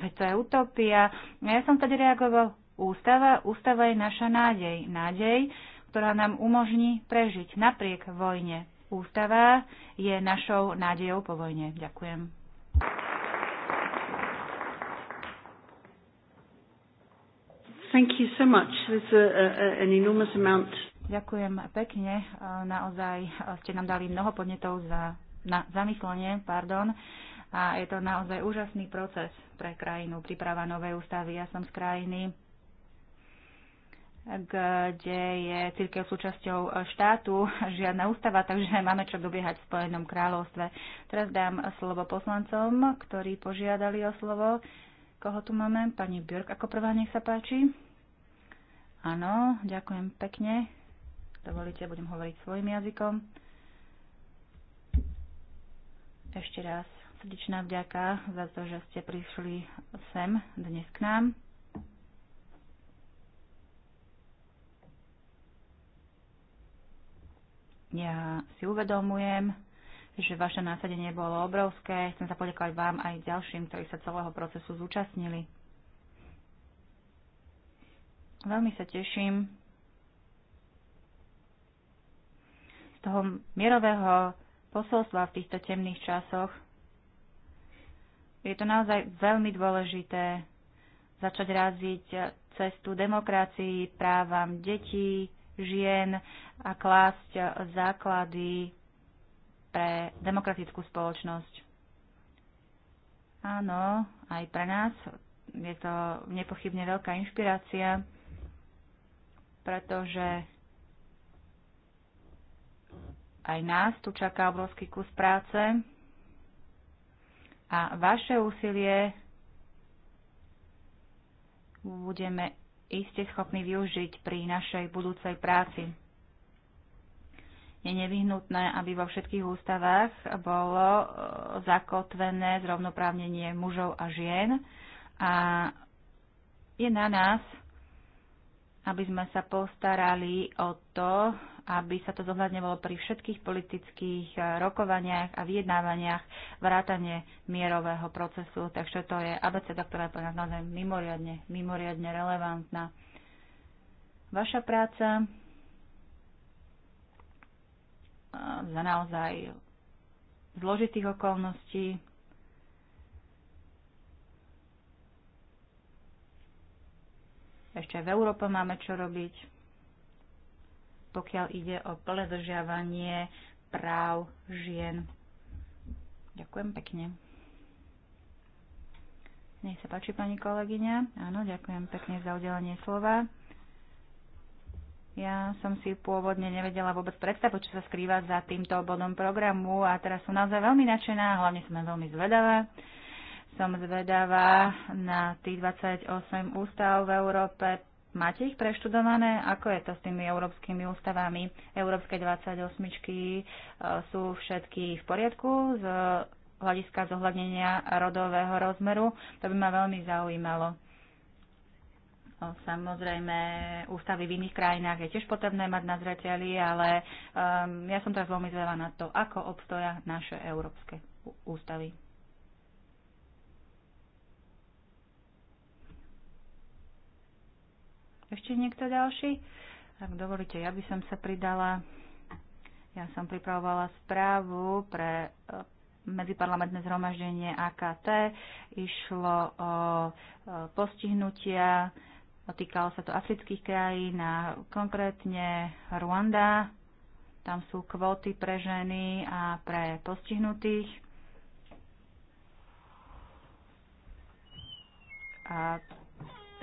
že mm, to je utopia. Ja som tedy reagoval, ústava, ústava je naša nádej. Nádej, ktorá nám umožní prežiť napriek vojne, ústava je našou nádejou po vojne. Ďakujem. Thank you so much. There's a, a, an enormous amount. Ďakujem pekne. Naozaj ste nám dali mnoho podnetov za, na zamyslenie. Pardon. A je to naozaj úžasný proces pre krajinu, príprava novej ústavy. Ja som z krajiny, kde je církev súčasťou štátu, žiadna ústava, takže máme čo dobiehať v Spojenom kráľovstve. Teraz dám slovo poslancom, ktorí požiadali o slovo. Koho tu máme? Pani Björk ako prvá, nech sa páči. Áno, ďakujem pekne. Dovolíte, budem hovoriť svojim jazykom. Ešte raz srdečná vďaka za to, že ste prišli sem dnes k nám. Ja si uvedomujem, že vaše násadenie bolo obrovské. Chcem sa poďakovať vám aj ďalším, ktorí sa celého procesu zúčastnili. Veľmi sa teším z toho mierového posolstva v týchto temných časoch. Je to naozaj veľmi dôležité začať raziť cestu demokracii, právam detí, žien a klásť základy pre demokratickú spoločnosť. Áno, aj pre nás je to nepochybne veľká inšpirácia, pretože aj nás tu čaká obrovský kus práce a vaše úsilie budeme iste schopní využiť pri našej budúcej práci. Je nevyhnutné, aby vo všetkých ústavách bolo e, zakotvené zrovnoprávnenie mužov a žien a je na nás, aby sme sa postarali o to, aby sa to zohľadňovalo pri všetkých politických eh, rokovaniach a vyjednávaniach vrátane mierového procesu. Takže to je abeceda, ktorá je pre nás naozaj mimoriadne, mimoriadne relevantná. Vaša práca eh, za naozaj zložitých okolností Ešte v Európe máme čo robiť, pokiaľ ide o plné dodržiavanie práv žien. Ďakujem pekne. Nech sa páči, pani kolegyňa. Áno, ďakujem pekne za udelenie slova. Ja som si pôvodne nevedela vôbec predstaviť, čo sa skrýva za týmto bodom programu a teraz som naozaj veľmi nadšená, hlavne som veľmi zvedavá. Som zvedavá na tých 28 ústav v Európe. Máte ich preštudované? Ako je to s tými európskymi ústavami? Európske 28 e, sú všetky v poriadku z hľadiska zohľadnenia rodového rozmeru? To by ma veľmi zaujímalo. No, samozrejme, ústavy v iných krajinách je tiež potrebné mať na zreteli, ale um, ja som teraz veľmi zvedavá na to, ako obstoja naše európske ústavy. Ešte niekto ďalší? Tak dovolite, ja by som sa pridala. Ja som pripravovala správu pre e, medziparlamentné zhromaždenie AKT. Išlo o e, postihnutia, týkalo sa to afrických krajín a konkrétne Ruanda. Tam sú kvóty pre ženy a pre postihnutých. A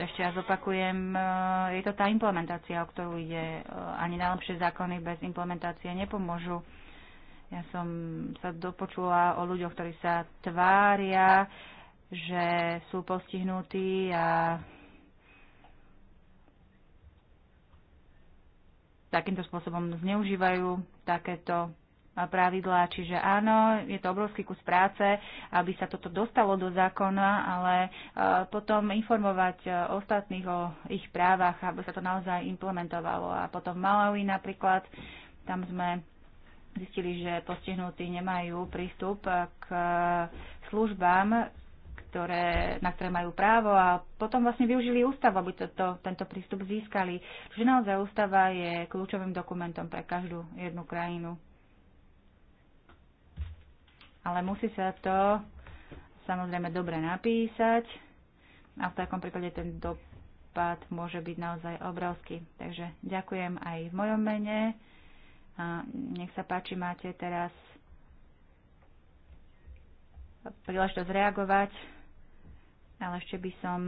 ešte raz opakujem, eh, je to tá implementácia, o ktorú ide. Eh, ani najlepšie zákony bez implementácie nepomôžu. Ja som sa dopočula o ľuďoch, ktorí sa tvária, že sú postihnutí a takýmto spôsobom zneužívajú takéto pravidlá. Čiže áno, je to obrovský kus práce, aby sa toto dostalo do zákona, ale e, potom informovať e, ostatných o ich právach, aby sa to naozaj implementovalo. A potom v Malawi napríklad, tam sme zistili, že postihnutí nemajú prístup k službám, ktoré, na ktoré majú právo a potom vlastne využili ústavu, aby to, tento prístup získali. Čiže naozaj ústava je kľúčovým dokumentom pre každú jednu krajinu ale musí sa to samozrejme dobre napísať a v takom prípade ten dopad môže byť naozaj obrovský. Takže ďakujem aj v mojom mene. A nech sa páči, máte teraz príležitosť reagovať, ale ešte by som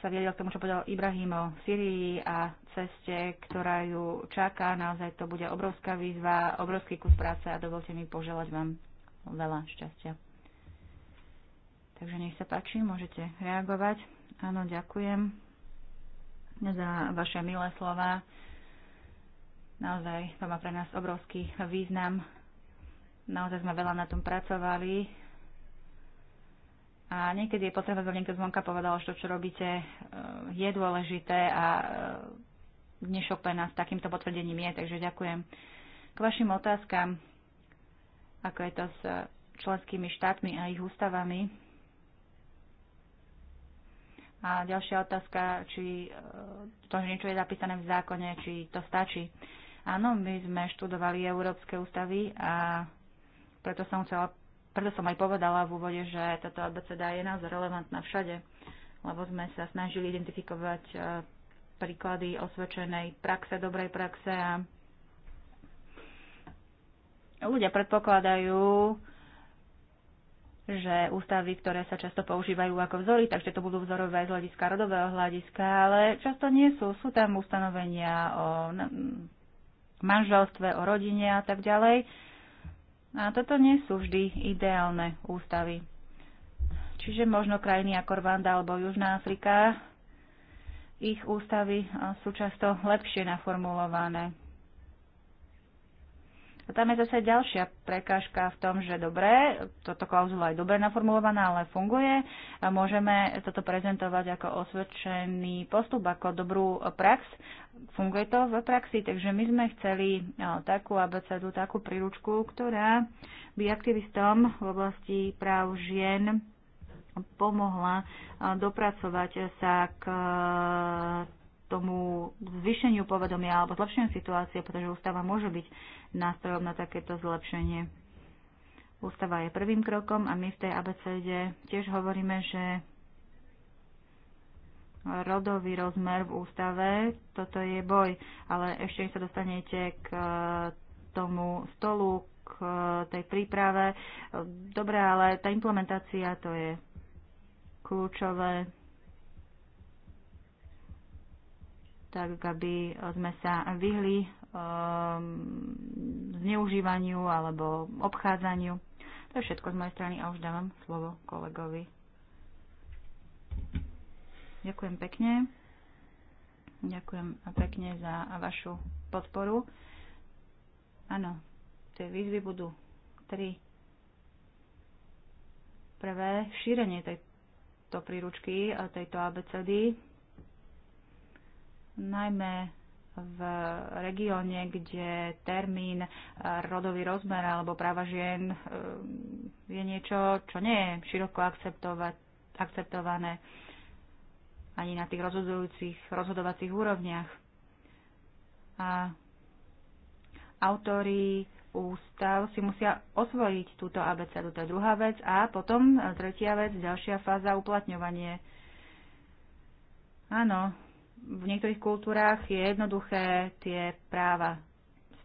sa viedel k tomu, čo povedal Ibrahim o Syrii a ceste, ktorá ju čaká. Naozaj to bude obrovská výzva, obrovský kus práce a dovolte mi poželať vám veľa šťastia. Takže nech sa páči, môžete reagovať. Áno, ďakujem za vaše milé slova. Naozaj to má pre nás obrovský význam. Naozaj sme veľa na tom pracovali. A niekedy je potreba, aby niekto zvonka povedal, že to, čo robíte, eh, je dôležité a eh, dnešok pre nás takýmto potvrdením je, takže ďakujem. K vašim otázkam ako je to s členskými štátmi a ich ústavami. A ďalšia otázka, či e, to, že niečo je zapísané v zákone, či to stačí. Áno, my sme študovali európske ústavy a preto som chcela preto som aj povedala v úvode, že táto abeceda je naozaj relevantná všade, lebo sme sa snažili identifikovať e, príklady osvedčenej praxe, dobrej praxe a Ľudia predpokladajú, že ústavy, ktoré sa často používajú ako vzory, takže to budú vzorové z hľadiska rodového hľadiska, ale často nie sú. Sú tam ustanovenia o manželstve, o rodine a tak ďalej. A toto nie sú vždy ideálne ústavy. Čiže možno krajiny ako Rwanda alebo Južná Afrika, ich ústavy sú často lepšie naformulované. A tam je zase ďalšia prekážka v tom, že dobre, toto klauzula je dobre naformulovaná, ale funguje a môžeme toto prezentovať ako osvedčený postup, ako dobrú prax. Funguje to v praxi, takže my sme chceli no, takú abecedu, takú príručku, ktorá by aktivistom v oblasti práv žien pomohla dopracovať sa k tomu zvýšeniu povedomia alebo zlepšeniu situácie, pretože ústava môže byť nástrojom na takéto zlepšenie. Ústava je prvým krokom a my v tej ABCD tiež hovoríme, že rodový rozmer v ústave, toto je boj, ale ešte sa dostanete k e, tomu stolu, k e, tej príprave. Dobre, ale tá implementácia to je kľúčové tak aby sme sa vyhli ehm, zneužívaniu alebo obchádzaniu. To je všetko z mojej strany a už dávam slovo kolegovi. Ďakujem pekne. Ďakujem pekne za vašu podporu. Áno, tie výzvy budú tri. Prvé, šírenie tejto príručky, tejto ABCD najmä v regióne, kde termín e, rodový rozmer alebo práva žien e, je niečo, čo nie je široko akceptované ani na tých rozhodujúcich, rozhodovacích úrovniach. A autori ústav si musia osvojiť túto ABC, To je druhá vec. A potom e, tretia vec, ďalšia fáza, uplatňovanie. Áno, v niektorých kultúrách je jednoduché tie práva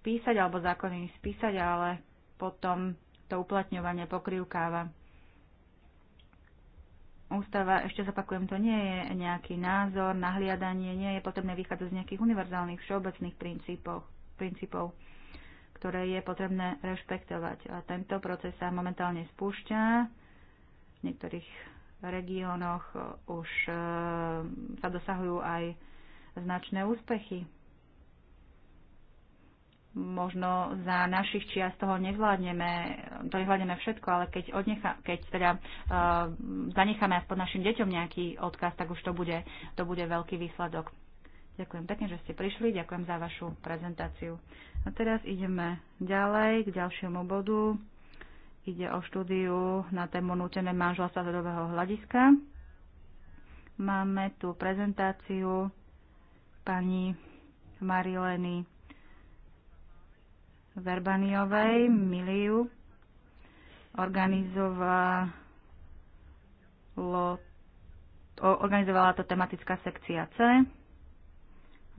spísať alebo zákony spísať, ale potom to uplatňovanie pokrývkáva. Ústava, ešte zapakujem, to nie je nejaký názor, nahliadanie, nie je potrebné vychádzať z nejakých univerzálnych všeobecných princípov, princípov ktoré je potrebné rešpektovať. A tento proces sa momentálne spúšťa. V niektorých regiónoch už eh, sa dosahujú aj značné úspechy. Možno za našich čiast toho nevládneme, to nevládneme všetko, ale keď, odnecha, keď teda uh, zanecháme aspoň našim deťom nejaký odkaz, tak už to bude, to bude veľký výsledok. Ďakujem pekne, že ste prišli, ďakujem za vašu prezentáciu. A teraz ideme ďalej k ďalšiemu bodu. Ide o štúdiu na tému nútené manželstva z hľadiska. Máme tu prezentáciu pani Marileny Verbaniovej, Miliu. Organizovalo, organizovala to tematická sekcia C.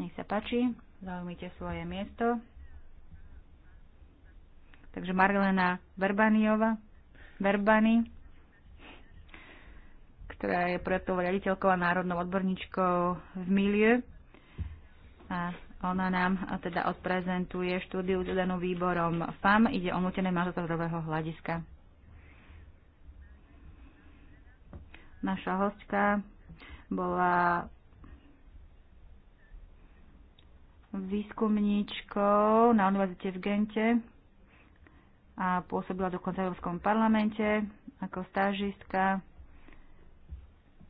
Nech sa páči, zaujmite svoje miesto. Takže Marilena Verbaniova, Verbany, ktorá je projektovou riaditeľkou a národnou odborníčkou v Miliu, a ona nám teda odprezentuje štúdiu zadanú výborom FAM. Ide o nutené mažotorového hľadiska. Naša hostka bola výskumníčkou na univerzite v Gente a pôsobila dokonca v Európskom parlamente ako stážistka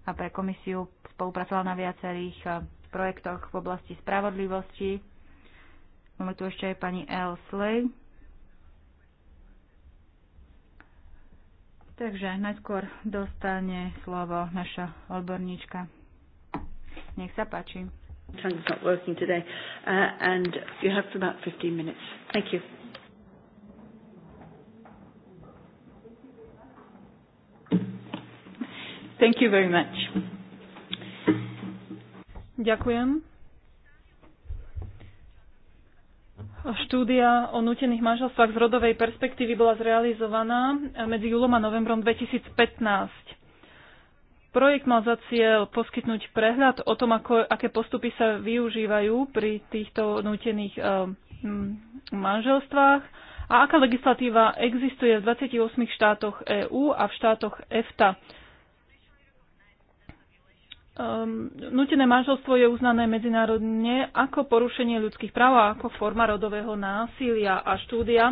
a pre komisiu spolupracovala na viacerých projektoch v oblasti spravodlivosti. Máme tu ešte aj pani L. Slej. Takže najskôr dostane slovo naša odborníčka. Nech sa páči. Uh, Thank you very much. Ďakujem. Štúdia o nutených manželstvách z rodovej perspektívy bola zrealizovaná medzi júlom a novembrom 2015. Projekt mal za cieľ poskytnúť prehľad o tom, ako, aké postupy sa využívajú pri týchto nútených um, eh, manželstvách a aká legislatíva existuje v 28 štátoch EÚ a v štátoch EFTA Um, nutené manželstvo je uznané medzinárodne ako porušenie ľudských práv a ako forma rodového násilia a štúdia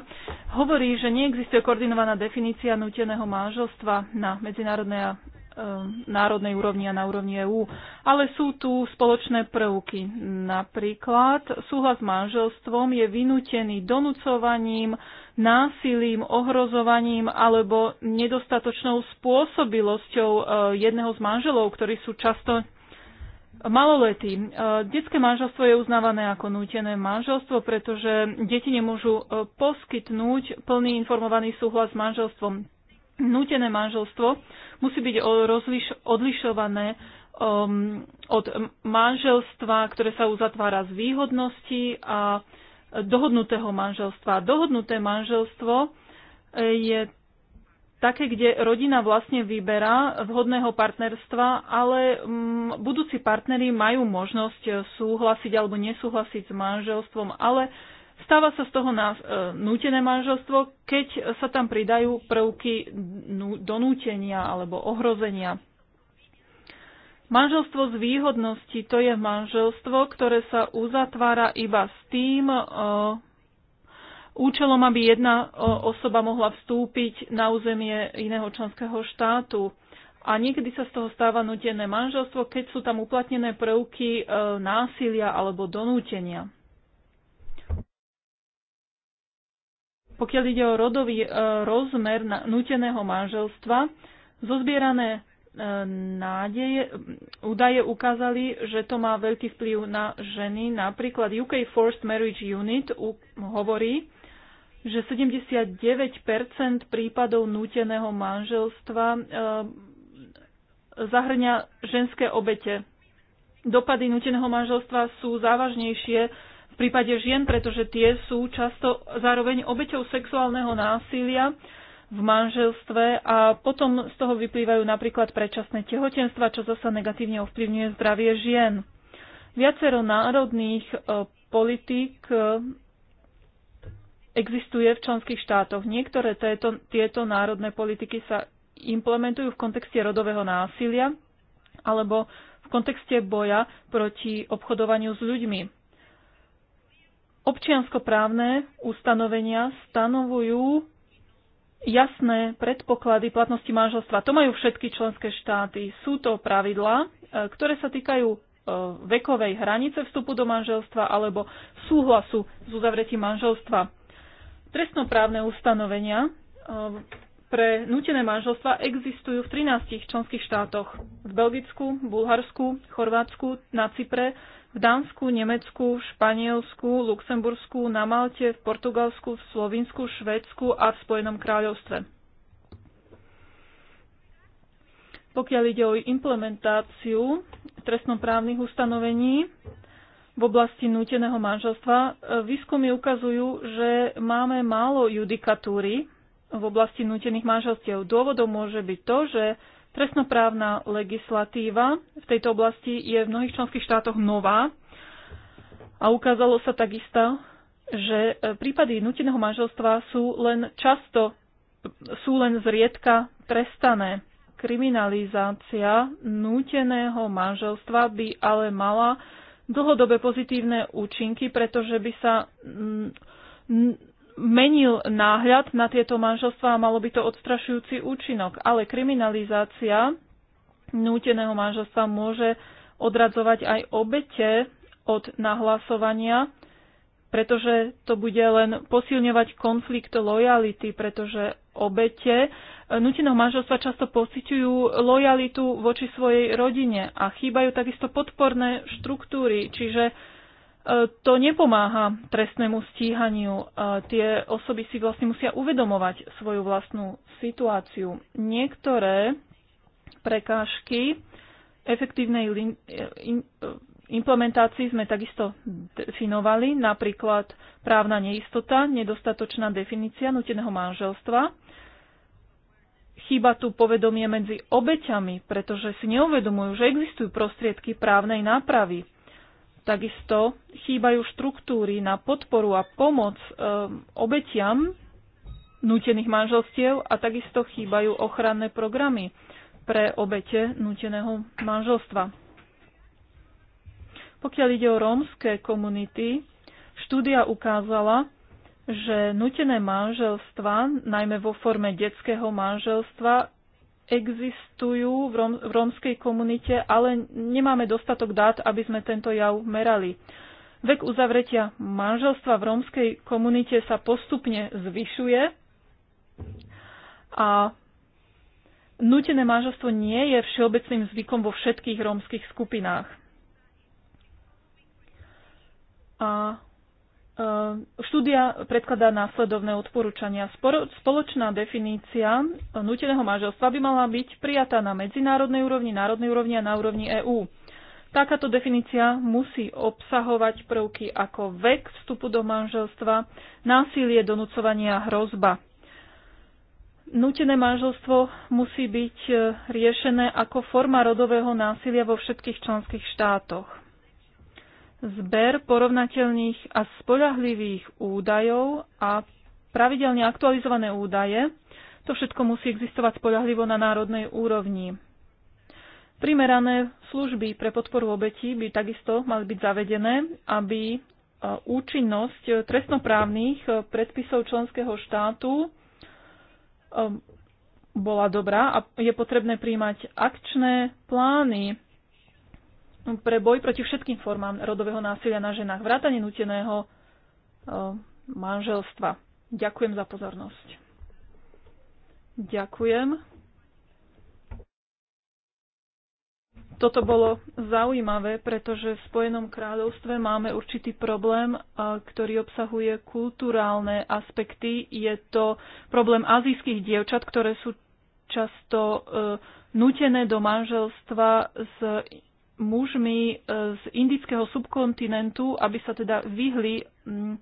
hovorí, že neexistuje koordinovaná definícia nuteného manželstva na medzinárodnej a um, národnej úrovni a na úrovni EÚ, ale sú tu spoločné prvky. Napríklad súhlas s manželstvom je vynútený donúcovaním, násilím, ohrozovaním alebo nedostatočnou spôsobilosťou e, jedného z manželov, ktorí sú často maloletí. E, detské manželstvo je uznávané ako nútené manželstvo, pretože deti nemôžu e, poskytnúť plný informovaný súhlas s manželstvom. Nútené manželstvo musí byť rozliš- odlišované um, od manželstva, ktoré sa uzatvára z výhodnosti a uh, dohodnutého manželstva. Dohodnuté manželstvo e, je také, kde rodina vlastne vyberá vhodného partnerstva, ale mm, budúci partneri majú možnosť súhlasiť alebo nesúhlasiť s manželstvom, ale stáva sa z toho na, e, nútené manželstvo, keď sa tam pridajú prvky donútenia alebo ohrozenia. Manželstvo z výhodnosti to je manželstvo, ktoré sa uzatvára iba s tým o, e, účelom, aby jedna e, osoba mohla vstúpiť na územie iného členského štátu. A niekedy sa z toho stáva nutené manželstvo, keď sú tam uplatnené prvky e, násilia alebo donútenia. Pokiaľ ide o rodový e, rozmer na, nuteného manželstva, zozbierané nádeje, údaje ukázali, že to má veľký vplyv na ženy. Napríklad UK Forced Marriage Unit hovorí, že 79 prípadov núteného manželstva eh, zahrňa ženské obete. Dopady núteného manželstva sú závažnejšie v prípade žien, pretože tie sú často zároveň obeťou sexuálneho násilia v manželstve a potom z toho vyplývajú napríklad predčasné tehotenstva, čo zasa negatívne ovplyvňuje zdravie žien. Viacero národných e, politík e, existuje v členských štátoch. Niektoré tieto, tieto národné politiky sa implementujú v kontexte rodového násilia alebo v kontexte boja proti obchodovaniu s ľuďmi. Občianskoprávne ustanovenia stanovujú jasné predpoklady platnosti manželstva. To majú všetky členské štáty. Sú to pravidlá, e, ktoré sa týkajú e, vekovej hranice vstupu do manželstva alebo súhlasu s uzavretím manželstva. Trestnoprávne ustanovenia e, pre nutené manželstva existujú v 13 členských štátoch. V Belgicku, Bulharsku, Chorvátsku, na Cypre, v Dánsku, Nemecku, Španielsku, Luxembursku, na Malte, v Portugalsku, v Slovinsku, Švédsku a v Spojenom kráľovstve. Pokiaľ ide o implementáciu trestnoprávnych ustanovení v oblasti núteného manželstva, e, výskumy ukazujú, že máme málo judikatúry v oblasti nútených manželstiev. Dôvodom môže byť to, že Trestnoprávna legislatíva v tejto oblasti je v mnohých členských štátoch nová a ukázalo sa takisto, že e, prípady nuteného manželstva sú len často, sú len zriedka trestané. Kriminalizácia núteného manželstva by ale mala dlhodobé pozitívne účinky, pretože by sa menil náhľad na tieto manželstva a malo by to odstrašujúci účinok. Ale kriminalizácia núteného manželstva môže odradzovať aj obete od nahlasovania, pretože to bude len posilňovať konflikt lojality, pretože obete nuteného manželstva často pociťujú lojalitu voči svojej rodine a chýbajú takisto podporné štruktúry, čiže E, to nepomáha trestnému stíhaniu. E, tie osoby si vlastne musia uvedomovať svoju vlastnú situáciu. Niektoré prekážky efektívnej implementácii sme takisto definovali, napríklad právna neistota, nedostatočná definícia nuteného manželstva. Chýba tu povedomie medzi obeťami, pretože si neuvedomujú, že existujú prostriedky právnej nápravy Takisto chýbajú štruktúry na podporu a pomoc eh, obetiam nútených manželstiev a takisto chýbajú ochranné programy pre obete núteného manželstva. Pokiaľ ide o rómske komunity, štúdia ukázala, že nutené manželstva, najmä vo forme detského manželstva, existujú v, rom, v rómskej komunite, ale nemáme dostatok dát, aby sme tento jav merali. Vek uzavretia manželstva v rómskej komunite sa postupne zvyšuje a nutené manželstvo nie je všeobecným zvykom vo všetkých rómskych skupinách. A E, štúdia predkladá následovné odporúčania. Spoločná definícia e, nuteného manželstva by mala byť prijatá na medzinárodnej úrovni, národnej úrovni a na úrovni EÚ. Takáto definícia musí obsahovať prvky ako vek vstupu do manželstva, násilie, donúcovania a hrozba. Nútené manželstvo musí byť e, riešené ako forma rodového násilia vo všetkých členských štátoch zber porovnateľných a spoľahlivých údajov a pravidelne aktualizované údaje. To všetko musí existovať spoľahlivo na národnej úrovni. Primerané služby pre podporu obetí by takisto mali byť zavedené, aby e, účinnosť trestnoprávnych e, predpisov členského štátu e, bola dobrá a je potrebné príjmať akčné plány pre boj proti všetkým formám rodového násilia na ženách, vrátane nuteného e, manželstva. Ďakujem za pozornosť. Ďakujem. Toto bolo zaujímavé, pretože v Spojenom kráľovstve máme určitý problém, e, ktorý obsahuje kulturálne aspekty. Je to problém azijských dievčat, ktoré sú často e, nutené do manželstva s mužmi e, z indického subkontinentu, aby sa teda vyhli mm,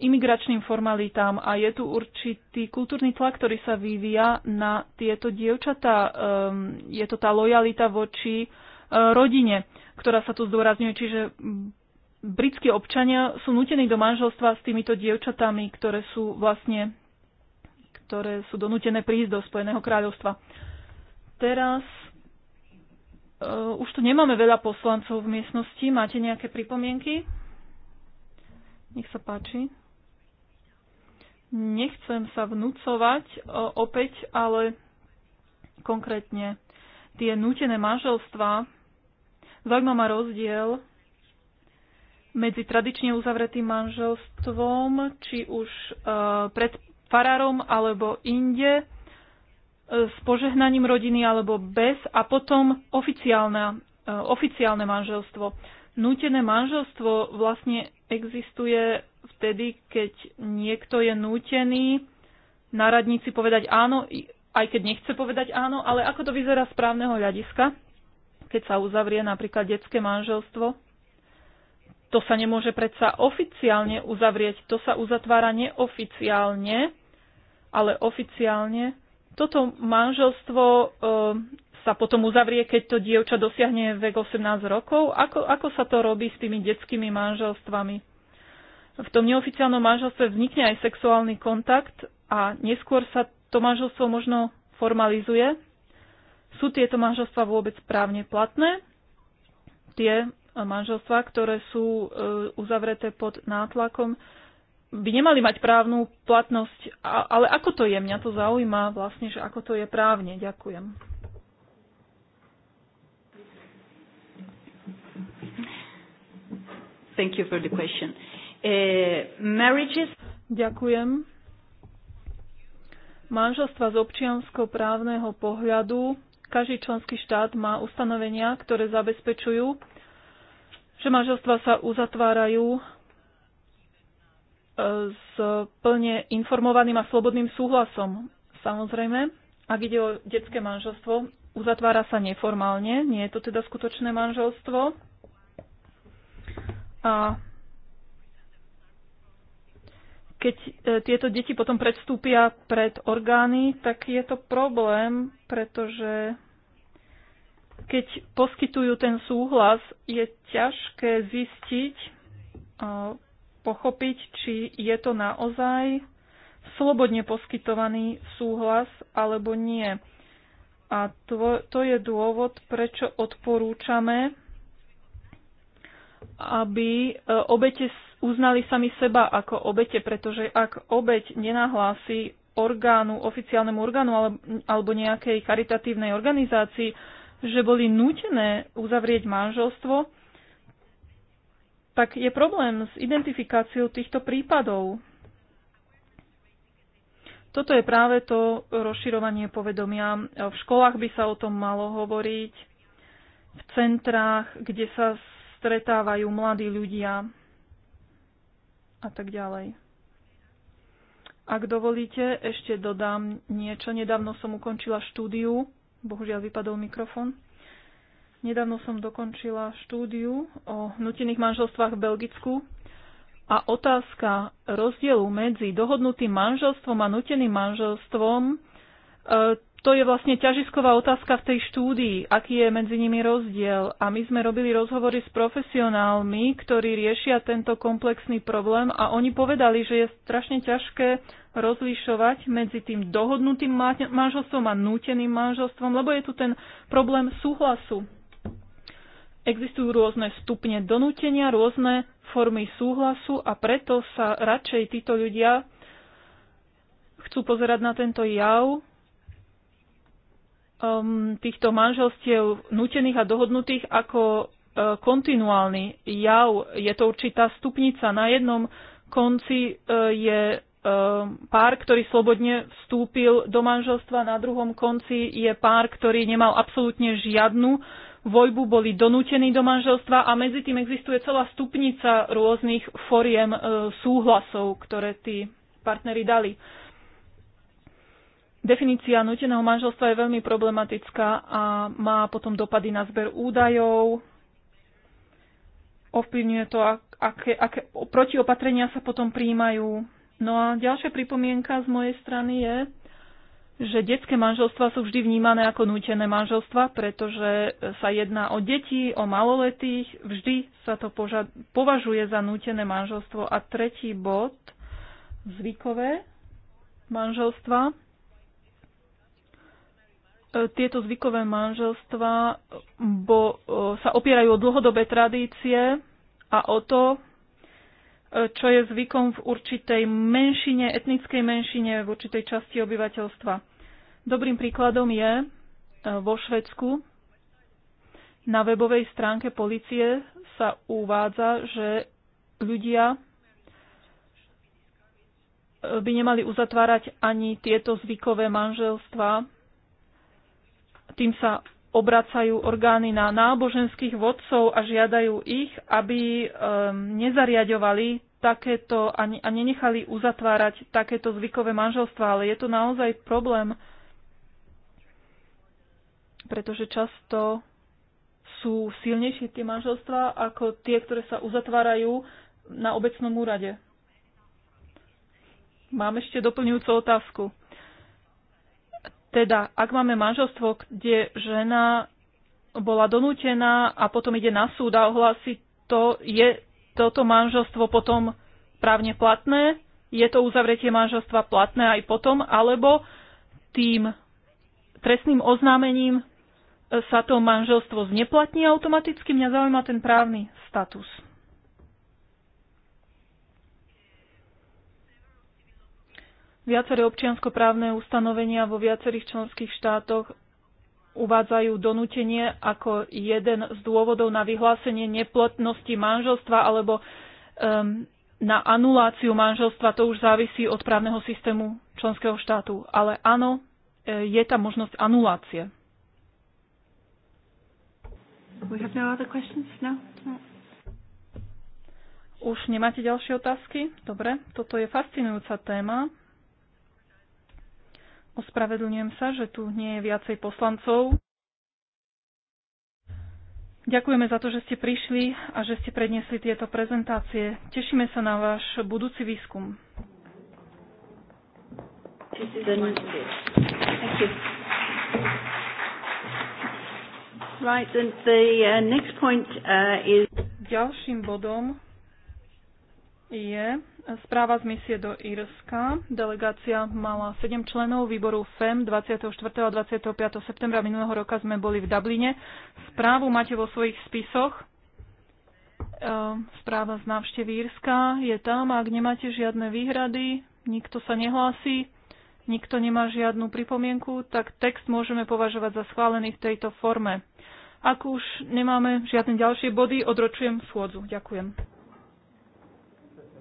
imigračným formalitám a je tu určitý kultúrny tlak, ktorý sa vyvíja na tieto dievčatá. Ehm, je to tá lojalita voči e, rodine, ktorá sa tu zdôrazňuje. Čiže britskí občania sú nutení do manželstva s týmito dievčatami, ktoré sú vlastne ktoré sú donútené prísť do Spojeného kráľovstva. Teraz už tu nemáme veľa poslancov v miestnosti. Máte nejaké pripomienky? Nech sa páči. Nechcem sa vnúcovať e, opäť, ale konkrétne tie nútené manželstvá. zaujímavá ma rozdiel medzi tradične uzavretým manželstvom, či už e, pred farárom alebo inde s požehnaním rodiny alebo bez a potom oficiálne, oficiálne manželstvo. Nútené manželstvo vlastne existuje vtedy, keď niekto je nútený na radnici povedať áno, aj keď nechce povedať áno, ale ako to vyzerá z právneho hľadiska, keď sa uzavrie napríklad detské manželstvo, to sa nemôže predsa oficiálne uzavrieť, to sa uzatvára neoficiálne, ale oficiálne toto manželstvo eh, sa potom uzavrie, keď to dievča dosiahne vek 18 rokov. Ako, ako sa to robí s tými detskými manželstvami? V tom neoficiálnom manželstve vznikne aj sexuálny kontakt a neskôr sa to manželstvo možno formalizuje. Sú tieto manželstva vôbec právne platné? Tie manželstva, ktoré sú eh, uzavreté pod nátlakom, by nemali mať právnu platnosť, ale ako to je? Mňa to zaujíma vlastne, že ako to je právne. Ďakujem. Thank you for the question. Uh, marriages... Ďakujem. Manželstva z občiansko-právneho pohľadu. Každý členský štát má ustanovenia, ktoré zabezpečujú, že manželstva sa uzatvárajú s plne informovaným a slobodným súhlasom. Samozrejme, ak ide o detské manželstvo, uzatvára sa neformálne, nie je to teda skutočné manželstvo. A keď e, tieto deti potom predstúpia pred orgány, tak je to problém, pretože keď poskytujú ten súhlas, je ťažké zistiť, e, pochopiť, či je to naozaj slobodne poskytovaný súhlas alebo nie. A to, to je dôvod, prečo odporúčame, aby e, obete uznali sami seba ako obete, pretože ak obeť nenahlási orgánu, oficiálnemu orgánu alebo nejakej charitatívnej organizácii, že boli nútené uzavrieť manželstvo, tak je problém s identifikáciou týchto prípadov. Toto je práve to rozširovanie povedomia. V školách by sa o tom malo hovoriť, v centrách, kde sa stretávajú mladí ľudia a tak ďalej. Ak dovolíte, ešte dodám niečo. Nedávno som ukončila štúdiu, bohužiaľ vypadol mikrofón, Nedávno som dokončila štúdiu o nutených manželstvách v Belgicku a otázka rozdielu medzi dohodnutým manželstvom a nuteným manželstvom, e, to je vlastne ťažisková otázka v tej štúdii, aký je medzi nimi rozdiel. A my sme robili rozhovory s profesionálmi, ktorí riešia tento komplexný problém a oni povedali, že je strašne ťažké rozlišovať medzi tým dohodnutým manželstvom a núteným manželstvom, lebo je tu ten problém súhlasu Existujú rôzne stupne donútenia, rôzne formy súhlasu a preto sa radšej títo ľudia chcú pozerať na tento jav um, týchto manželstiev nutených a dohodnutých ako uh, kontinuálny jav. Je to určitá stupnica. Na jednom konci uh, je uh, pár, ktorý slobodne vstúpil do manželstva, na druhom konci je pár, ktorý nemal absolútne žiadnu voľbu, boli donútení do manželstva a medzi tým existuje celá stupnica rôznych foriem e, súhlasov, ktoré tí partnery dali. Definícia nuteného manželstva je veľmi problematická a má potom dopady na zber údajov, ovplyvňuje to, aké, aké protiopatrenia sa potom príjmajú. No a ďalšia pripomienka z mojej strany je, že detské manželstva sú vždy vnímané ako nútené manželstva, pretože sa jedná o deti, o maloletých, vždy sa to považuje za nútené manželstvo. A tretí bod, zvykové manželstva. E, tieto zvykové manželstva bo, e, sa opierajú o dlhodobé tradície a o to, e, čo je zvykom v určitej menšine, etnickej menšine, v určitej časti obyvateľstva. Dobrým príkladom je e, vo Švedsku. Na webovej stránke policie sa uvádza, že ľudia e, by nemali uzatvárať ani tieto zvykové manželstva. Tým sa obracajú orgány na náboženských vodcov a žiadajú ich, aby e, nezariadovali takéto a nenechali uzatvárať takéto zvykové manželstva. Ale je to naozaj problém pretože často sú silnejšie tie manželstvá ako tie, ktoré sa uzatvárajú na obecnom úrade. Mám ešte doplňujúcu otázku. Teda, ak máme manželstvo, kde žena bola donútená a potom ide na súd a ohlási to, je toto manželstvo potom právne platné? Je to uzavretie manželstva platné aj potom? Alebo tým trestným oznámením sa to manželstvo zneplatní automaticky? Mňa zaujíma ten právny status. Viaceré občianskoprávne ustanovenia vo viacerých členských štátoch uvádzajú donútenie ako jeden z dôvodov na vyhlásenie neplatnosti manželstva alebo um, na anuláciu manželstva. To už závisí od právneho systému členského štátu. Ale áno, e, je tam možnosť anulácie. We have no other questions? No? no? Už nemáte ďalšie otázky? Dobre, toto je fascinujúca téma. Ospravedlňujem sa, že tu nie je viacej poslancov. Ďakujeme za to, že ste prišli a že ste predniesli tieto prezentácie. Tešíme sa na váš budúci výskum. Thank you. Right, the uh, next point uh, is... Ďalším bodom je správa z misie do Írska. Delegácia mala 7 členov výboru FEM 24. a 25. septembra minulého roka sme boli v Dubline. Správu máte vo svojich spisoch. Ehm, správa z návštevy Írska je tam. Ak nemáte žiadne výhrady, nikto sa nehlási, nikto nemá žiadnu pripomienku, tak text môžeme považovať za schválený v tejto forme. Ak už nemáme žiadne ďalšie body, odročujem schôdzu. Ďakujem.